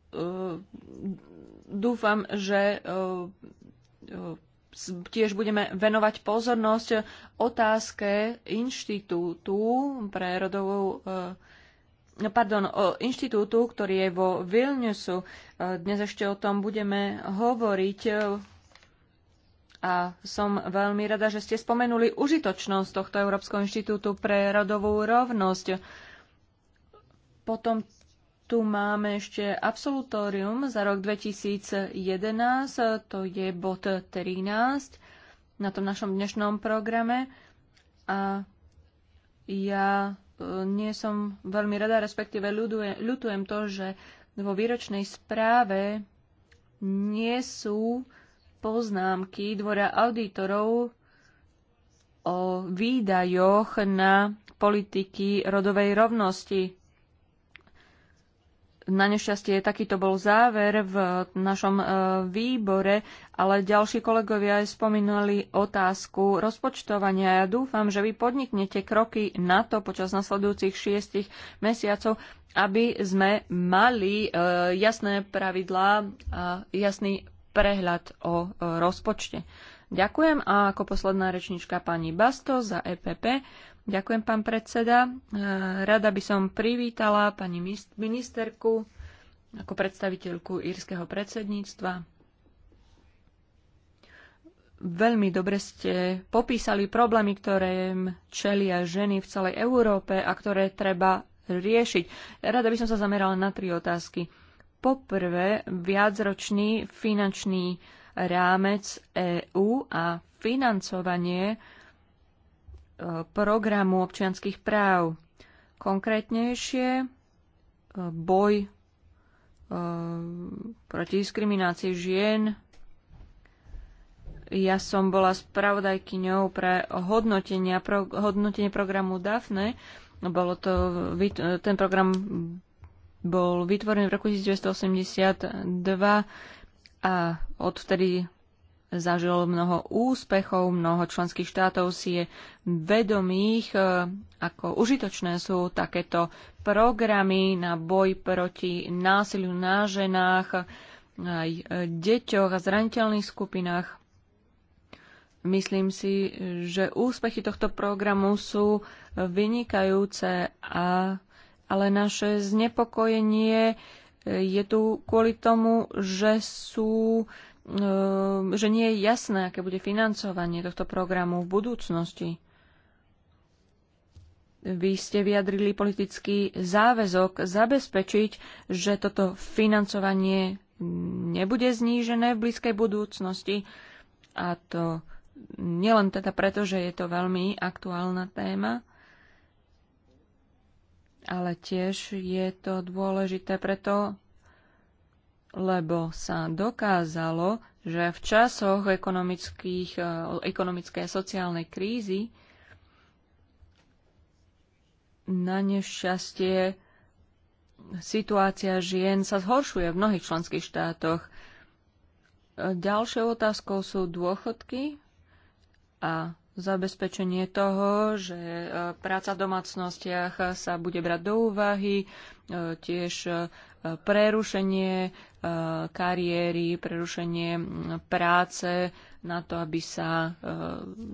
e, dúfam, že e, tiež budeme venovať pozornosť otázke inštitútu pre rodovú e, pardon, o inštitútu, ktorý je vo Vilniusu. E, dnes ešte o tom budeme hovoriť e, a som veľmi rada, že ste spomenuli užitočnosť tohto Európskeho inštitútu pre rodovú rovnosť. Potom tu máme ešte absolutórium za rok 2011, to je bod 13 na tom našom dnešnom programe a ja e, nie som veľmi rada, respektíve ľutujem to, že vo výročnej správe nie sú poznámky dvora auditorov o výdajoch na politiky rodovej rovnosti na nešťastie takýto bol záver v našom e, výbore, ale ďalší kolegovia aj spomínali otázku rozpočtovania. Ja dúfam, že vy podniknete kroky na to počas nasledujúcich šiestich mesiacov, aby sme mali e, jasné pravidlá a jasný prehľad o e, rozpočte. Ďakujem a ako posledná rečnička pani Basto za EPP. Ďakujem, pán predseda. E, rada by som privítala pani ministerku ako predstaviteľku írskeho predsedníctva. Veľmi dobre ste popísali problémy, ktoré čelia ženy v celej Európe a ktoré treba riešiť. Rada by som sa zamerala na tri otázky. Poprvé, viacročný finančný rámec EÚ a financovanie programu občianských práv. Konkrétnejšie e, boj e, proti diskriminácii žien. Ja som bola spravodajkyňou pre hodnotenia, pro, hodnotenie programu DAFNE. Bolo to, ten program bol vytvorený v roku 1982 a odvtedy zažilo mnoho úspechov, mnoho členských štátov si je vedomých, e, ako užitočné sú takéto programy na boj proti násiliu na ženách, aj e, deťoch a zraniteľných skupinách. Myslím si, že úspechy tohto programu sú vynikajúce, a, ale naše znepokojenie e, je tu kvôli tomu, že sú uh, E, že nie je jasné, aké bude financovanie tohto programu v budúcnosti. Vy ste vyjadrili politický záväzok zabezpečiť, že toto financovanie nebude znížené v blízkej budúcnosti. A to nielen teda preto, že je to veľmi aktuálna téma, ale tiež je to dôležité preto, lebo sa dokázalo, že v časoch ekonomickej a sociálnej krízy na nešťastie situácia žien sa zhoršuje v mnohých členských štátoch. E, ďalšou otázkou sú dôchodky a zabezpečenie toho, že e, práca v domácnostiach sa bude brať do úvahy, E, tiež e, prerušenie e, kariéry, prerušenie práce na to, aby sa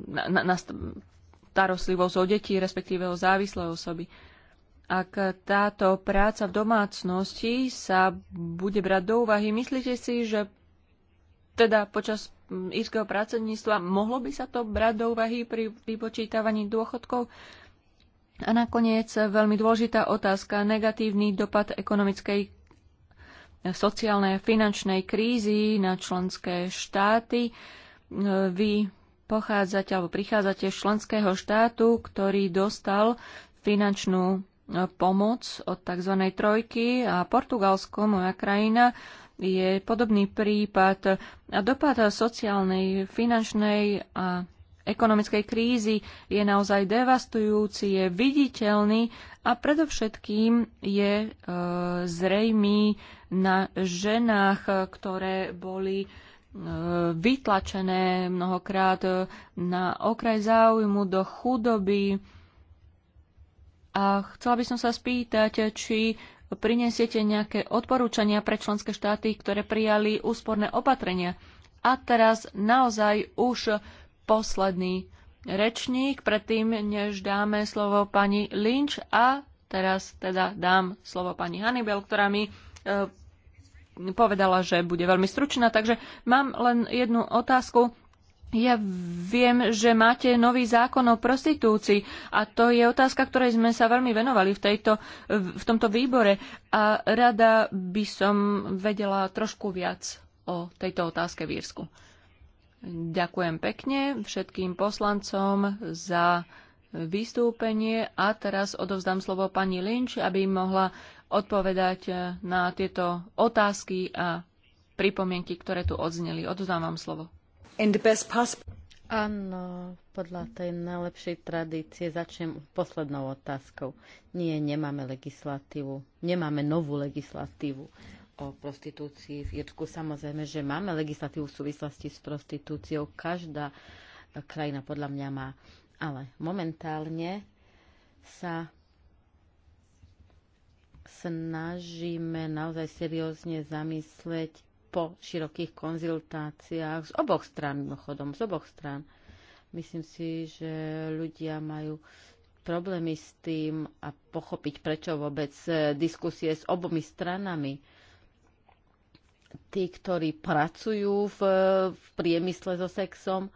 na, na starostlivosť o deti, respektíve o závislé osoby. Ak táto práca v domácnosti sa bude brať do úvahy, myslíte si, že teda počas írskeho pracovníctva mohlo by sa to brať do úvahy pri vypočítavaní dôchodkov? A nakoniec veľmi dôležitá otázka, negatívny dopad ekonomickej sociálnej a finančnej krízy na členské štáty. Vy pochádzate alebo prichádzate z členského štátu, ktorý dostal finančnú e, pomoc od tzv. trojky a Portugalsko, moja krajina, je podobný prípad. A dopad sociálnej, finančnej a ekonomickej krízy je naozaj devastujúci, je viditeľný a predovšetkým je e, zrejmý na ženách, ktoré boli e, vytlačené mnohokrát e, na okraj záujmu do chudoby. A chcela by som sa spýtať, či prinesiete nejaké odporúčania pre členské štáty, ktoré prijali úsporné opatrenia. A teraz naozaj už posledný rečník, predtým než dáme slovo pani Lynch a teraz teda dám slovo pani Hannibal, ktorá mi e, povedala, že bude veľmi stručná, takže mám len jednu otázku. Ja viem, že máte nový zákon o prostitúcii a to je otázka, ktorej sme sa veľmi venovali v, tejto, v tomto výbore a rada by som vedela trošku viac o tejto otázke v Írsku. Ďakujem pekne všetkým poslancom za vystúpenie a teraz odovzdám slovo pani Lynch, aby mohla odpovedať eh, na tieto otázky a pripomienky, ktoré tu odzneli. Odovzdám vám slovo. Áno, podľa tej najlepšej tradície začnem poslednou otázkou. Nie, nemáme legislatívu. Nemáme novú legislatívu o prostitúcii v Irsku. Samozrejme, že máme legislatívu v súvislosti s prostitúciou. Každá krajina podľa mňa má. Ale momentálne sa snažíme naozaj seriózne zamyslieť po širokých konzultáciách z oboch strán, mimochodom, z oboch strán. Myslím si, že ľudia majú problémy s tým a pochopiť, prečo vôbec diskusie s obomi stranami tí, ktorí pracujú v, v priemysle so sexom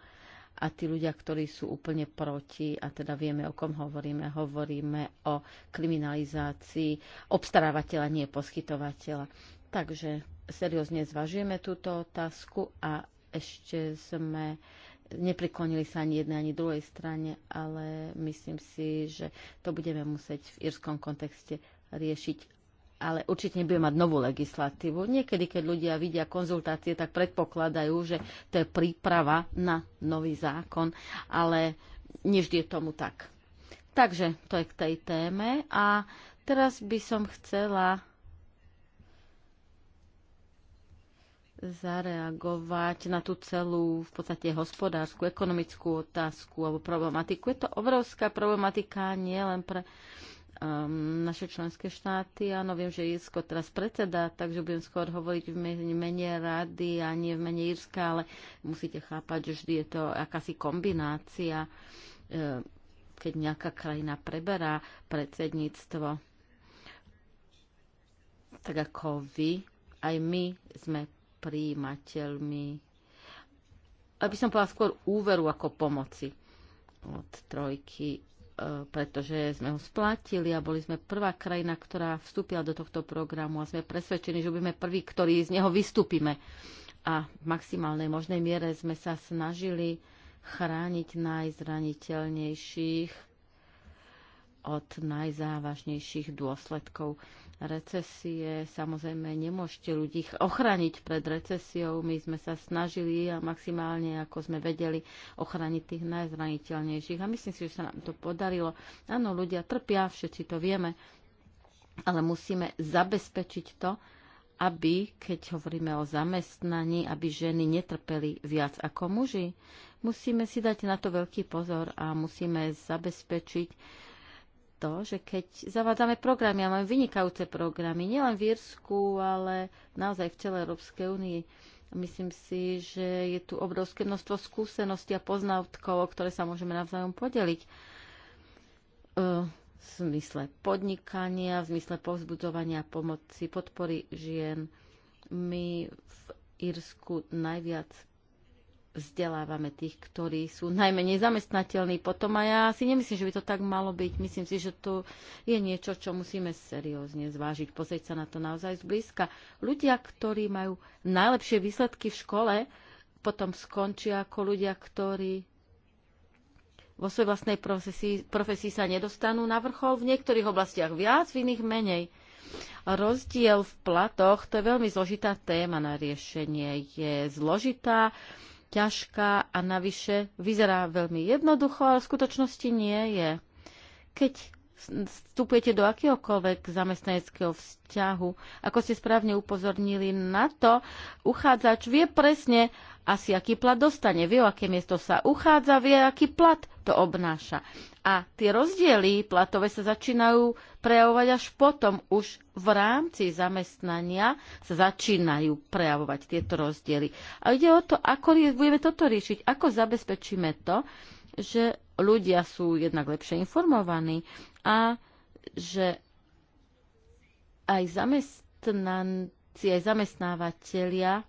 a tí ľudia, ktorí sú úplne proti, a teda vieme, o kom hovoríme, hovoríme o kriminalizácii obstarávateľa, nie poskytovateľa. Takže seriózne zvažujeme túto otázku a ešte sme nepriklonili sa ani jednej, ani druhej strane, ale myslím si, že to budeme musieť v írskom kontexte riešiť ale určite nebudeme mať novú legislatívu. Niekedy, keď ľudia vidia konzultácie, tak predpokladajú, že to je príprava na nový zákon, ale nevždy je tomu tak. Takže to je k tej téme a teraz by som chcela zareagovať na tú celú v podstate hospodárskú, ekonomickú otázku alebo problematiku. Je to obrovská problematika nie len pre uh, um, naše členské štáty. Áno, viem, že Írsko teraz predseda, takže budem skôr hovoriť v mene rady a nie v mene Írska, ale musíte chápať, že vždy je to akási kombinácia, e, keď nejaká krajina preberá predsedníctvo. Tak ako vy, aj my sme príjimateľmi, aby som povedala skôr úveru ako pomoci od trojky E, pretože sme ho splatili a boli sme prvá krajina, ktorá vstúpila do tohto programu a sme presvedčení, že budeme prví, ktorí z neho vystúpime. A v maximálnej možnej miere sme sa snažili chrániť najzraniteľnejších od najzávažnejších dôsledkov recesie. Samozrejme, nemôžete ľudí ochrániť pred recesiou. My sme sa snažili a maximálne, ako sme vedeli, ochrániť tých najzraniteľnejších. A myslím si, že sa nám to podarilo. Áno, ľudia trpia, všetci to vieme, ale musíme zabezpečiť to, aby, keď hovoríme o zamestnaní, aby ženy netrpeli viac ako muži. Musíme si dať na to veľký pozor a musíme zabezpečiť, to, že keď zavádzame programy, a máme vynikajúce programy, nielen v Írsku, ale naozaj v celej Európskej únii, myslím si, že je tu obrovské množstvo skúseností a poznávkov, o ktoré sa môžeme navzájom podeliť. E, v zmysle podnikania, v zmysle povzbudzovania pomoci, podpory žien. My v Írsku najviac vzdelávame tých, ktorí sú najmenej zamestnateľní potom a ja si nemyslím, že by to tak malo byť. Myslím si, že to je niečo, čo musíme seriózne zvážiť, pozrieť sa na to naozaj zblízka. Ľudia, ktorí majú najlepšie výsledky v škole, potom skončia ako ľudia, ktorí vo svojej vlastnej profesii, profesii sa nedostanú na vrchol, v niektorých oblastiach viac, v iných menej. Rozdiel v platoch, to je veľmi zložitá téma na riešenie. Je zložitá, ťažká a navyše vyzerá veľmi jednoducho, ale v skutočnosti nie je. Keď vstupujete do akéhokoľvek zamestnaneckého vzťahu, ako ste správne upozornili na to, uchádzač vie presne, asi aký plat dostane, vie, o aké miesto sa uchádza, vie, aký plat to obnáša. A tie rozdiely platové sa začínajú prejavovať až potom. Už v rámci zamestnania sa začínajú prejavovať tieto rozdiely. A ide o to, ako budeme toto riešiť, ako zabezpečíme to, že ľudia sú jednak lepšie informovaní a že aj zamestnanci, aj zamestnávateľia e,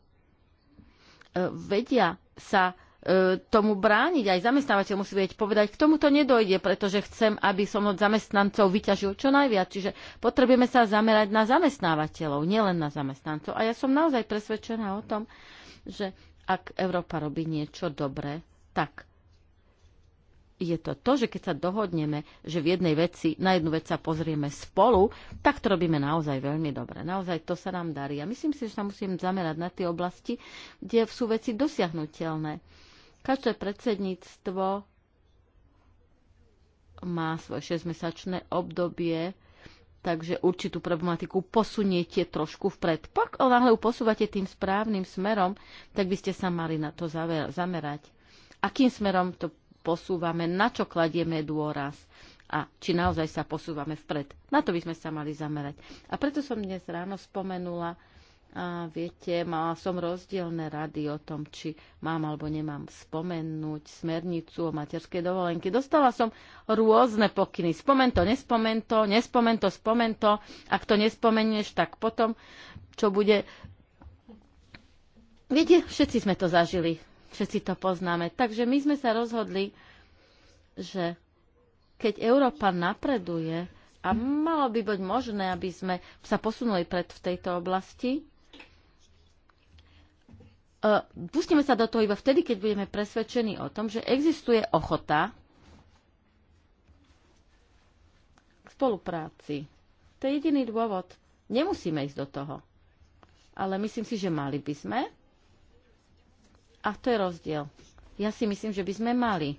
vedia sa e, tomu brániť. Aj zamestnávateľ musí vedieť povedať, k tomu to nedojde, pretože chcem, aby som od zamestnancov vyťažil čo najviac. Čiže potrebujeme sa zamerať na zamestnávateľov, nielen na zamestnancov. A ja som naozaj presvedčená o tom, že ak Európa robí niečo dobré, tak je to to, že keď sa dohodneme, že v jednej veci, na jednu vec sa pozrieme spolu, tak to robíme naozaj veľmi dobre. Naozaj to sa nám darí. A myslím si, že sa musím zamerať na tie oblasti, kde sú veci dosiahnutelné. Každé predsedníctvo má svoje 6-mesačné obdobie, takže určitú problematiku posuniete trošku vpred. Pak náhle posúvate tým správnym smerom, tak by ste sa mali na to zamerať. Akým smerom to posúvame, na čo kladieme dôraz a či naozaj sa posúvame vpred. Na to by sme sa mali zamerať. A preto som dnes ráno spomenula, a viete, mala som rozdielne rady o tom, či mám alebo nemám spomenúť smernicu o materskej dovolenke. Dostala som rôzne pokyny. Spomen to, nespomen to, nespomen to, spomen to. Ak to nespomenieš, tak potom, čo bude... Viete, všetci sme to zažili Všetci to poznáme. Takže my sme sa rozhodli, že keď Európa napreduje a malo by byť možné, aby sme sa posunuli pred v tejto oblasti, e, pustíme sa do toho iba vtedy, keď budeme presvedčení o tom, že existuje ochota k spolupráci. To je jediný dôvod. Nemusíme ísť do toho. Ale myslím si, že mali by sme. A to je rozdiel. Ja si myslím, že by sme mali.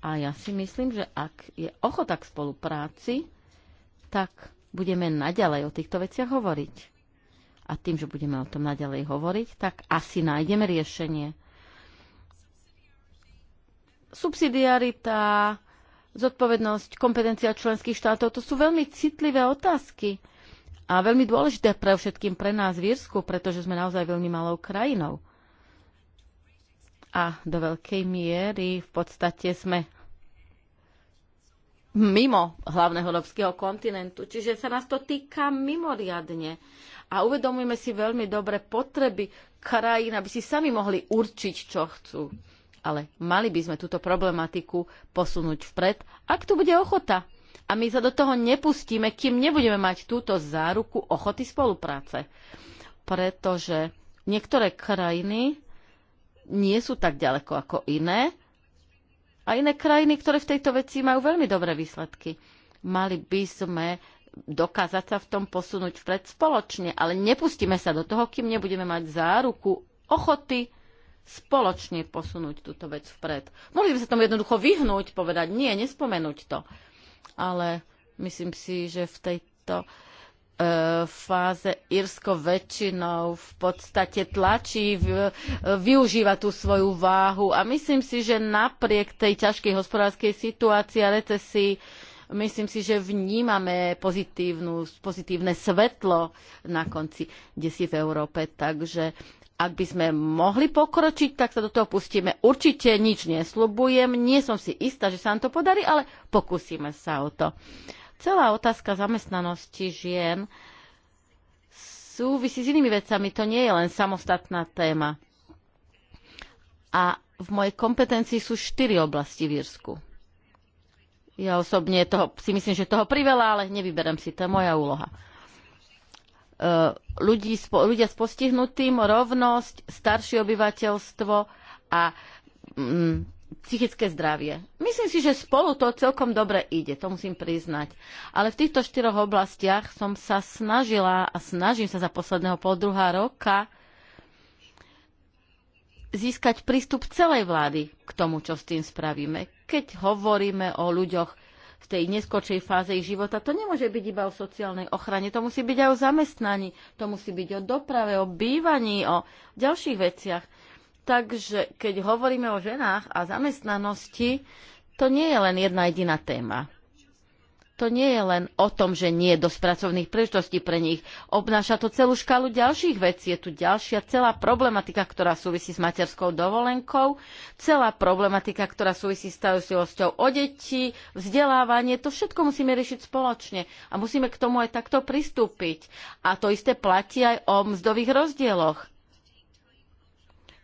A ja si myslím, že ak je ochota k spolupráci, tak budeme naďalej o týchto veciach hovoriť. A tým, že budeme o tom naďalej hovoriť, tak asi nájdeme riešenie. Subsidiarita, zodpovednosť, kompetencia členských štátov, to sú veľmi citlivé otázky a veľmi dôležité pre všetkým pre nás v Írsku, pretože sme naozaj veľmi malou krajinou a do veľkej miery v podstate sme mimo hlavného európskeho kontinentu, čiže sa nás to týka mimoriadne. A uvedomujeme si veľmi dobre potreby krajín, aby si sami mohli určiť, čo chcú. Ale mali by sme túto problematiku posunúť vpred, ak tu bude ochota. A my sa do toho nepustíme, kým nebudeme mať túto záruku ochoty spolupráce. Pretože niektoré krajiny nie sú tak ďaleko ako iné a iné krajiny, ktoré v tejto veci majú veľmi dobré výsledky. Mali by sme dokázať sa v tom posunúť vpred spoločne, ale nepustíme sa do toho, kým nebudeme mať záruku ochoty spoločne posunúť túto vec vpred. Mohli by sa tomu jednoducho vyhnúť, povedať nie, nespomenúť to. Ale myslím si, že v tejto E, fáze Irsko väčšinou v podstate tlačí, e, využíva tú svoju váhu a myslím si, že napriek tej ťažkej hospodárskej situácii a recesii myslím si, že vnímame pozitívne svetlo na konci desi v Európe, takže ak by sme mohli pokročiť, tak sa do toho pustíme. Určite nič nesľubujem, nie som si istá, že sa nám to podarí, ale pokúsime sa o to. Uh, Celá otázka zamestnanosti žien súvisí s inými vecami. To nie je len samostatná téma. A v mojej kompetencii sú štyri oblasti v Írsku. Ja osobne toho, si myslím, že toho priveľa, ale nevyberem si, to je moja úloha. E, ľudí, ľudia s postihnutým, rovnosť, staršie obyvateľstvo a mm, psychické zdravie. Myslím si, že spolu to celkom dobre ide, to musím priznať. Ale v týchto štyroch oblastiach som sa snažila a snažím sa za posledného pol druhá roka získať prístup celej vlády k tomu, čo s tým spravíme. Keď hovoríme o ľuďoch v tej neskočej fáze ich života, to nemôže byť iba o sociálnej ochrane, to musí byť aj o zamestnaní, to musí byť o doprave, o bývaní, o ďalších veciach Takže keď hovoríme o ženách a zamestnanosti, to nie je len jedna jediná téma. To nie je len o tom, že nie je dosť pracovných príležitostí pre nich. Obnáša to celú škálu ďalších vecí. Je tu ďalšia celá problematika, ktorá súvisí s materskou dovolenkou, celá problematika, ktorá súvisí s starostlivosťou o deti, vzdelávanie. To všetko musíme riešiť spoločne a musíme k tomu aj takto pristúpiť. A to isté platí aj o mzdových rozdieloch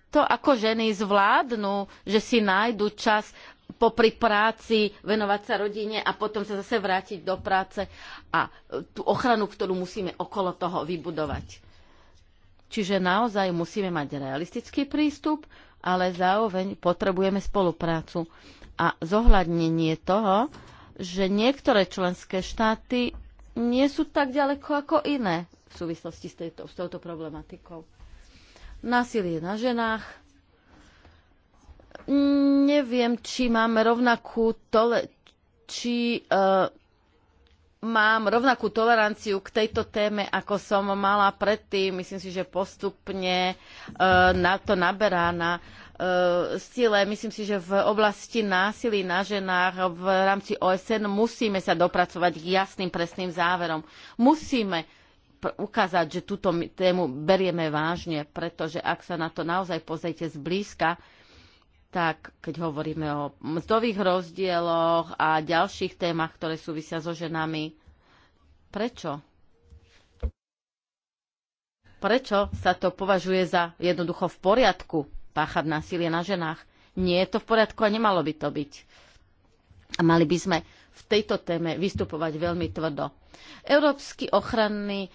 to, ako ženy zvládnu, že si nájdu čas popri práci, venovať sa rodine a potom sa zase vrátiť do práce a tú ochranu, ktorú musíme okolo toho vybudovať. Čiže naozaj musíme mať realistický prístup, ale zároveň potrebujeme spoluprácu a zohľadnenie toho, že niektoré členské štáty nie sú tak ďaleko ako iné v súvislosti s, tejto, s touto problematikou násilie na ženách. Neviem, či mám rovnakú tole- či uh, mám rovnakú toleranciu k tejto téme, ako som mala predtým. Myslím si, že postupne uh, na to naberá na uh, stile. Myslím si, že v oblasti násilí na ženách v rámci OSN musíme sa dopracovať k jasným, presným záverom. Musíme ukázať, že túto tému berieme vážne, pretože ak sa na to naozaj pozrite zblízka, tak keď hovoríme o mzdových rozdieloch a ďalších témach, ktoré súvisia so ženami, prečo? Prečo sa to považuje za jednoducho v poriadku páchať násilie na ženách? Nie je to v poriadku a nemalo by to byť. A mali by sme v tejto téme vystupovať veľmi tvrdo. Európsky ochranný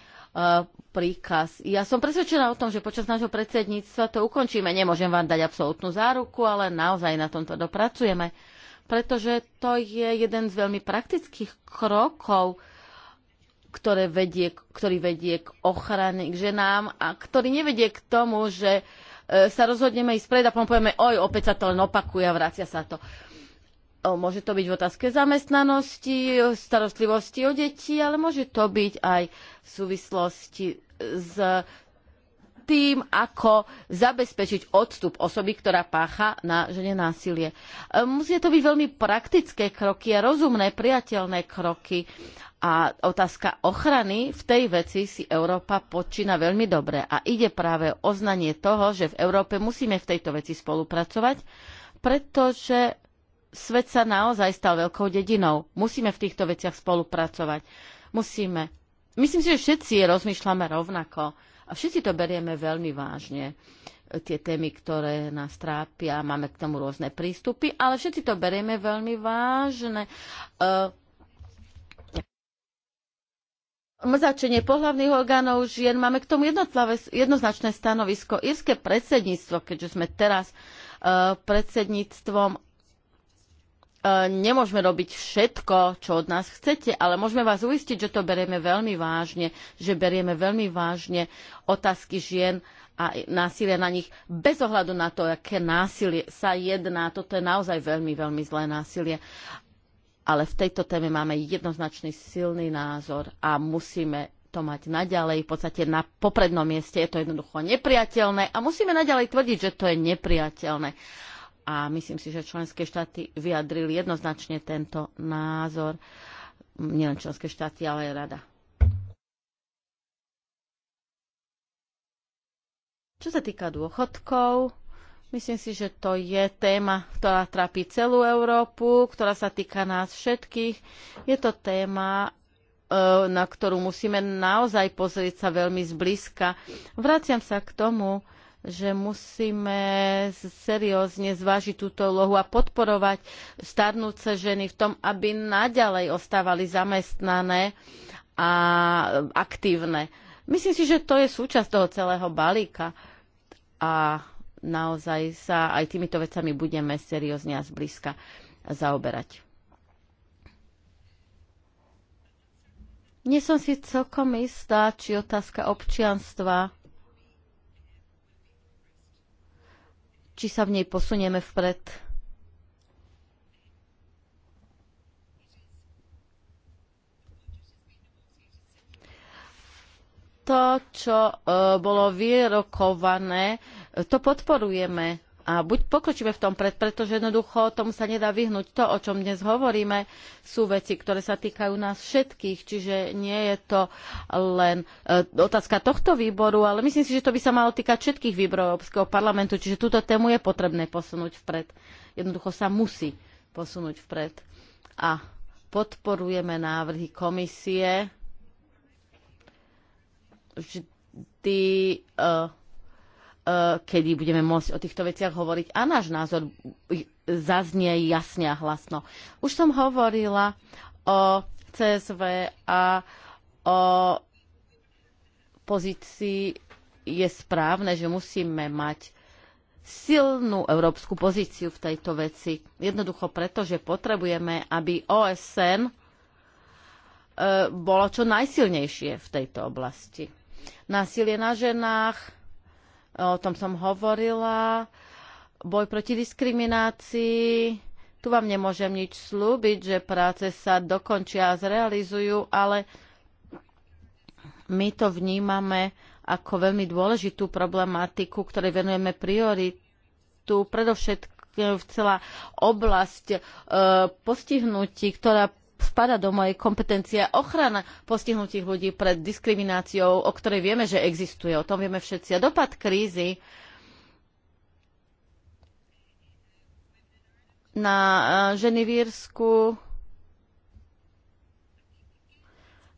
príkaz. Ja som presvedčená o tom, že počas nášho predsedníctva to ukončíme. Nemôžem vám dať absolútnu záruku, ale naozaj na tomto dopracujeme, pretože to je jeden z veľmi praktických krokov, ktoré vedie, ktorý vedie k ochrane k ženám a ktorý nevedie k tomu, že e, sa rozhodneme ísť pred a povieme, oj, opäť sa to len opakuje a vracia sa to. Môže to byť v otázke zamestnanosti, starostlivosti o deti, ale môže to byť aj v súvislosti s tým, ako zabezpečiť odstup osoby, ktorá pácha na žene násilie. E, Musia to byť veľmi praktické kroky a rozumné, priateľné kroky. A otázka ochrany v tej veci si Európa počína veľmi dobre. A ide práve o oznanie toho, že v Európe musíme v tejto veci spolupracovať, pretože svet sa naozaj stal veľkou dedinou. Musíme v týchto veciach spolupracovať. Musíme. Myslím si, že všetci rozmýšľame rovnako a všetci to berieme veľmi vážne e, tie témy, ktoré nás trápia, máme k tomu rôzne prístupy, ale všetci to berieme veľmi vážne. Uh, mrzačenie pohlavných orgánov žien, máme k tomu jednoznačné stanovisko. Irské predsedníctvo, keďže sme teraz uh, predsedníctvom E, nemôžeme robiť všetko, čo od nás chcete, ale môžeme vás uistiť, že to berieme veľmi vážne, že berieme veľmi vážne otázky žien a násilia na nich, bez ohľadu na to, aké násilie sa jedná. Toto je naozaj veľmi, veľmi zlé násilie. Ale v tejto téme máme jednoznačný silný názor a musíme to mať naďalej, v podstate na poprednom mieste je to jednoducho nepriateľné a musíme naďalej tvrdiť, že to je nepriateľné a myslím si, že členské štáty vyjadrili jednoznačne tento názor, nielen členské štáty, ale aj rada. Čo sa týka dôchodkov, myslím si, že to je téma, ktorá trápi celú Európu, ktorá sa týka nás všetkých. Je to téma, e, na ktorú musíme naozaj pozrieť sa veľmi zblízka. Vraciam sa k tomu, že musíme seriózne zvážiť túto lohu a podporovať starnúce ženy v tom, aby naďalej ostávali zamestnané a aktívne. Myslím si, že to je súčasť toho celého balíka a naozaj sa aj týmito vecami budeme seriózne a zblízka zaoberať. Nie som si celkom istá, či otázka občianstva či sa v nej posunieme vpred. To, čo e, bolo vyrokované, to podporujeme a buď pokročíme v tom pred, pretože jednoducho tomu sa nedá vyhnúť. To, o čom dnes hovoríme, sú veci, ktoré sa týkajú nás všetkých, čiže nie je to len e, otázka tohto výboru, ale myslím si, že to by sa malo týkať všetkých výborov Európskeho parlamentu, čiže túto tému je potrebné posunúť vpred. Jednoducho sa musí posunúť vpred. A podporujeme návrhy komisie vždy e, E, kedy budeme môcť o týchto veciach hovoriť a náš názor zaznie jasne a hlasno. Už som hovorila o CSV a o pozícii je správne, že musíme mať silnú európsku pozíciu v tejto veci. Jednoducho preto, že potrebujeme, aby OSN e, bolo čo najsilnejšie v tejto oblasti. Násilie na ženách, o tom som hovorila, boj proti diskriminácii, tu vám nemôžem nič slúbiť, že práce sa dokončia a zrealizujú, ale my to vnímame ako veľmi dôležitú problematiku, ktorej venujeme prioritu, predovšetkým celá oblasť e, postihnutí, ktorá spada do mojej kompetencie ochrana postihnutých ľudí pred diskrimináciou, o ktorej vieme, že existuje. O tom vieme všetci. A dopad krízy na eh, ženy v Írsku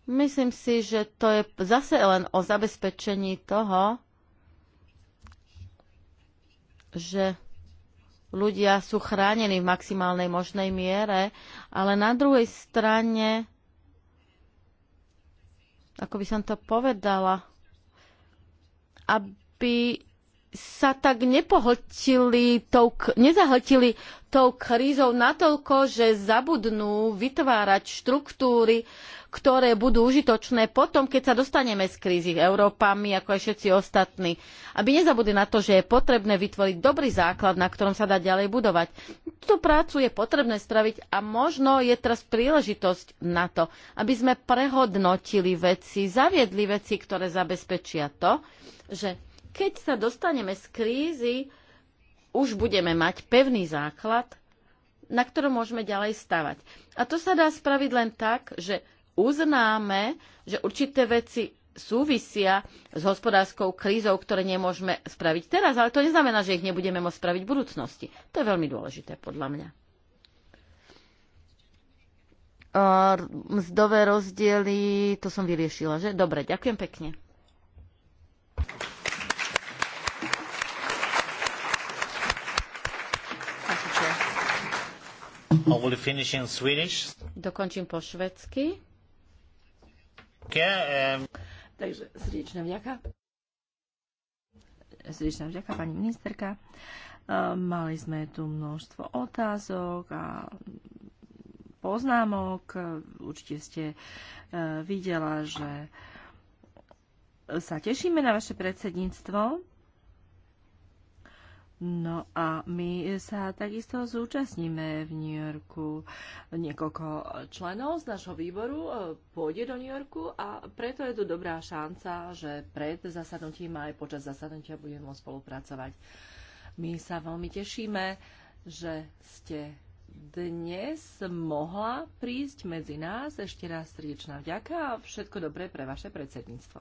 Myslím si, že to je zase len o zabezpečení toho, že ľudia sú chránení v maximálnej možnej miere, ale na druhej strane, ako by som to povedala, aby sa tak nepohltili tou, nezahltili tou krízou natoľko, že zabudnú vytvárať štruktúry, ktoré budú užitočné potom, keď sa dostaneme z krízy Európami, ako aj všetci ostatní. Aby nezabudli na to, že je potrebné vytvoriť dobrý základ, na ktorom sa dá ďalej budovať. Túto prácu je potrebné spraviť a možno je teraz príležitosť na to, aby sme prehodnotili veci, zaviedli veci, ktoré zabezpečia to, že keď sa dostaneme z krízy, už budeme mať pevný základ, na ktorom môžeme ďalej stavať. A to sa dá spraviť len tak, že uznáme, že určité veci súvisia s hospodárskou krízou, ktoré nemôžeme spraviť teraz, ale to neznamená, že ich nebudeme môcť spraviť v budúcnosti. To je veľmi dôležité podľa mňa. Mzdové rozdiely, to som vyriešila, že? Dobre, ďakujem pekne. Dokončím po švedsky. Um, Takže srdečná vďaka. Srdečná vďaka, pani ministerka. Ehm, mali sme tu množstvo otázok a poznámok. Určite ste e, videla, že sa tešíme na vaše predsedníctvo. No a my sa takisto zúčastníme v New Yorku. Niekoľko členov z našho výboru e, pôjde do New Yorku a preto je tu dobrá šanca, že pred zasadnutím a aj počas zasadnutia budeme môcť spolupracovať. My sa veľmi tešíme, že ste dnes mohla prísť medzi nás. Ešte raz srdečná vďaka a všetko dobré pre vaše predsedníctvo.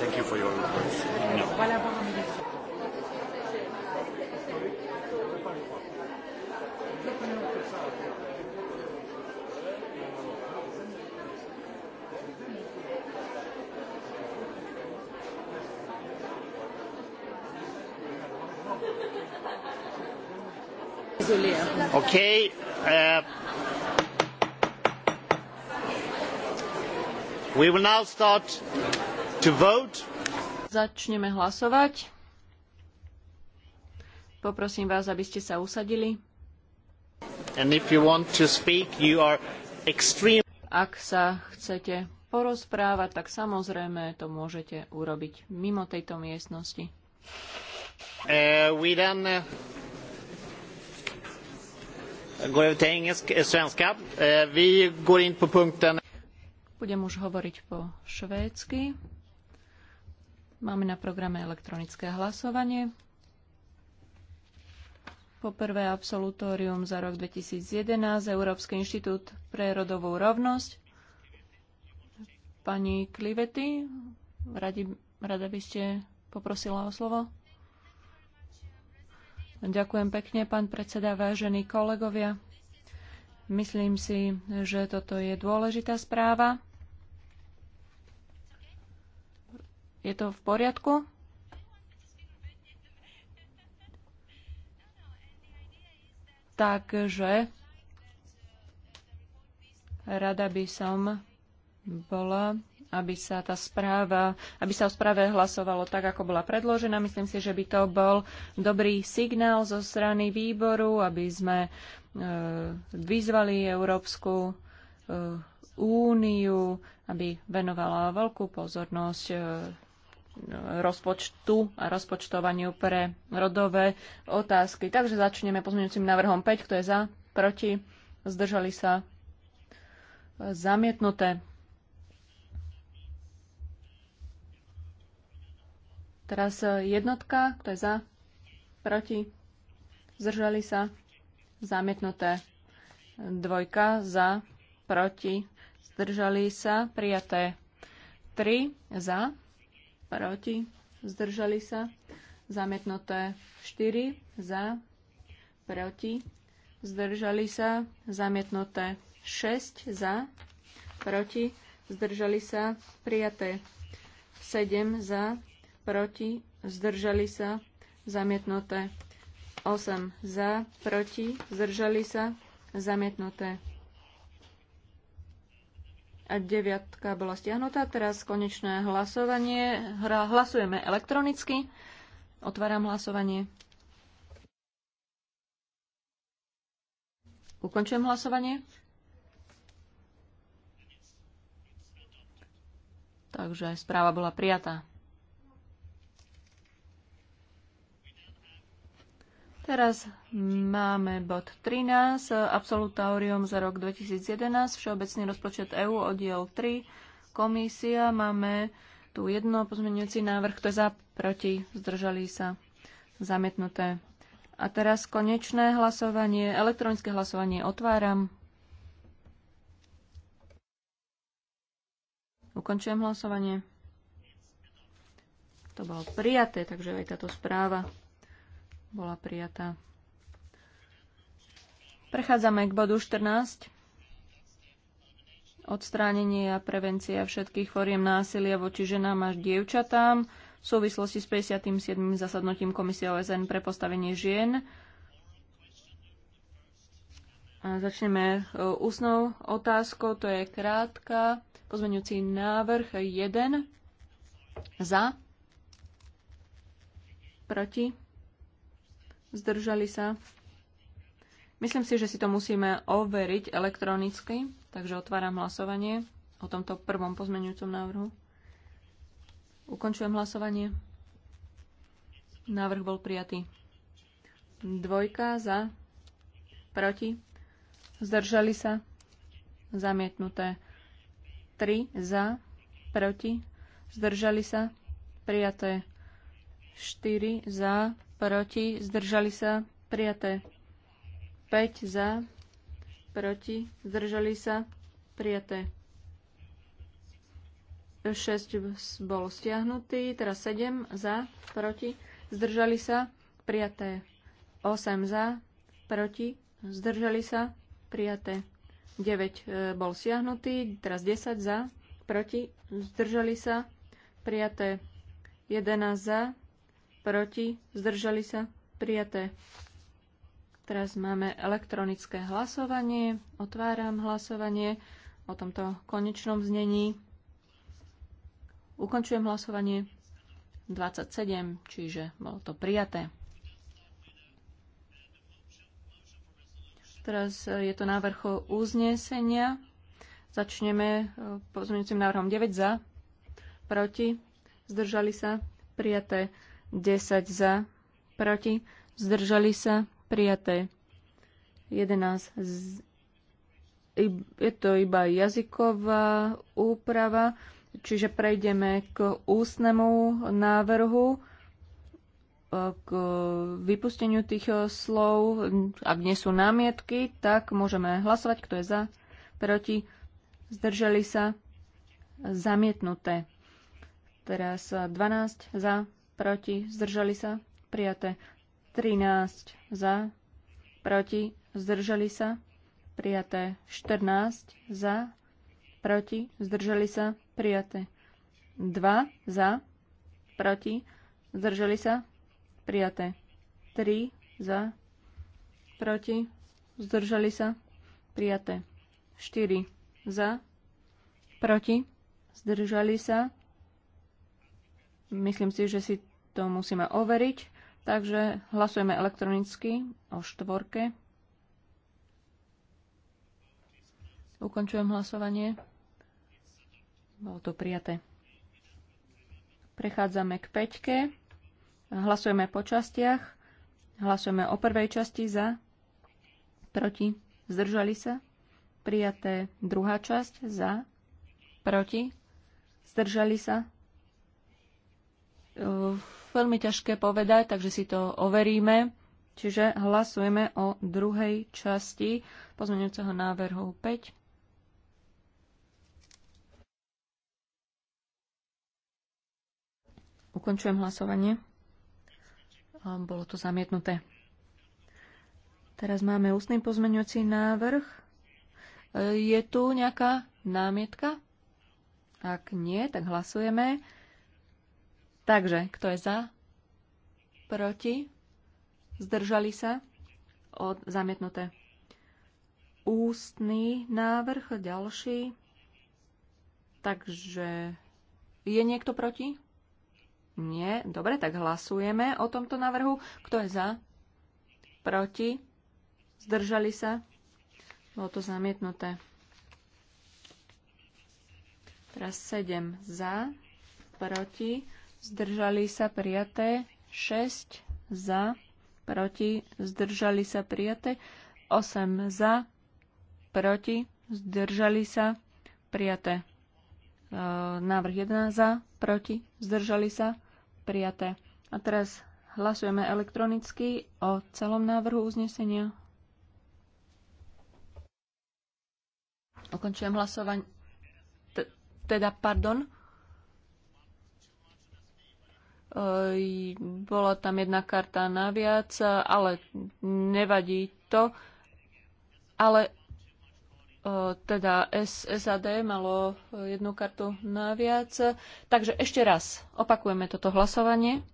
Thank you for your request. No. Voilà, bon Okay. Uh, we will now start Začneme hlasovať. Poprosím vás, aby ste sa usadili. Speak, extreme... Ak sa chcete porozprávať, tak samozrejme to môžete urobiť mimo tejto miestnosti. Uh, then, uh, Budem už hovoriť po švédsky. Máme na programe elektronické hlasovanie. Poprvé absolutórium za rok 2011, Európsky inštitút pre rodovú rovnosť. Pani Klivety, radi, rada by ste poprosila o slovo? Ďakujem pekne, pán predseda, vážení kolegovia. Myslím si, že toto je dôležitá správa Je to v poriadku? Takže rada by som bola, aby sa tá správa, aby sa o správe hlasovalo tak, ako bola predložená. Myslím si, že by to bol dobrý signál zo strany výboru, aby sme e, vyzvali Európsku e, úniu, aby venovala veľkú pozornosť e, rozpočtu a rozpočtovaniu pre rodové otázky. Takže začneme pozmeňujúcim návrhom 5. Kto je za? Proti? Zdržali sa? Zamietnuté. Teraz e, jednotka. Kto je za? Proti? Zdržali sa? Zamietnuté. Dvojka za, proti, zdržali sa, prijaté. 3 za, proti, zdržali sa, zamietnuté 4 za, proti, zdržali sa, zamietnuté 6 za, proti, zdržali sa, prijaté 7 za, proti, zdržali sa, zamietnuté 8 za, proti, zdržali sa, zamietnuté deviatka bola stiahnutá. Teraz konečné hlasovanie. Hra, hlasujeme elektronicky. Otváram hlasovanie. Ukončujem hlasovanie. Takže správa bola prijatá. Teraz máme bod 13, Absolutórium za rok 2011, Všeobecný rozpočet EÚ, oddiel 3, komisia. Máme tu jedno pozmeňujúci návrh, kto je za, proti, zdržali sa, zamietnuté. A teraz konečné hlasovanie, elektronické hlasovanie otváram. Ukončujem hlasovanie. To bolo prijaté, takže aj táto správa bola prijatá. Prechádzame k bodu 14. Odstránenie a prevencia všetkých foriem násilia voči ženám až dievčatám v súvislosti s 57. zasadnutím Komisie OSN pre postavenie žien. A začneme e, ústnou otázkou, to je krátka. Pozmeňujúci návrh 1 za, proti Zdržali sa? Myslím si, že si to musíme overiť elektronicky, takže otváram hlasovanie o tomto prvom pozmeňujúcom návrhu. Ukončujem hlasovanie. Návrh bol prijatý. Dvojka za, proti, zdržali sa, zamietnuté. Tri za, proti, zdržali sa, prijaté. Štyri za, proti, zdržali sa, prijaté. 5 za, proti, zdržali sa, prijaté. 6 bol stiahnutý, teraz 7 za, proti, zdržali sa, prijaté. 8 za, proti, zdržali sa, prijaté. 9 e, bol stiahnutý, teraz 10 za, proti, zdržali sa, prijaté. 11 za, proti, zdržali sa, prijaté. Teraz máme elektronické hlasovanie. Otváram hlasovanie o tomto konečnom znení. Ukončujem hlasovanie 27, čiže bolo to prijaté. Teraz e, je to návrh uznesenia. Začneme e, pozmeňujúcim návrhom 9 za, proti, zdržali sa, prijaté 10 za, proti, zdržali sa, prijaté. 11 z... Je to iba jazyková úprava, čiže prejdeme k ústnemu návrhu, e, k vypusteniu tých e, slov. Ak nie sú námietky, tak môžeme hlasovať, kto je za, proti, zdržali sa, zamietnuté. Teraz 12 za, proti, zdržali sa, prijaté. 13 za, proti, zdržali sa, prijaté. 14 za, proti, zdržali sa, prijaté. 2 za, proti, zdržali sa, prijaté. 3 za, proti, zdržali sa, prijaté. 4 za, proti, zdržali sa. Myslím si, že si to musíme overiť, takže hlasujeme elektronicky o štvorke. Ukončujem hlasovanie. Bolo to prijaté. Prechádzame k peťke. Hlasujeme po častiach. Hlasujeme o prvej časti za, proti, zdržali sa. Prijaté druhá časť za, proti, zdržali sa. Uh, veľmi ťažké povedať, takže si to overíme. Čiže hlasujeme o druhej časti pozmeňujúceho návrhu 5. Ukončujem hlasovanie. Bolo to zamietnuté. Teraz máme ústny pozmeňujúci návrh. E, je tu nejaká námietka? Ak nie, tak hlasujeme. Takže, kto je za? Proti? Zdržali sa? Od, zamietnuté. Ústny návrh, ďalší. Takže, je niekto proti? Nie. Dobre, tak hlasujeme o tomto návrhu. Kto je za? Proti? Zdržali sa? Bolo to zamietnuté. Teraz 7 za, proti zdržali sa prijaté, 6 za, proti, zdržali sa prijaté, 8 za, proti, zdržali sa prijaté. E, návrh 1 za, proti, zdržali sa prijaté. A teraz hlasujeme elektronicky o celom návrhu uznesenia. Ukončujem hlasovanie. teda, pardon, bola tam jedna karta naviac, ale nevadí to. Ale e, teda SAD malo jednu kartu naviac. Takže ešte raz opakujeme toto hlasovanie.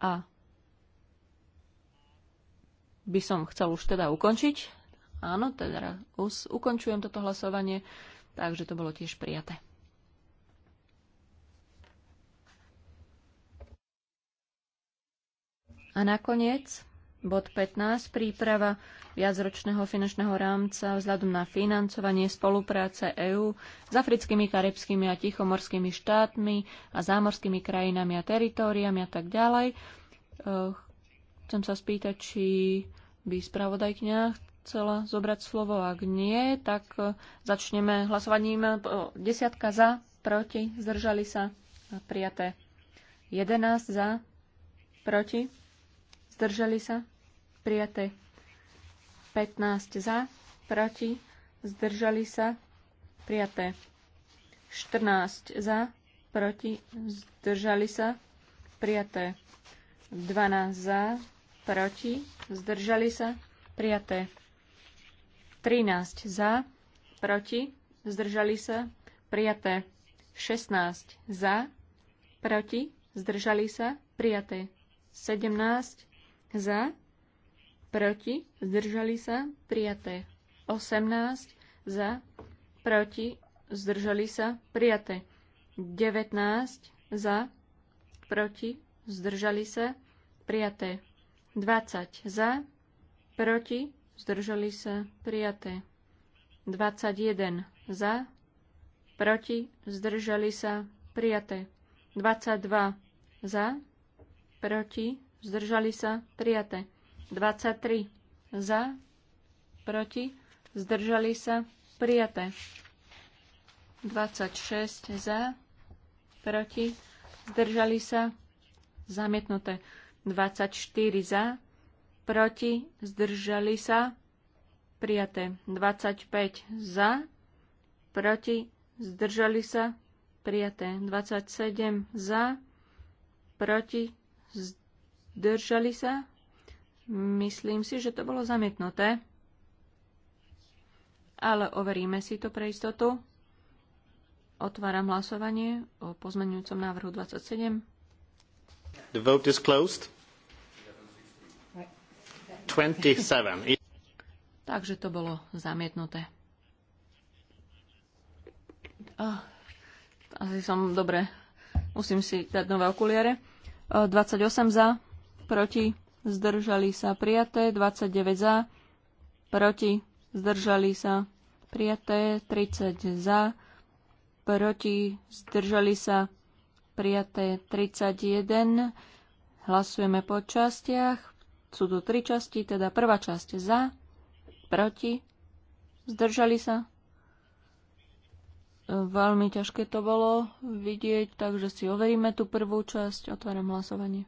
A by som chcel už teda ukončiť. Áno, teda už ukončujem toto hlasovanie takže to bolo tiež prijaté. A nakoniec bod 15, príprava viacročného finančného rámca vzhľadom na financovanie spolupráce EÚ s africkými, karibskými a tichomorskými štátmi a zámorskými krajinami a teritóriami a tak ďalej. Chcem sa spýtať, či by spravodajkňa chcela zobrať slovo? Ak nie, tak e, začneme hlasovaním. E, desiatka za, proti, zdržali sa, e, prijaté. 11 za, proti, zdržali sa, prijaté. 15 za, proti, zdržali sa, prijaté. 14 za, proti, zdržali sa, prijaté. 12 za, proti, zdržali sa, prijaté. 13 za, proti, zdržali sa, prijaté. 16 za, proti, zdržali sa, prijaté. 17 za, proti, zdržali sa, prijaté. 18 za, proti, zdržali sa, prijaté. 19 za, proti, zdržali sa, prijaté. 20 za, proti, zdržali sa, prijaté. 21 za, proti, zdržali sa, prijaté. 22 za, proti, zdržali sa, prijaté. 23 za, proti, zdržali sa, prijaté. 26 za, proti, zdržali sa, zamietnuté. 24 za, proti, zdržali sa, prijaté. 25 za, proti, zdržali sa, prijaté. 27 za, proti, zdržali sa. Myslím si, že to bolo zamietnuté, ale overíme si to pre istotu. Otváram hlasovanie o pozmenujúcom návrhu 27. The vote is closed. Takže to bolo zamietnuté. Oh, asi som dobre. Musím si dať nové okuliare. 28 za, proti, zdržali sa prijaté. 29 za, proti, zdržali sa prijaté. 30 za, proti, zdržali sa prijaté. 31. Hlasujeme po častiach. Sú tu tri časti, teda prvá časť za, proti, zdržali sa. Veľmi ťažké to bolo vidieť, takže si overíme tú prvú časť. Otváram hlasovanie.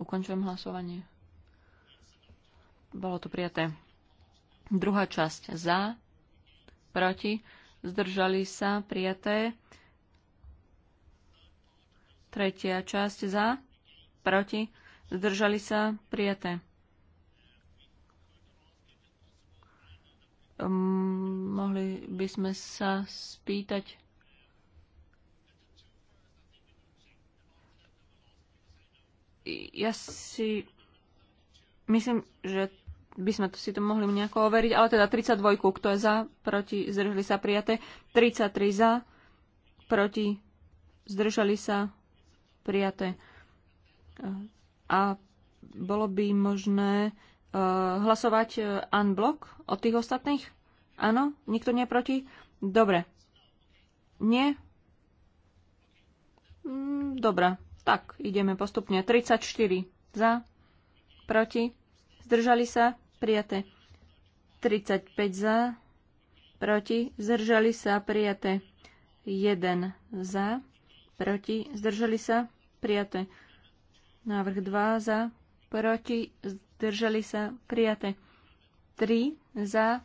Ukončujem hlasovanie. Bolo to prijaté. Druhá časť za, proti, zdržali sa, prijaté. Tretia časť za, proti, zdržali sa, prijaté. Ehm, mohli by sme sa spýtať. Ja si myslím, že by sme to si to mohli nejako overiť, ale teda 32, kto je za, proti, zdržali sa prijaté, 33 za, proti, zdržali sa prijaté. A bolo by možné e, hlasovať unblock e, od tých ostatných? Áno? Nikto nie proti? Dobre. Nie? Mm, Dobre. Tak, ideme postupne. 34 za, proti, zdržali sa, prijaté. 35 za, proti, zdržali sa, prijaté. 1 za, proti, zdržali sa, prijaté. Návrh 2 za, proti, zdržali sa, prijaté. 3 za,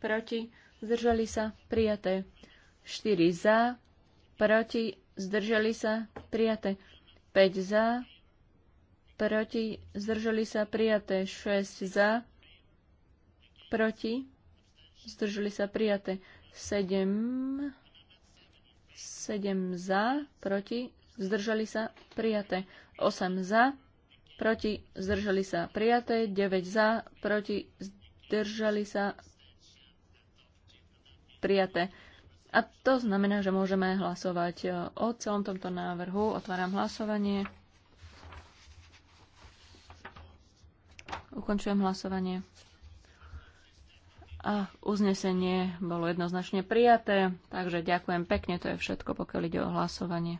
proti, zdržali sa, prijaté. 4 za, proti, zdržali sa, prijaté. 5 za, proti, zdržali sa, prijaté. 6 za, proti, zdržali sa, prijaté. 7 7 za, proti, zdržali sa, prijaté. 8 za, proti, zdržali sa, prijaté. 9 za, proti, zdržali sa, prijaté. A to znamená, že môžeme hlasovať e, o celom tomto návrhu. Otváram hlasovanie. Ukončujem hlasovanie. A uznesenie bolo jednoznačne prijaté, takže ďakujem pekne, to je všetko, pokiaľ ide o hlasovanie.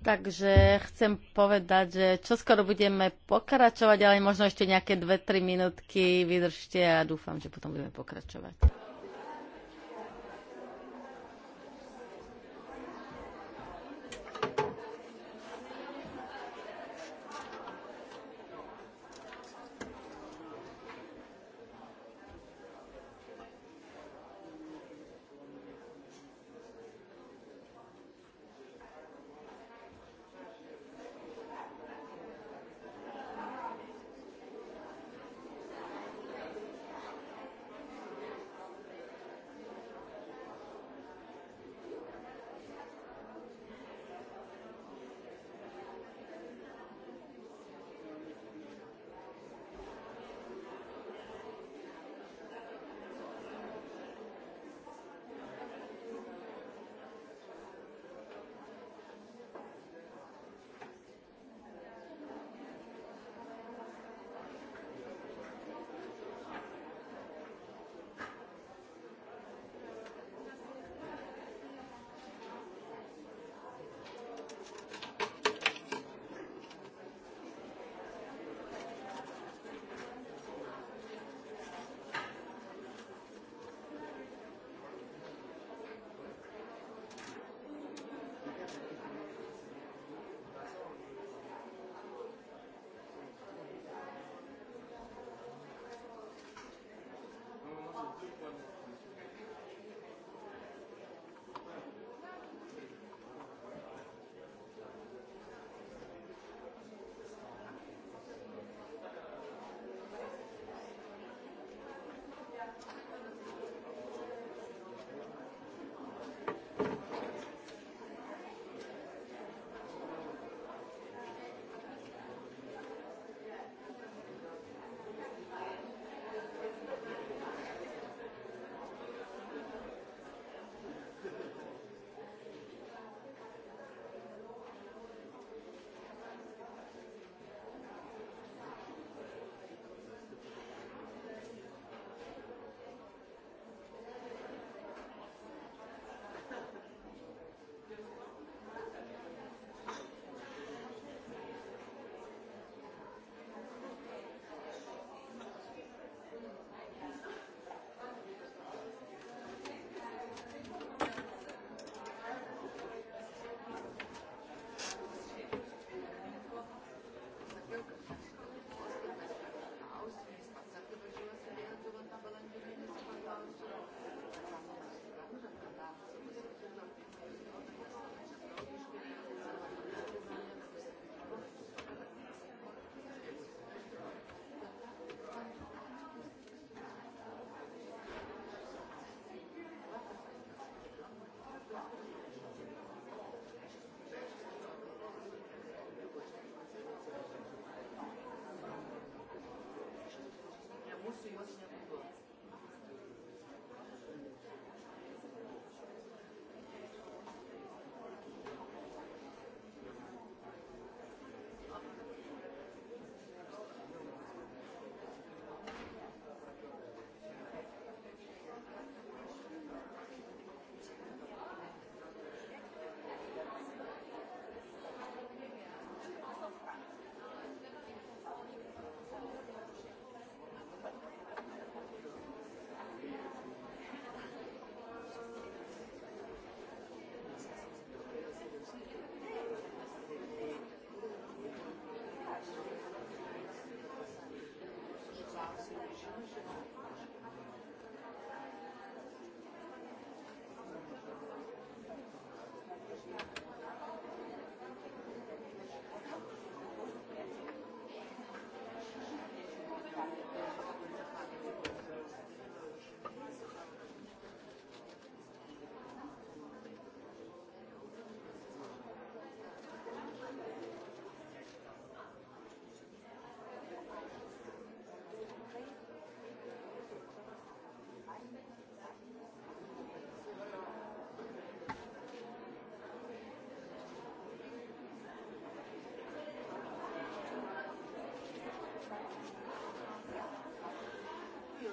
Takže chcem povedať, že čoskoro budeme pokračovať, ale možno ešte nejaké 2-3 minútky vydržte a dúfam, že potom budeme pokračovať.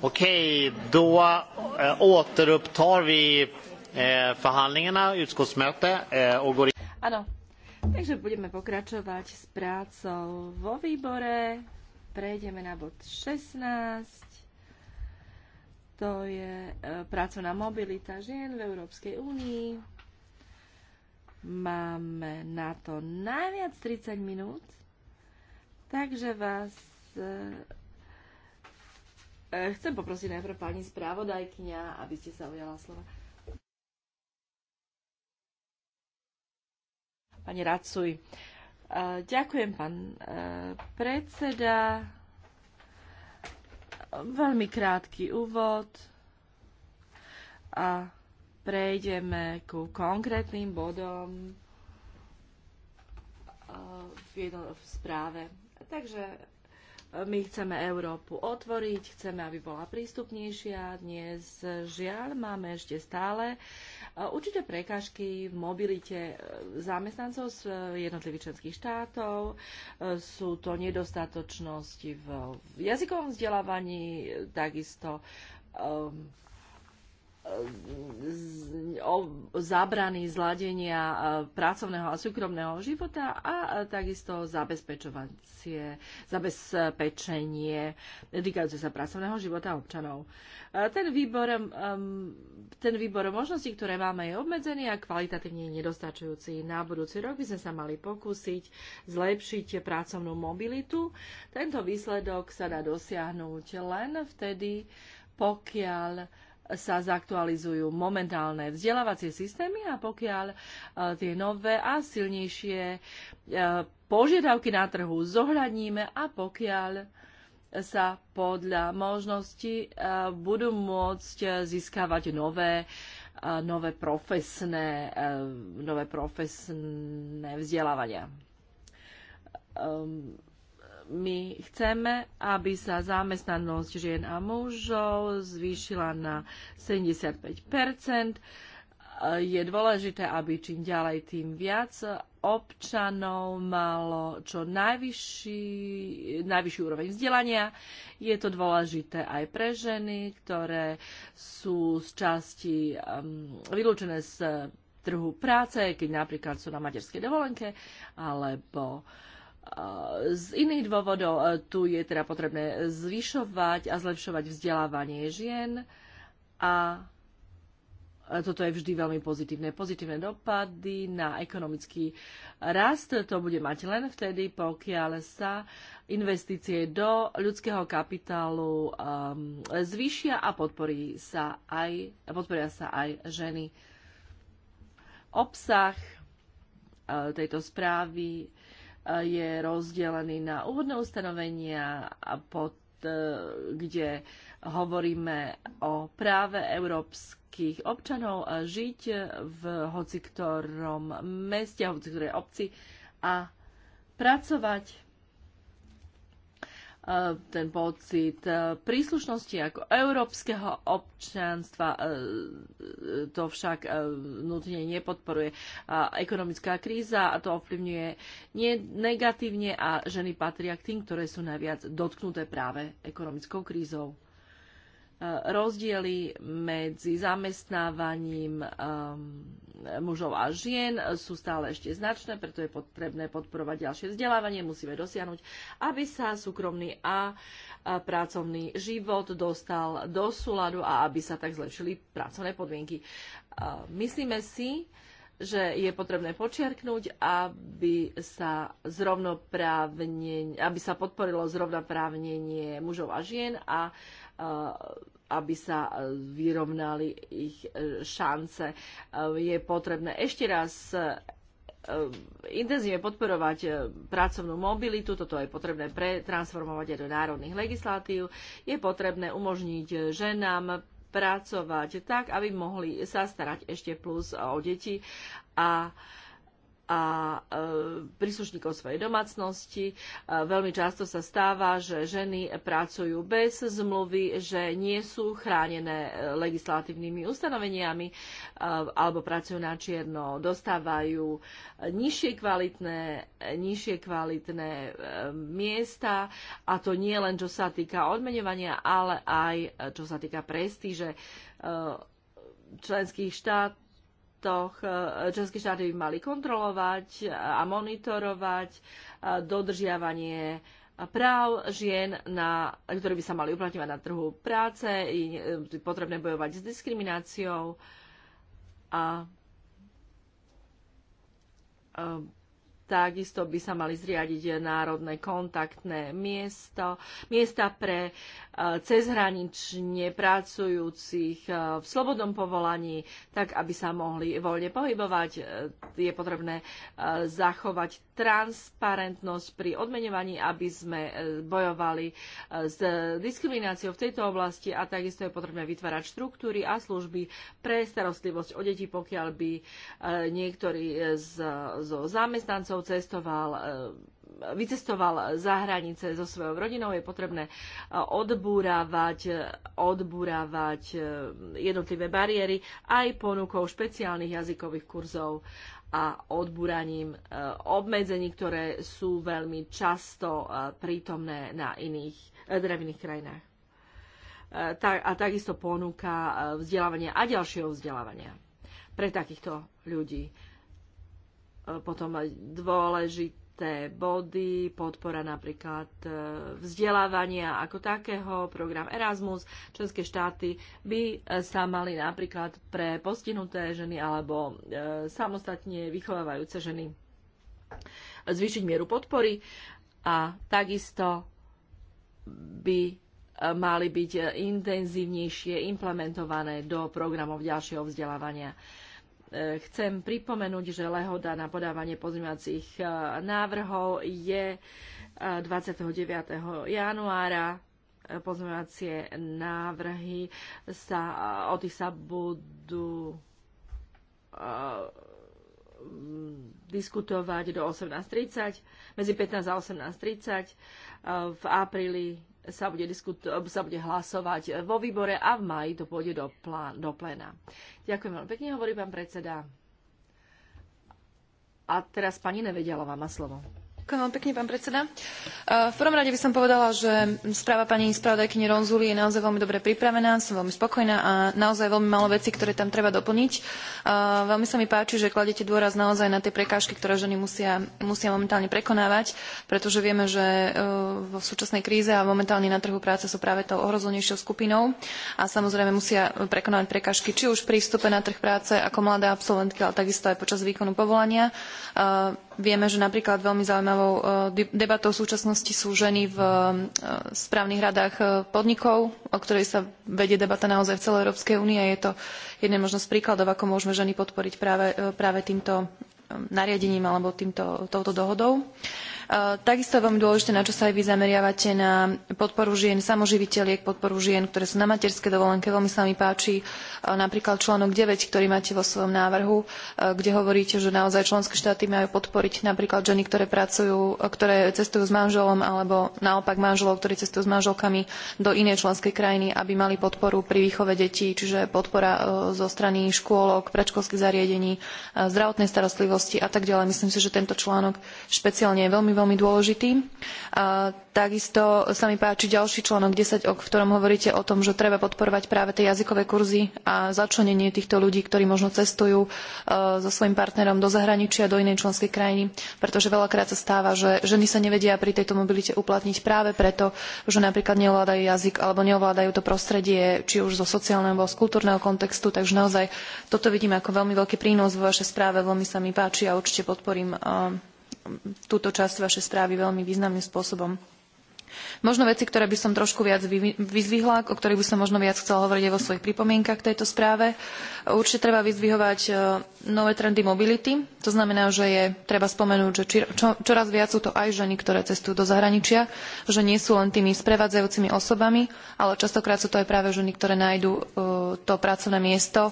Okej, då eh, återupptar vi eh, förhandlingarna, utskottsmöte eh, och går takže budeme pokračovať s prácou vo výbore. Prejdeme na bod 16. To je práca na mobilita žien v Európskej únii. Máme na to najviac 30 minút, takže vás E, chcem poprosiť najprv pani správodajkňa, aby ste sa ujala slova. Pani Racuj. E, ďakujem, pán e, predseda. Veľmi krátky úvod a prejdeme ku konkrétnym bodom v, jedno, v správe. Takže my chceme Európu otvoriť, chceme, aby bola prístupnejšia. Dnes žiaľ máme ešte stále e, určité prekážky v mobilite e, zamestnancov z e, jednotlivých členských štátov. Sú to nedostatočnosti v jazykovom vzdelávaní, takisto o zábrany zladenia e, pracovného a súkromného života a e, takisto zabezpečovacie, zabezpečenie týkajúce sa pracovného života občanov. E, ten výbor, ten výbor možností, ktoré máme, je obmedzený a kvalitatívne nedostačujúci. Na budúci rok by sme sa mali pokúsiť zlepšiť pracovnú mobilitu. Tento výsledok sa dá dosiahnuť len vtedy, pokiaľ sa zaktualizujú momentálne vzdelávacie systémy a pokiaľ e, tie nové a silnejšie e, požiadavky na trhu zohľadníme a pokiaľ sa podľa možnosti e, budú môcť získavať nové, nové, profesné, nové profesné vzdelávania. Ehm, my chceme, aby sa zamestnanosť žien a mužov zvýšila na 75 Je dôležité, aby čím ďalej, tým viac občanov malo čo najvyšší, najvyšší úroveň vzdelania. Je to dôležité aj pre ženy, ktoré sú z časti um, vylúčené z trhu práce, keď napríklad sú na materskej dovolenke, alebo uh, z iných dôvodov. E, tu je teda potrebné zvyšovať a zlepšovať vzdelávanie žien a e, toto je vždy veľmi pozitívne. Pozitívne dopady na ekonomický rast to bude mať len vtedy, pokiaľ sa investície do ľudského kapitálu um, zvýšia a podporí sa aj, podporia sa aj ženy. Obsah e, tejto správy je rozdelený na úvodné ustanovenia pod, e, kde hovoríme o práve európskych občanov žiť v hociktorom meste, hociktorej obci a pracovať E, ten pocit e, príslušnosti ako európskeho občanstva e, to však nutne nepodporuje. Ekonomická kríza a to ovplyvňuje negatívne a ženy patria k tým, ktoré sú najviac dotknuté práve ekonomickou krízou rozdiely medzi zamestnávaním um, mužov a žien sú stále ešte značné, preto je potrebné podporovať ďalšie vzdelávanie, musíme dosiahnuť, aby sa súkromný a pracovný život dostal do súladu a aby sa tak zlepšili pracovné podmienky. Myslíme si, že je potrebné počiarknúť, aby sa, aby sa podporilo zrovnoprávnenie mužov a žien a Eh, aby sa eh, vyrovnali ich eh, šance. Je potrebné ešte raz intenzívne podporovať pracovnú mobilitu, toto je potrebné pretransformovať aj do národných legislatív, je potrebné umožniť ženám pracovať tak, aby mohli sa starať ešte plus o deti a uh, a e, príslušníkov svojej domácnosti. E, veľmi často sa stáva, že ženy pracujú bez zmluvy, že nie sú chránené e, legislatívnymi ustanoveniami alebo pracujú na čierno, dostávajú nižšie kvalitné, nižšie kvalitné miesta a to nie len čo sa týka odmenovania, ale aj čo sa týka prestíže členských štát, štátoch. E, členské štáty by mali kontrolovať a monitorovať e, dodržiavanie práv žien, na, ktoré by sa mali uplatňovať na trhu práce, je potrebné bojovať s diskrimináciou a e, Takisto by sa mali zriadiť národné kontaktné miesto, miesta pre e, cezhranične pracujúcich e, v slobodnom povolaní, tak aby sa mohli voľne pohybovať. E, je potrebné zachovať transparentnosť pri odmenovaní, aby sme bojovali s diskrimináciou v tejto oblasti a takisto je potrebné vytvárať štruktúry a služby pre starostlivosť o deti, pokiaľ by niektorí z, zo zamestnancov Ukrajincov cestoval e, vycestoval za hranice so svojou rodinou, je potrebné e, odbúravať, e, odbúravať jednotlivé bariéry aj ponukou špeciálnych jazykových kurzov a odbúraním obmedzení, ktoré sú veľmi často prítomné na iných, drevných teda krajinách. A takisto ponúka vzdelávania a ďalšieho vzdelávania pre takýchto ľudí potom dôležité body, podpora napríklad e, vzdelávania ako takého, program Erasmus. Členské štáty by e, sa mali napríklad pre postihnuté ženy alebo e, samostatne vychovávajúce ženy zvýšiť mieru podpory a takisto by mali byť intenzívnejšie implementované do programov ďalšieho vzdelávania. E, chcem pripomenúť, že lehoda na podávanie pozmeňovacích e, návrhov je 29. E, januára. Pozmeňovacie návrhy sa, o tých sa budú diskutovať do 18.30, medzi 15 a 18.30. v apríli sa bude, sa bude hlasovať vo výbore a v maji to pôjde do, plán, do pléna. Ďakujem veľmi pekne, hovorí pán predseda. A teraz pani Nevedialová má slovo. Ďakujem pekne, pán predseda. E, v prvom rade by som povedala, že správa pani spravodajkyne Ronzuli je naozaj veľmi dobre pripravená, som veľmi spokojná a naozaj veľmi málo vecí, ktoré tam treba doplniť. E, veľmi sa mi páči, že kladete dôraz naozaj na tie prekážky, ktoré ženy musia, musia momentálne prekonávať, pretože vieme, že e, vo súčasnej kríze a momentálne na trhu práce sú práve tou ohrozenejšou skupinou a samozrejme musia prekonávať prekážky či už pri vstupe na trh práce ako mladé absolventky, ale takisto aj počas výkonu povolania Vieme, že napríklad veľmi zaujímavou e, debatou v súčasnosti sú ženy v e, správnych radách e, podnikov, o ktorej sa vedie debata naozaj v celej Európskej únie. Je to jedna možnosť príkladov, ako môžeme ženy podporiť práve, práve týmto nariadením alebo týmto, touto dohodou. Uh, Eh, takisto je veľmi dôležité, na čo sa aj vy zameriavate, na podporu žien samoživiteľiek, podporu žien, ktoré sú na materskej dovolenke. Veľmi sa mi páči eh, napríklad článok 9, ktorý máte vo svojom návrhu, eh, kde hovoríte, že naozaj členské štáty majú podporiť napríklad ženy, ktoré pracujú, ktoré cestujú s manželom alebo naopak manželov, ktorí cestujú s manželkami do inej členskej krajiny, aby mali podporu pri výchove detí, čiže podpora zo strany škôlok, predškolských zariadení, zdravotnej starostlivosti a tak ďalej. Myslím si, že tento článok špeciálne je veľmi veľmi dôležitý. A takisto sa mi páči ďalší článok 10, o ktorom hovoríte o tom, že treba podporovať práve tie jazykové kurzy a začlenenie týchto ľudí, ktorí možno cestujú e, so svojím partnerom do zahraničia, do inej členskej krajiny, pretože veľakrát sa stáva, že ženy sa nevedia pri tejto mobilite uplatniť práve preto, že napríklad neovládajú jazyk alebo neovládajú to prostredie, či už zo sociálneho alebo z kultúrneho kontextu, takže naozaj toto vidím ako veľmi veľký prínos vo vašej správe, veľmi sa mi páči a určite podporím e, túto časť vašej správy veľmi významným spôsobom Možno veci, ktoré by som trošku viac vyzvihla, o ktorých by som možno viac chcela hovoriť aj vo svojich pripomienkach k tejto správe. Určite treba vyzdvihovať e, nové trendy mobility. To znamená, že je treba spomenúť, že čoraz viac sú to aj ženy, ktoré cestujú do zahraničia, že nie sú len tými sprevádzajúcimi osobami, ale častokrát sú to aj práve ženy, ktoré nájdu e, to pracovné miesto.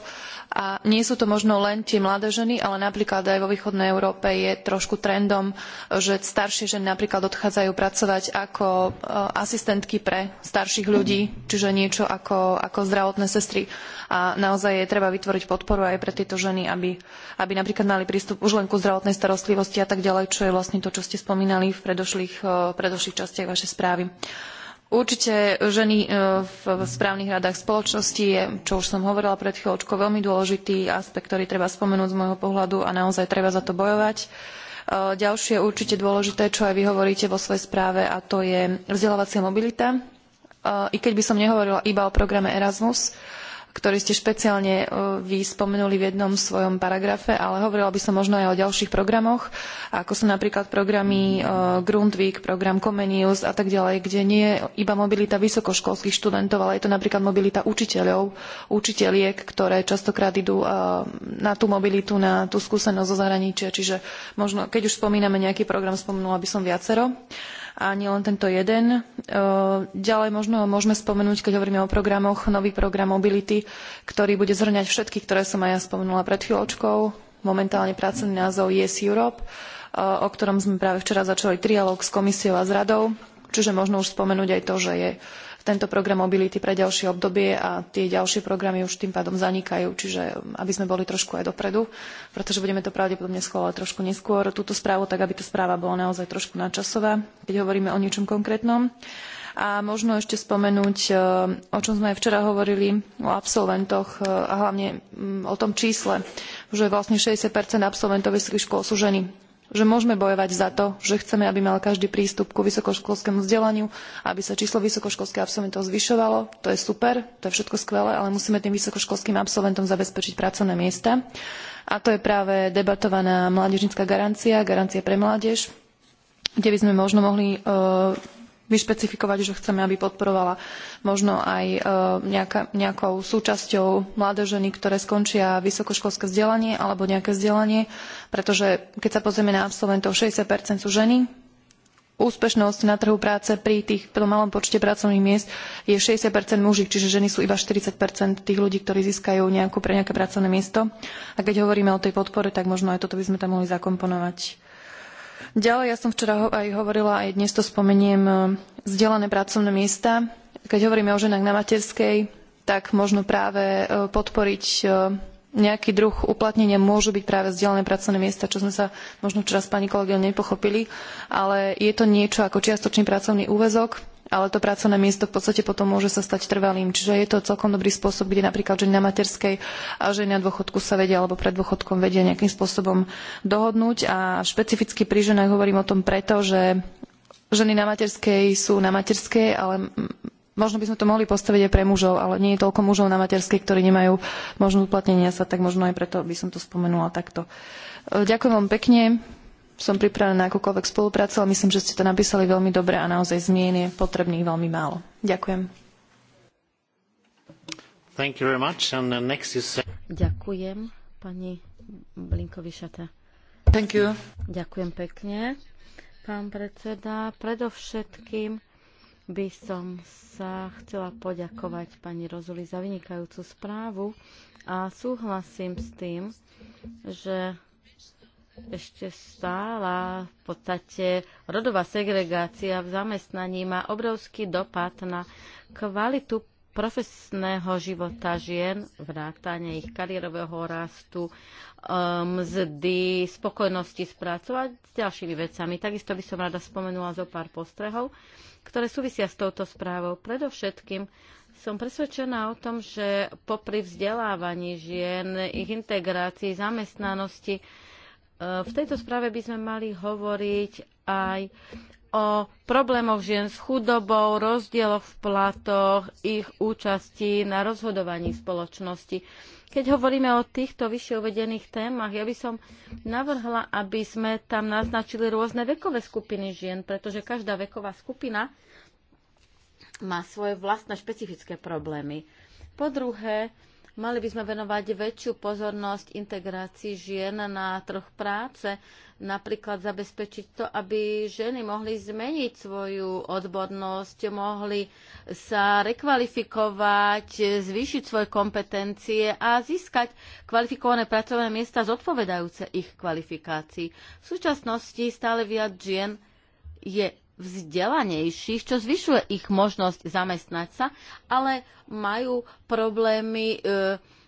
A nie sú to možno len tie mladé ženy, ale napríklad aj vo východnej Európe je trošku trendom, že staršie ženy napríklad odchádzajú pracovať ako e, Eh, asistentky pre starších ľudí, čiže niečo ako, ako zdravotné sestry. A naozaj je treba vytvoriť podporu aj pre tieto ženy, aby, aby napríklad mali prístup už len ku zdravotnej starostlivosti a tak ďalej, čo je vlastne to, čo ste spomínali v predošlých, eh, predošlých častiach vašej správy. Určite ženy eh, v správnych radách spoločnosti je, čo už som hovorila pred chvíľočkou, veľmi dôležitý aspekt, ktorý treba spomenúť z môjho pohľadu a naozaj treba za to bojovať. Uh, Eh, ďalšie určite dôležité, čo aj vy hovoríte vo svojej správe, a to je vzdelávacia mobilita. Eh, I keď by som nehovorila iba o programe Erasmus, ktorý ste špeciálne e, vy spomenuli v jednom svojom paragrafe, ale hovorila by som možno aj o ďalších programoch, ako sú napríklad programy e, Grundvik, program Comenius a tak ďalej, kde nie je iba mobilita vysokoškolských študentov, ale je to napríklad mobilita učiteľov, učiteľiek, ktoré častokrát idú e, na tú mobilitu, na tú skúsenosť zo zahraničia. Čiže možno, keď už spomíname nejaký program, spomenula by som viacero a nielen tento jeden. E, ďalej možno môžeme spomenúť, keď hovoríme o programoch, nový program Mobility, ktorý bude zhrňať všetky, ktoré som aj ja spomenula pred chvíľočkou. Momentálne pracovný názov Yes Europe, e, o ktorom sme práve včera začali trialóg s komisiou a s radou. Čiže možno už spomenúť aj to, že je tento program mobility pre ďalšie obdobie a tie ďalšie programy už tým pádom zanikajú, čiže um, aby sme boli trošku aj dopredu, pretože budeme to pravdepodobne schovať trošku neskôr túto správu, tak aby tá správa bola naozaj trošku nadčasová, keď hovoríme o niečom konkrétnom. A možno ešte spomenúť, um, o čom sme aj včera hovorili, o absolventoch uh, a hlavne um, o tom čísle, že vlastne 60 absolventov vysokých škôl sú ženy že môžeme bojovať za to, že chceme, aby mal každý prístup ku vysokoškolskému vzdelaniu, aby sa číslo vysokoškolských absolventov zvyšovalo. To je super, to je všetko skvelé, ale musíme tým vysokoškolským absolventom zabezpečiť pracovné miesta. A to je práve debatovaná mládežnícka garancia, garancia pre mládež, kde by sme možno mohli e, vyšpecifikovať, že chceme, aby podporovala možno aj e, nejaká, nejakou súčasťou mladé ženy, ktoré skončia vysokoškolské vzdelanie alebo nejaké vzdelanie, pretože keď sa pozrieme na absolventov, 60% sú ženy, úspešnosť na trhu práce pri tých pri malom počte pracovných miest je 60 muží, čiže ženy sú iba 40 tých ľudí, ktorí získajú nejakú pre nejaké pracovné miesto. A keď hovoríme o tej podpore, tak možno aj toto by sme tam mohli zakomponovať. Ďalej, ja som včera aj hovorila, aj dnes to spomeniem, e, vzdelané pracovné miesta. Keď hovoríme o ženách na materskej, tak možno práve e, podporiť e, nejaký druh uplatnenia môžu byť práve vzdelané pracovné miesta, čo sme sa možno včera s pani kolegyňou nepochopili, ale je to niečo ako čiastočný pracovný úväzok, ale to pracovné miesto v podstate potom môže sa stať trvalým. Čiže je to celkom dobrý spôsob, kde napríklad ženy na materskej a ženy na dôchodku sa vedia alebo pred dôchodkom vedia nejakým spôsobom dohodnúť. A špecificky pri ženách hovorím o tom preto, že ženy na materskej sú na materskej, ale možno by sme to mohli postaviť aj pre mužov, ale nie je toľko mužov na materskej, ktorí nemajú možnosť uplatnenia sa, tak možno aj preto by som to spomenula takto. E, ďakujem vám pekne som pripravená na akúkoľvek spoluprácu, ale myslím, že ste to napísali veľmi dobre a naozaj zmien je potrebných veľmi málo. Ďakujem. Is... Uh, Ďakujem, pani Blinkovišata. Ďakujem pekne, pán predseda. Predovšetkým by som sa chcela poďakovať pani Rozuli za vynikajúcu správu a súhlasím s tým, že ešte stála v podstate rodová segregácia v zamestnaní má obrovský dopad na kvalitu profesného života žien, vrátanie ich kariérového rastu, ehm, mzdy, spokojnosti s prácou a s ďalšími vecami. Takisto by som rada spomenula zo pár postrehov, ktoré súvisia s touto správou. Predovšetkým som presvedčená o tom, že popri vzdelávaní žien, ich integrácii, zamestnanosti, v tejto správe by sme mali hovoriť aj o problémoch žien s chudobou, rozdieloch v platoch, ich účasti na rozhodovaní spoločnosti. Keď hovoríme o týchto vyššie uvedených témach, ja by som navrhla, aby sme tam naznačili rôzne vekové skupiny žien, pretože každá veková skupina má svoje vlastné špecifické problémy. Po druhé, Mali by sme venovať väčšiu pozornosť integrácii žien na trh práce, napríklad zabezpečiť to, aby ženy mohli zmeniť svoju odbornosť, mohli sa rekvalifikovať, zvýšiť svoje kompetencie a získať kvalifikované pracovné miesta zodpovedajúce ich kvalifikácii. V súčasnosti stále viac žien je vzdelanejších, čo zvyšuje ich možnosť zamestnať sa, ale majú problémy e,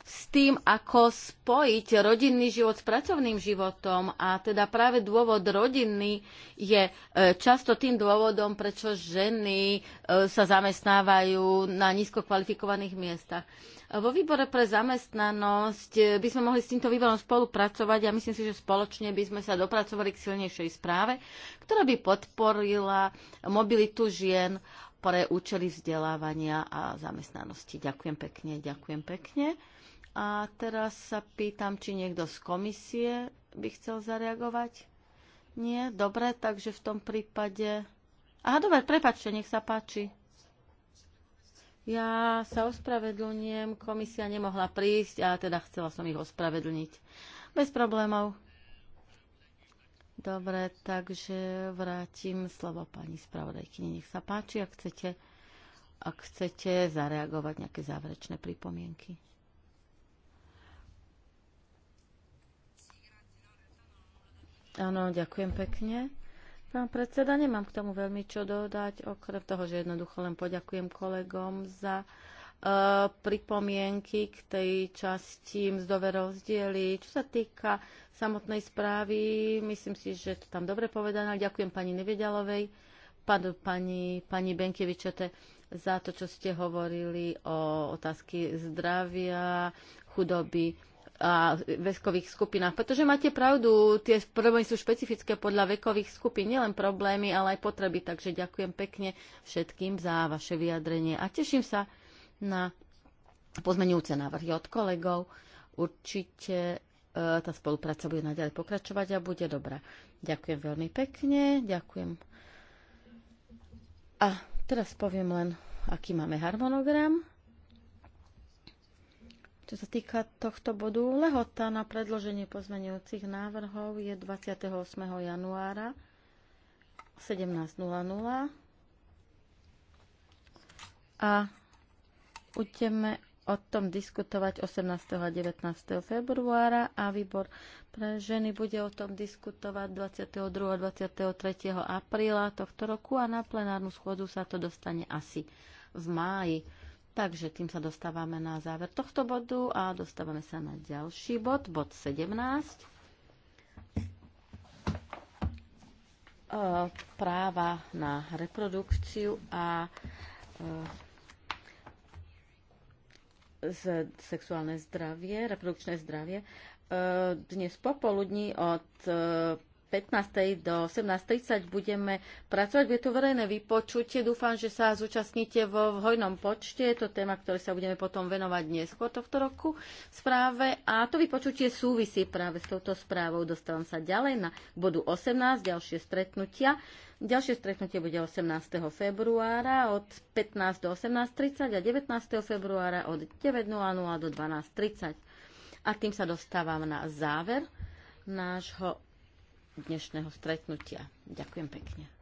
s tým, ako spojiť rodinný život s pracovným životom. A teda práve dôvod rodinný je e, často tým dôvodom, prečo ženy e, sa zamestnávajú na nízko kvalifikovaných miestach. Vo výbore pre zamestnanosť eh, by sme mohli s týmto výborom spolupracovať a myslím si, že spoločne by sme sa dopracovali k silnejšej správe, ktorá by podporila mobilitu žien pre účely vzdelávania a zamestnanosti. Ďakujem pekne, ďakujem pekne. A teraz sa pýtam, či niekto z komisie by chcel zareagovať. Nie? Dobre, takže v tom prípade... Aha, dobre, prepačte, nech sa páči. Ja sa ospravedlňujem, komisia nemohla prísť a teda chcela som ich ospravedlniť. Bez problémov. Dobre, takže vrátim slovo pani spravodajkyni. Nech sa páči, ak chcete, ak chcete zareagovať nejaké záverečné pripomienky. Áno, ďakujem pekne. Pán predseda, nemám k tomu veľmi čo dodať, okrem toho, že jednoducho len poďakujem kolegom za Uh, pripomienky k tej časti mzdové rozdiely. Čo sa týka samotnej správy, myslím si, že to tam dobre povedané. Ďakujem pani Nevedialovej, pán, pani, pani Benkevičete za to, čo ste hovorili o otázky zdravia, chudoby a vekových skupinách. Pretože máte pravdu, tie problémy sú špecifické podľa vekových skupín, nielen problémy, ale aj potreby. Takže ďakujem pekne všetkým za vaše vyjadrenie a teším sa na pozmenujúce návrhy od kolegov. Určite e, tá spolupráca bude naďalej pokračovať a bude dobrá. Ďakujem veľmi pekne, ďakujem. A teraz poviem len, aký máme harmonogram. Čo sa týka tohto bodu, lehota na predloženie pozmeňujúcich návrhov je 28. januára 17.00 a budeme o tom diskutovať 18. a 19. februára a výbor pre ženy bude o tom diskutovať 22. a 23. apríla tohto roku a na plenárnu schôdzu sa to dostane asi v máji. Takže tým sa dostávame na záver tohto bodu a dostávame sa na ďalší bod, bod 17. E, práva na reprodukciu a e, z sexuálne zdravie, reprodukčné zdravie. E, dnes popoludní od 15. do 18.30 budeme pracovať. Bude to verejné vypočutie. Dúfam, že sa zúčastníte vo hojnom počte. Je to téma, ktoré sa budeme potom venovať neskôr tohto roku správe. A to vypočutie súvisí práve s touto správou. Dostávam sa ďalej na bodu 18, ďalšie stretnutia. Ďalšie stretnutie bude 18. februára od 15 do 18.30 a 19. februára od 9.00 do 12.30. A tým sa dostávam na záver nášho dnešného stretnutia. Ďakujem pekne.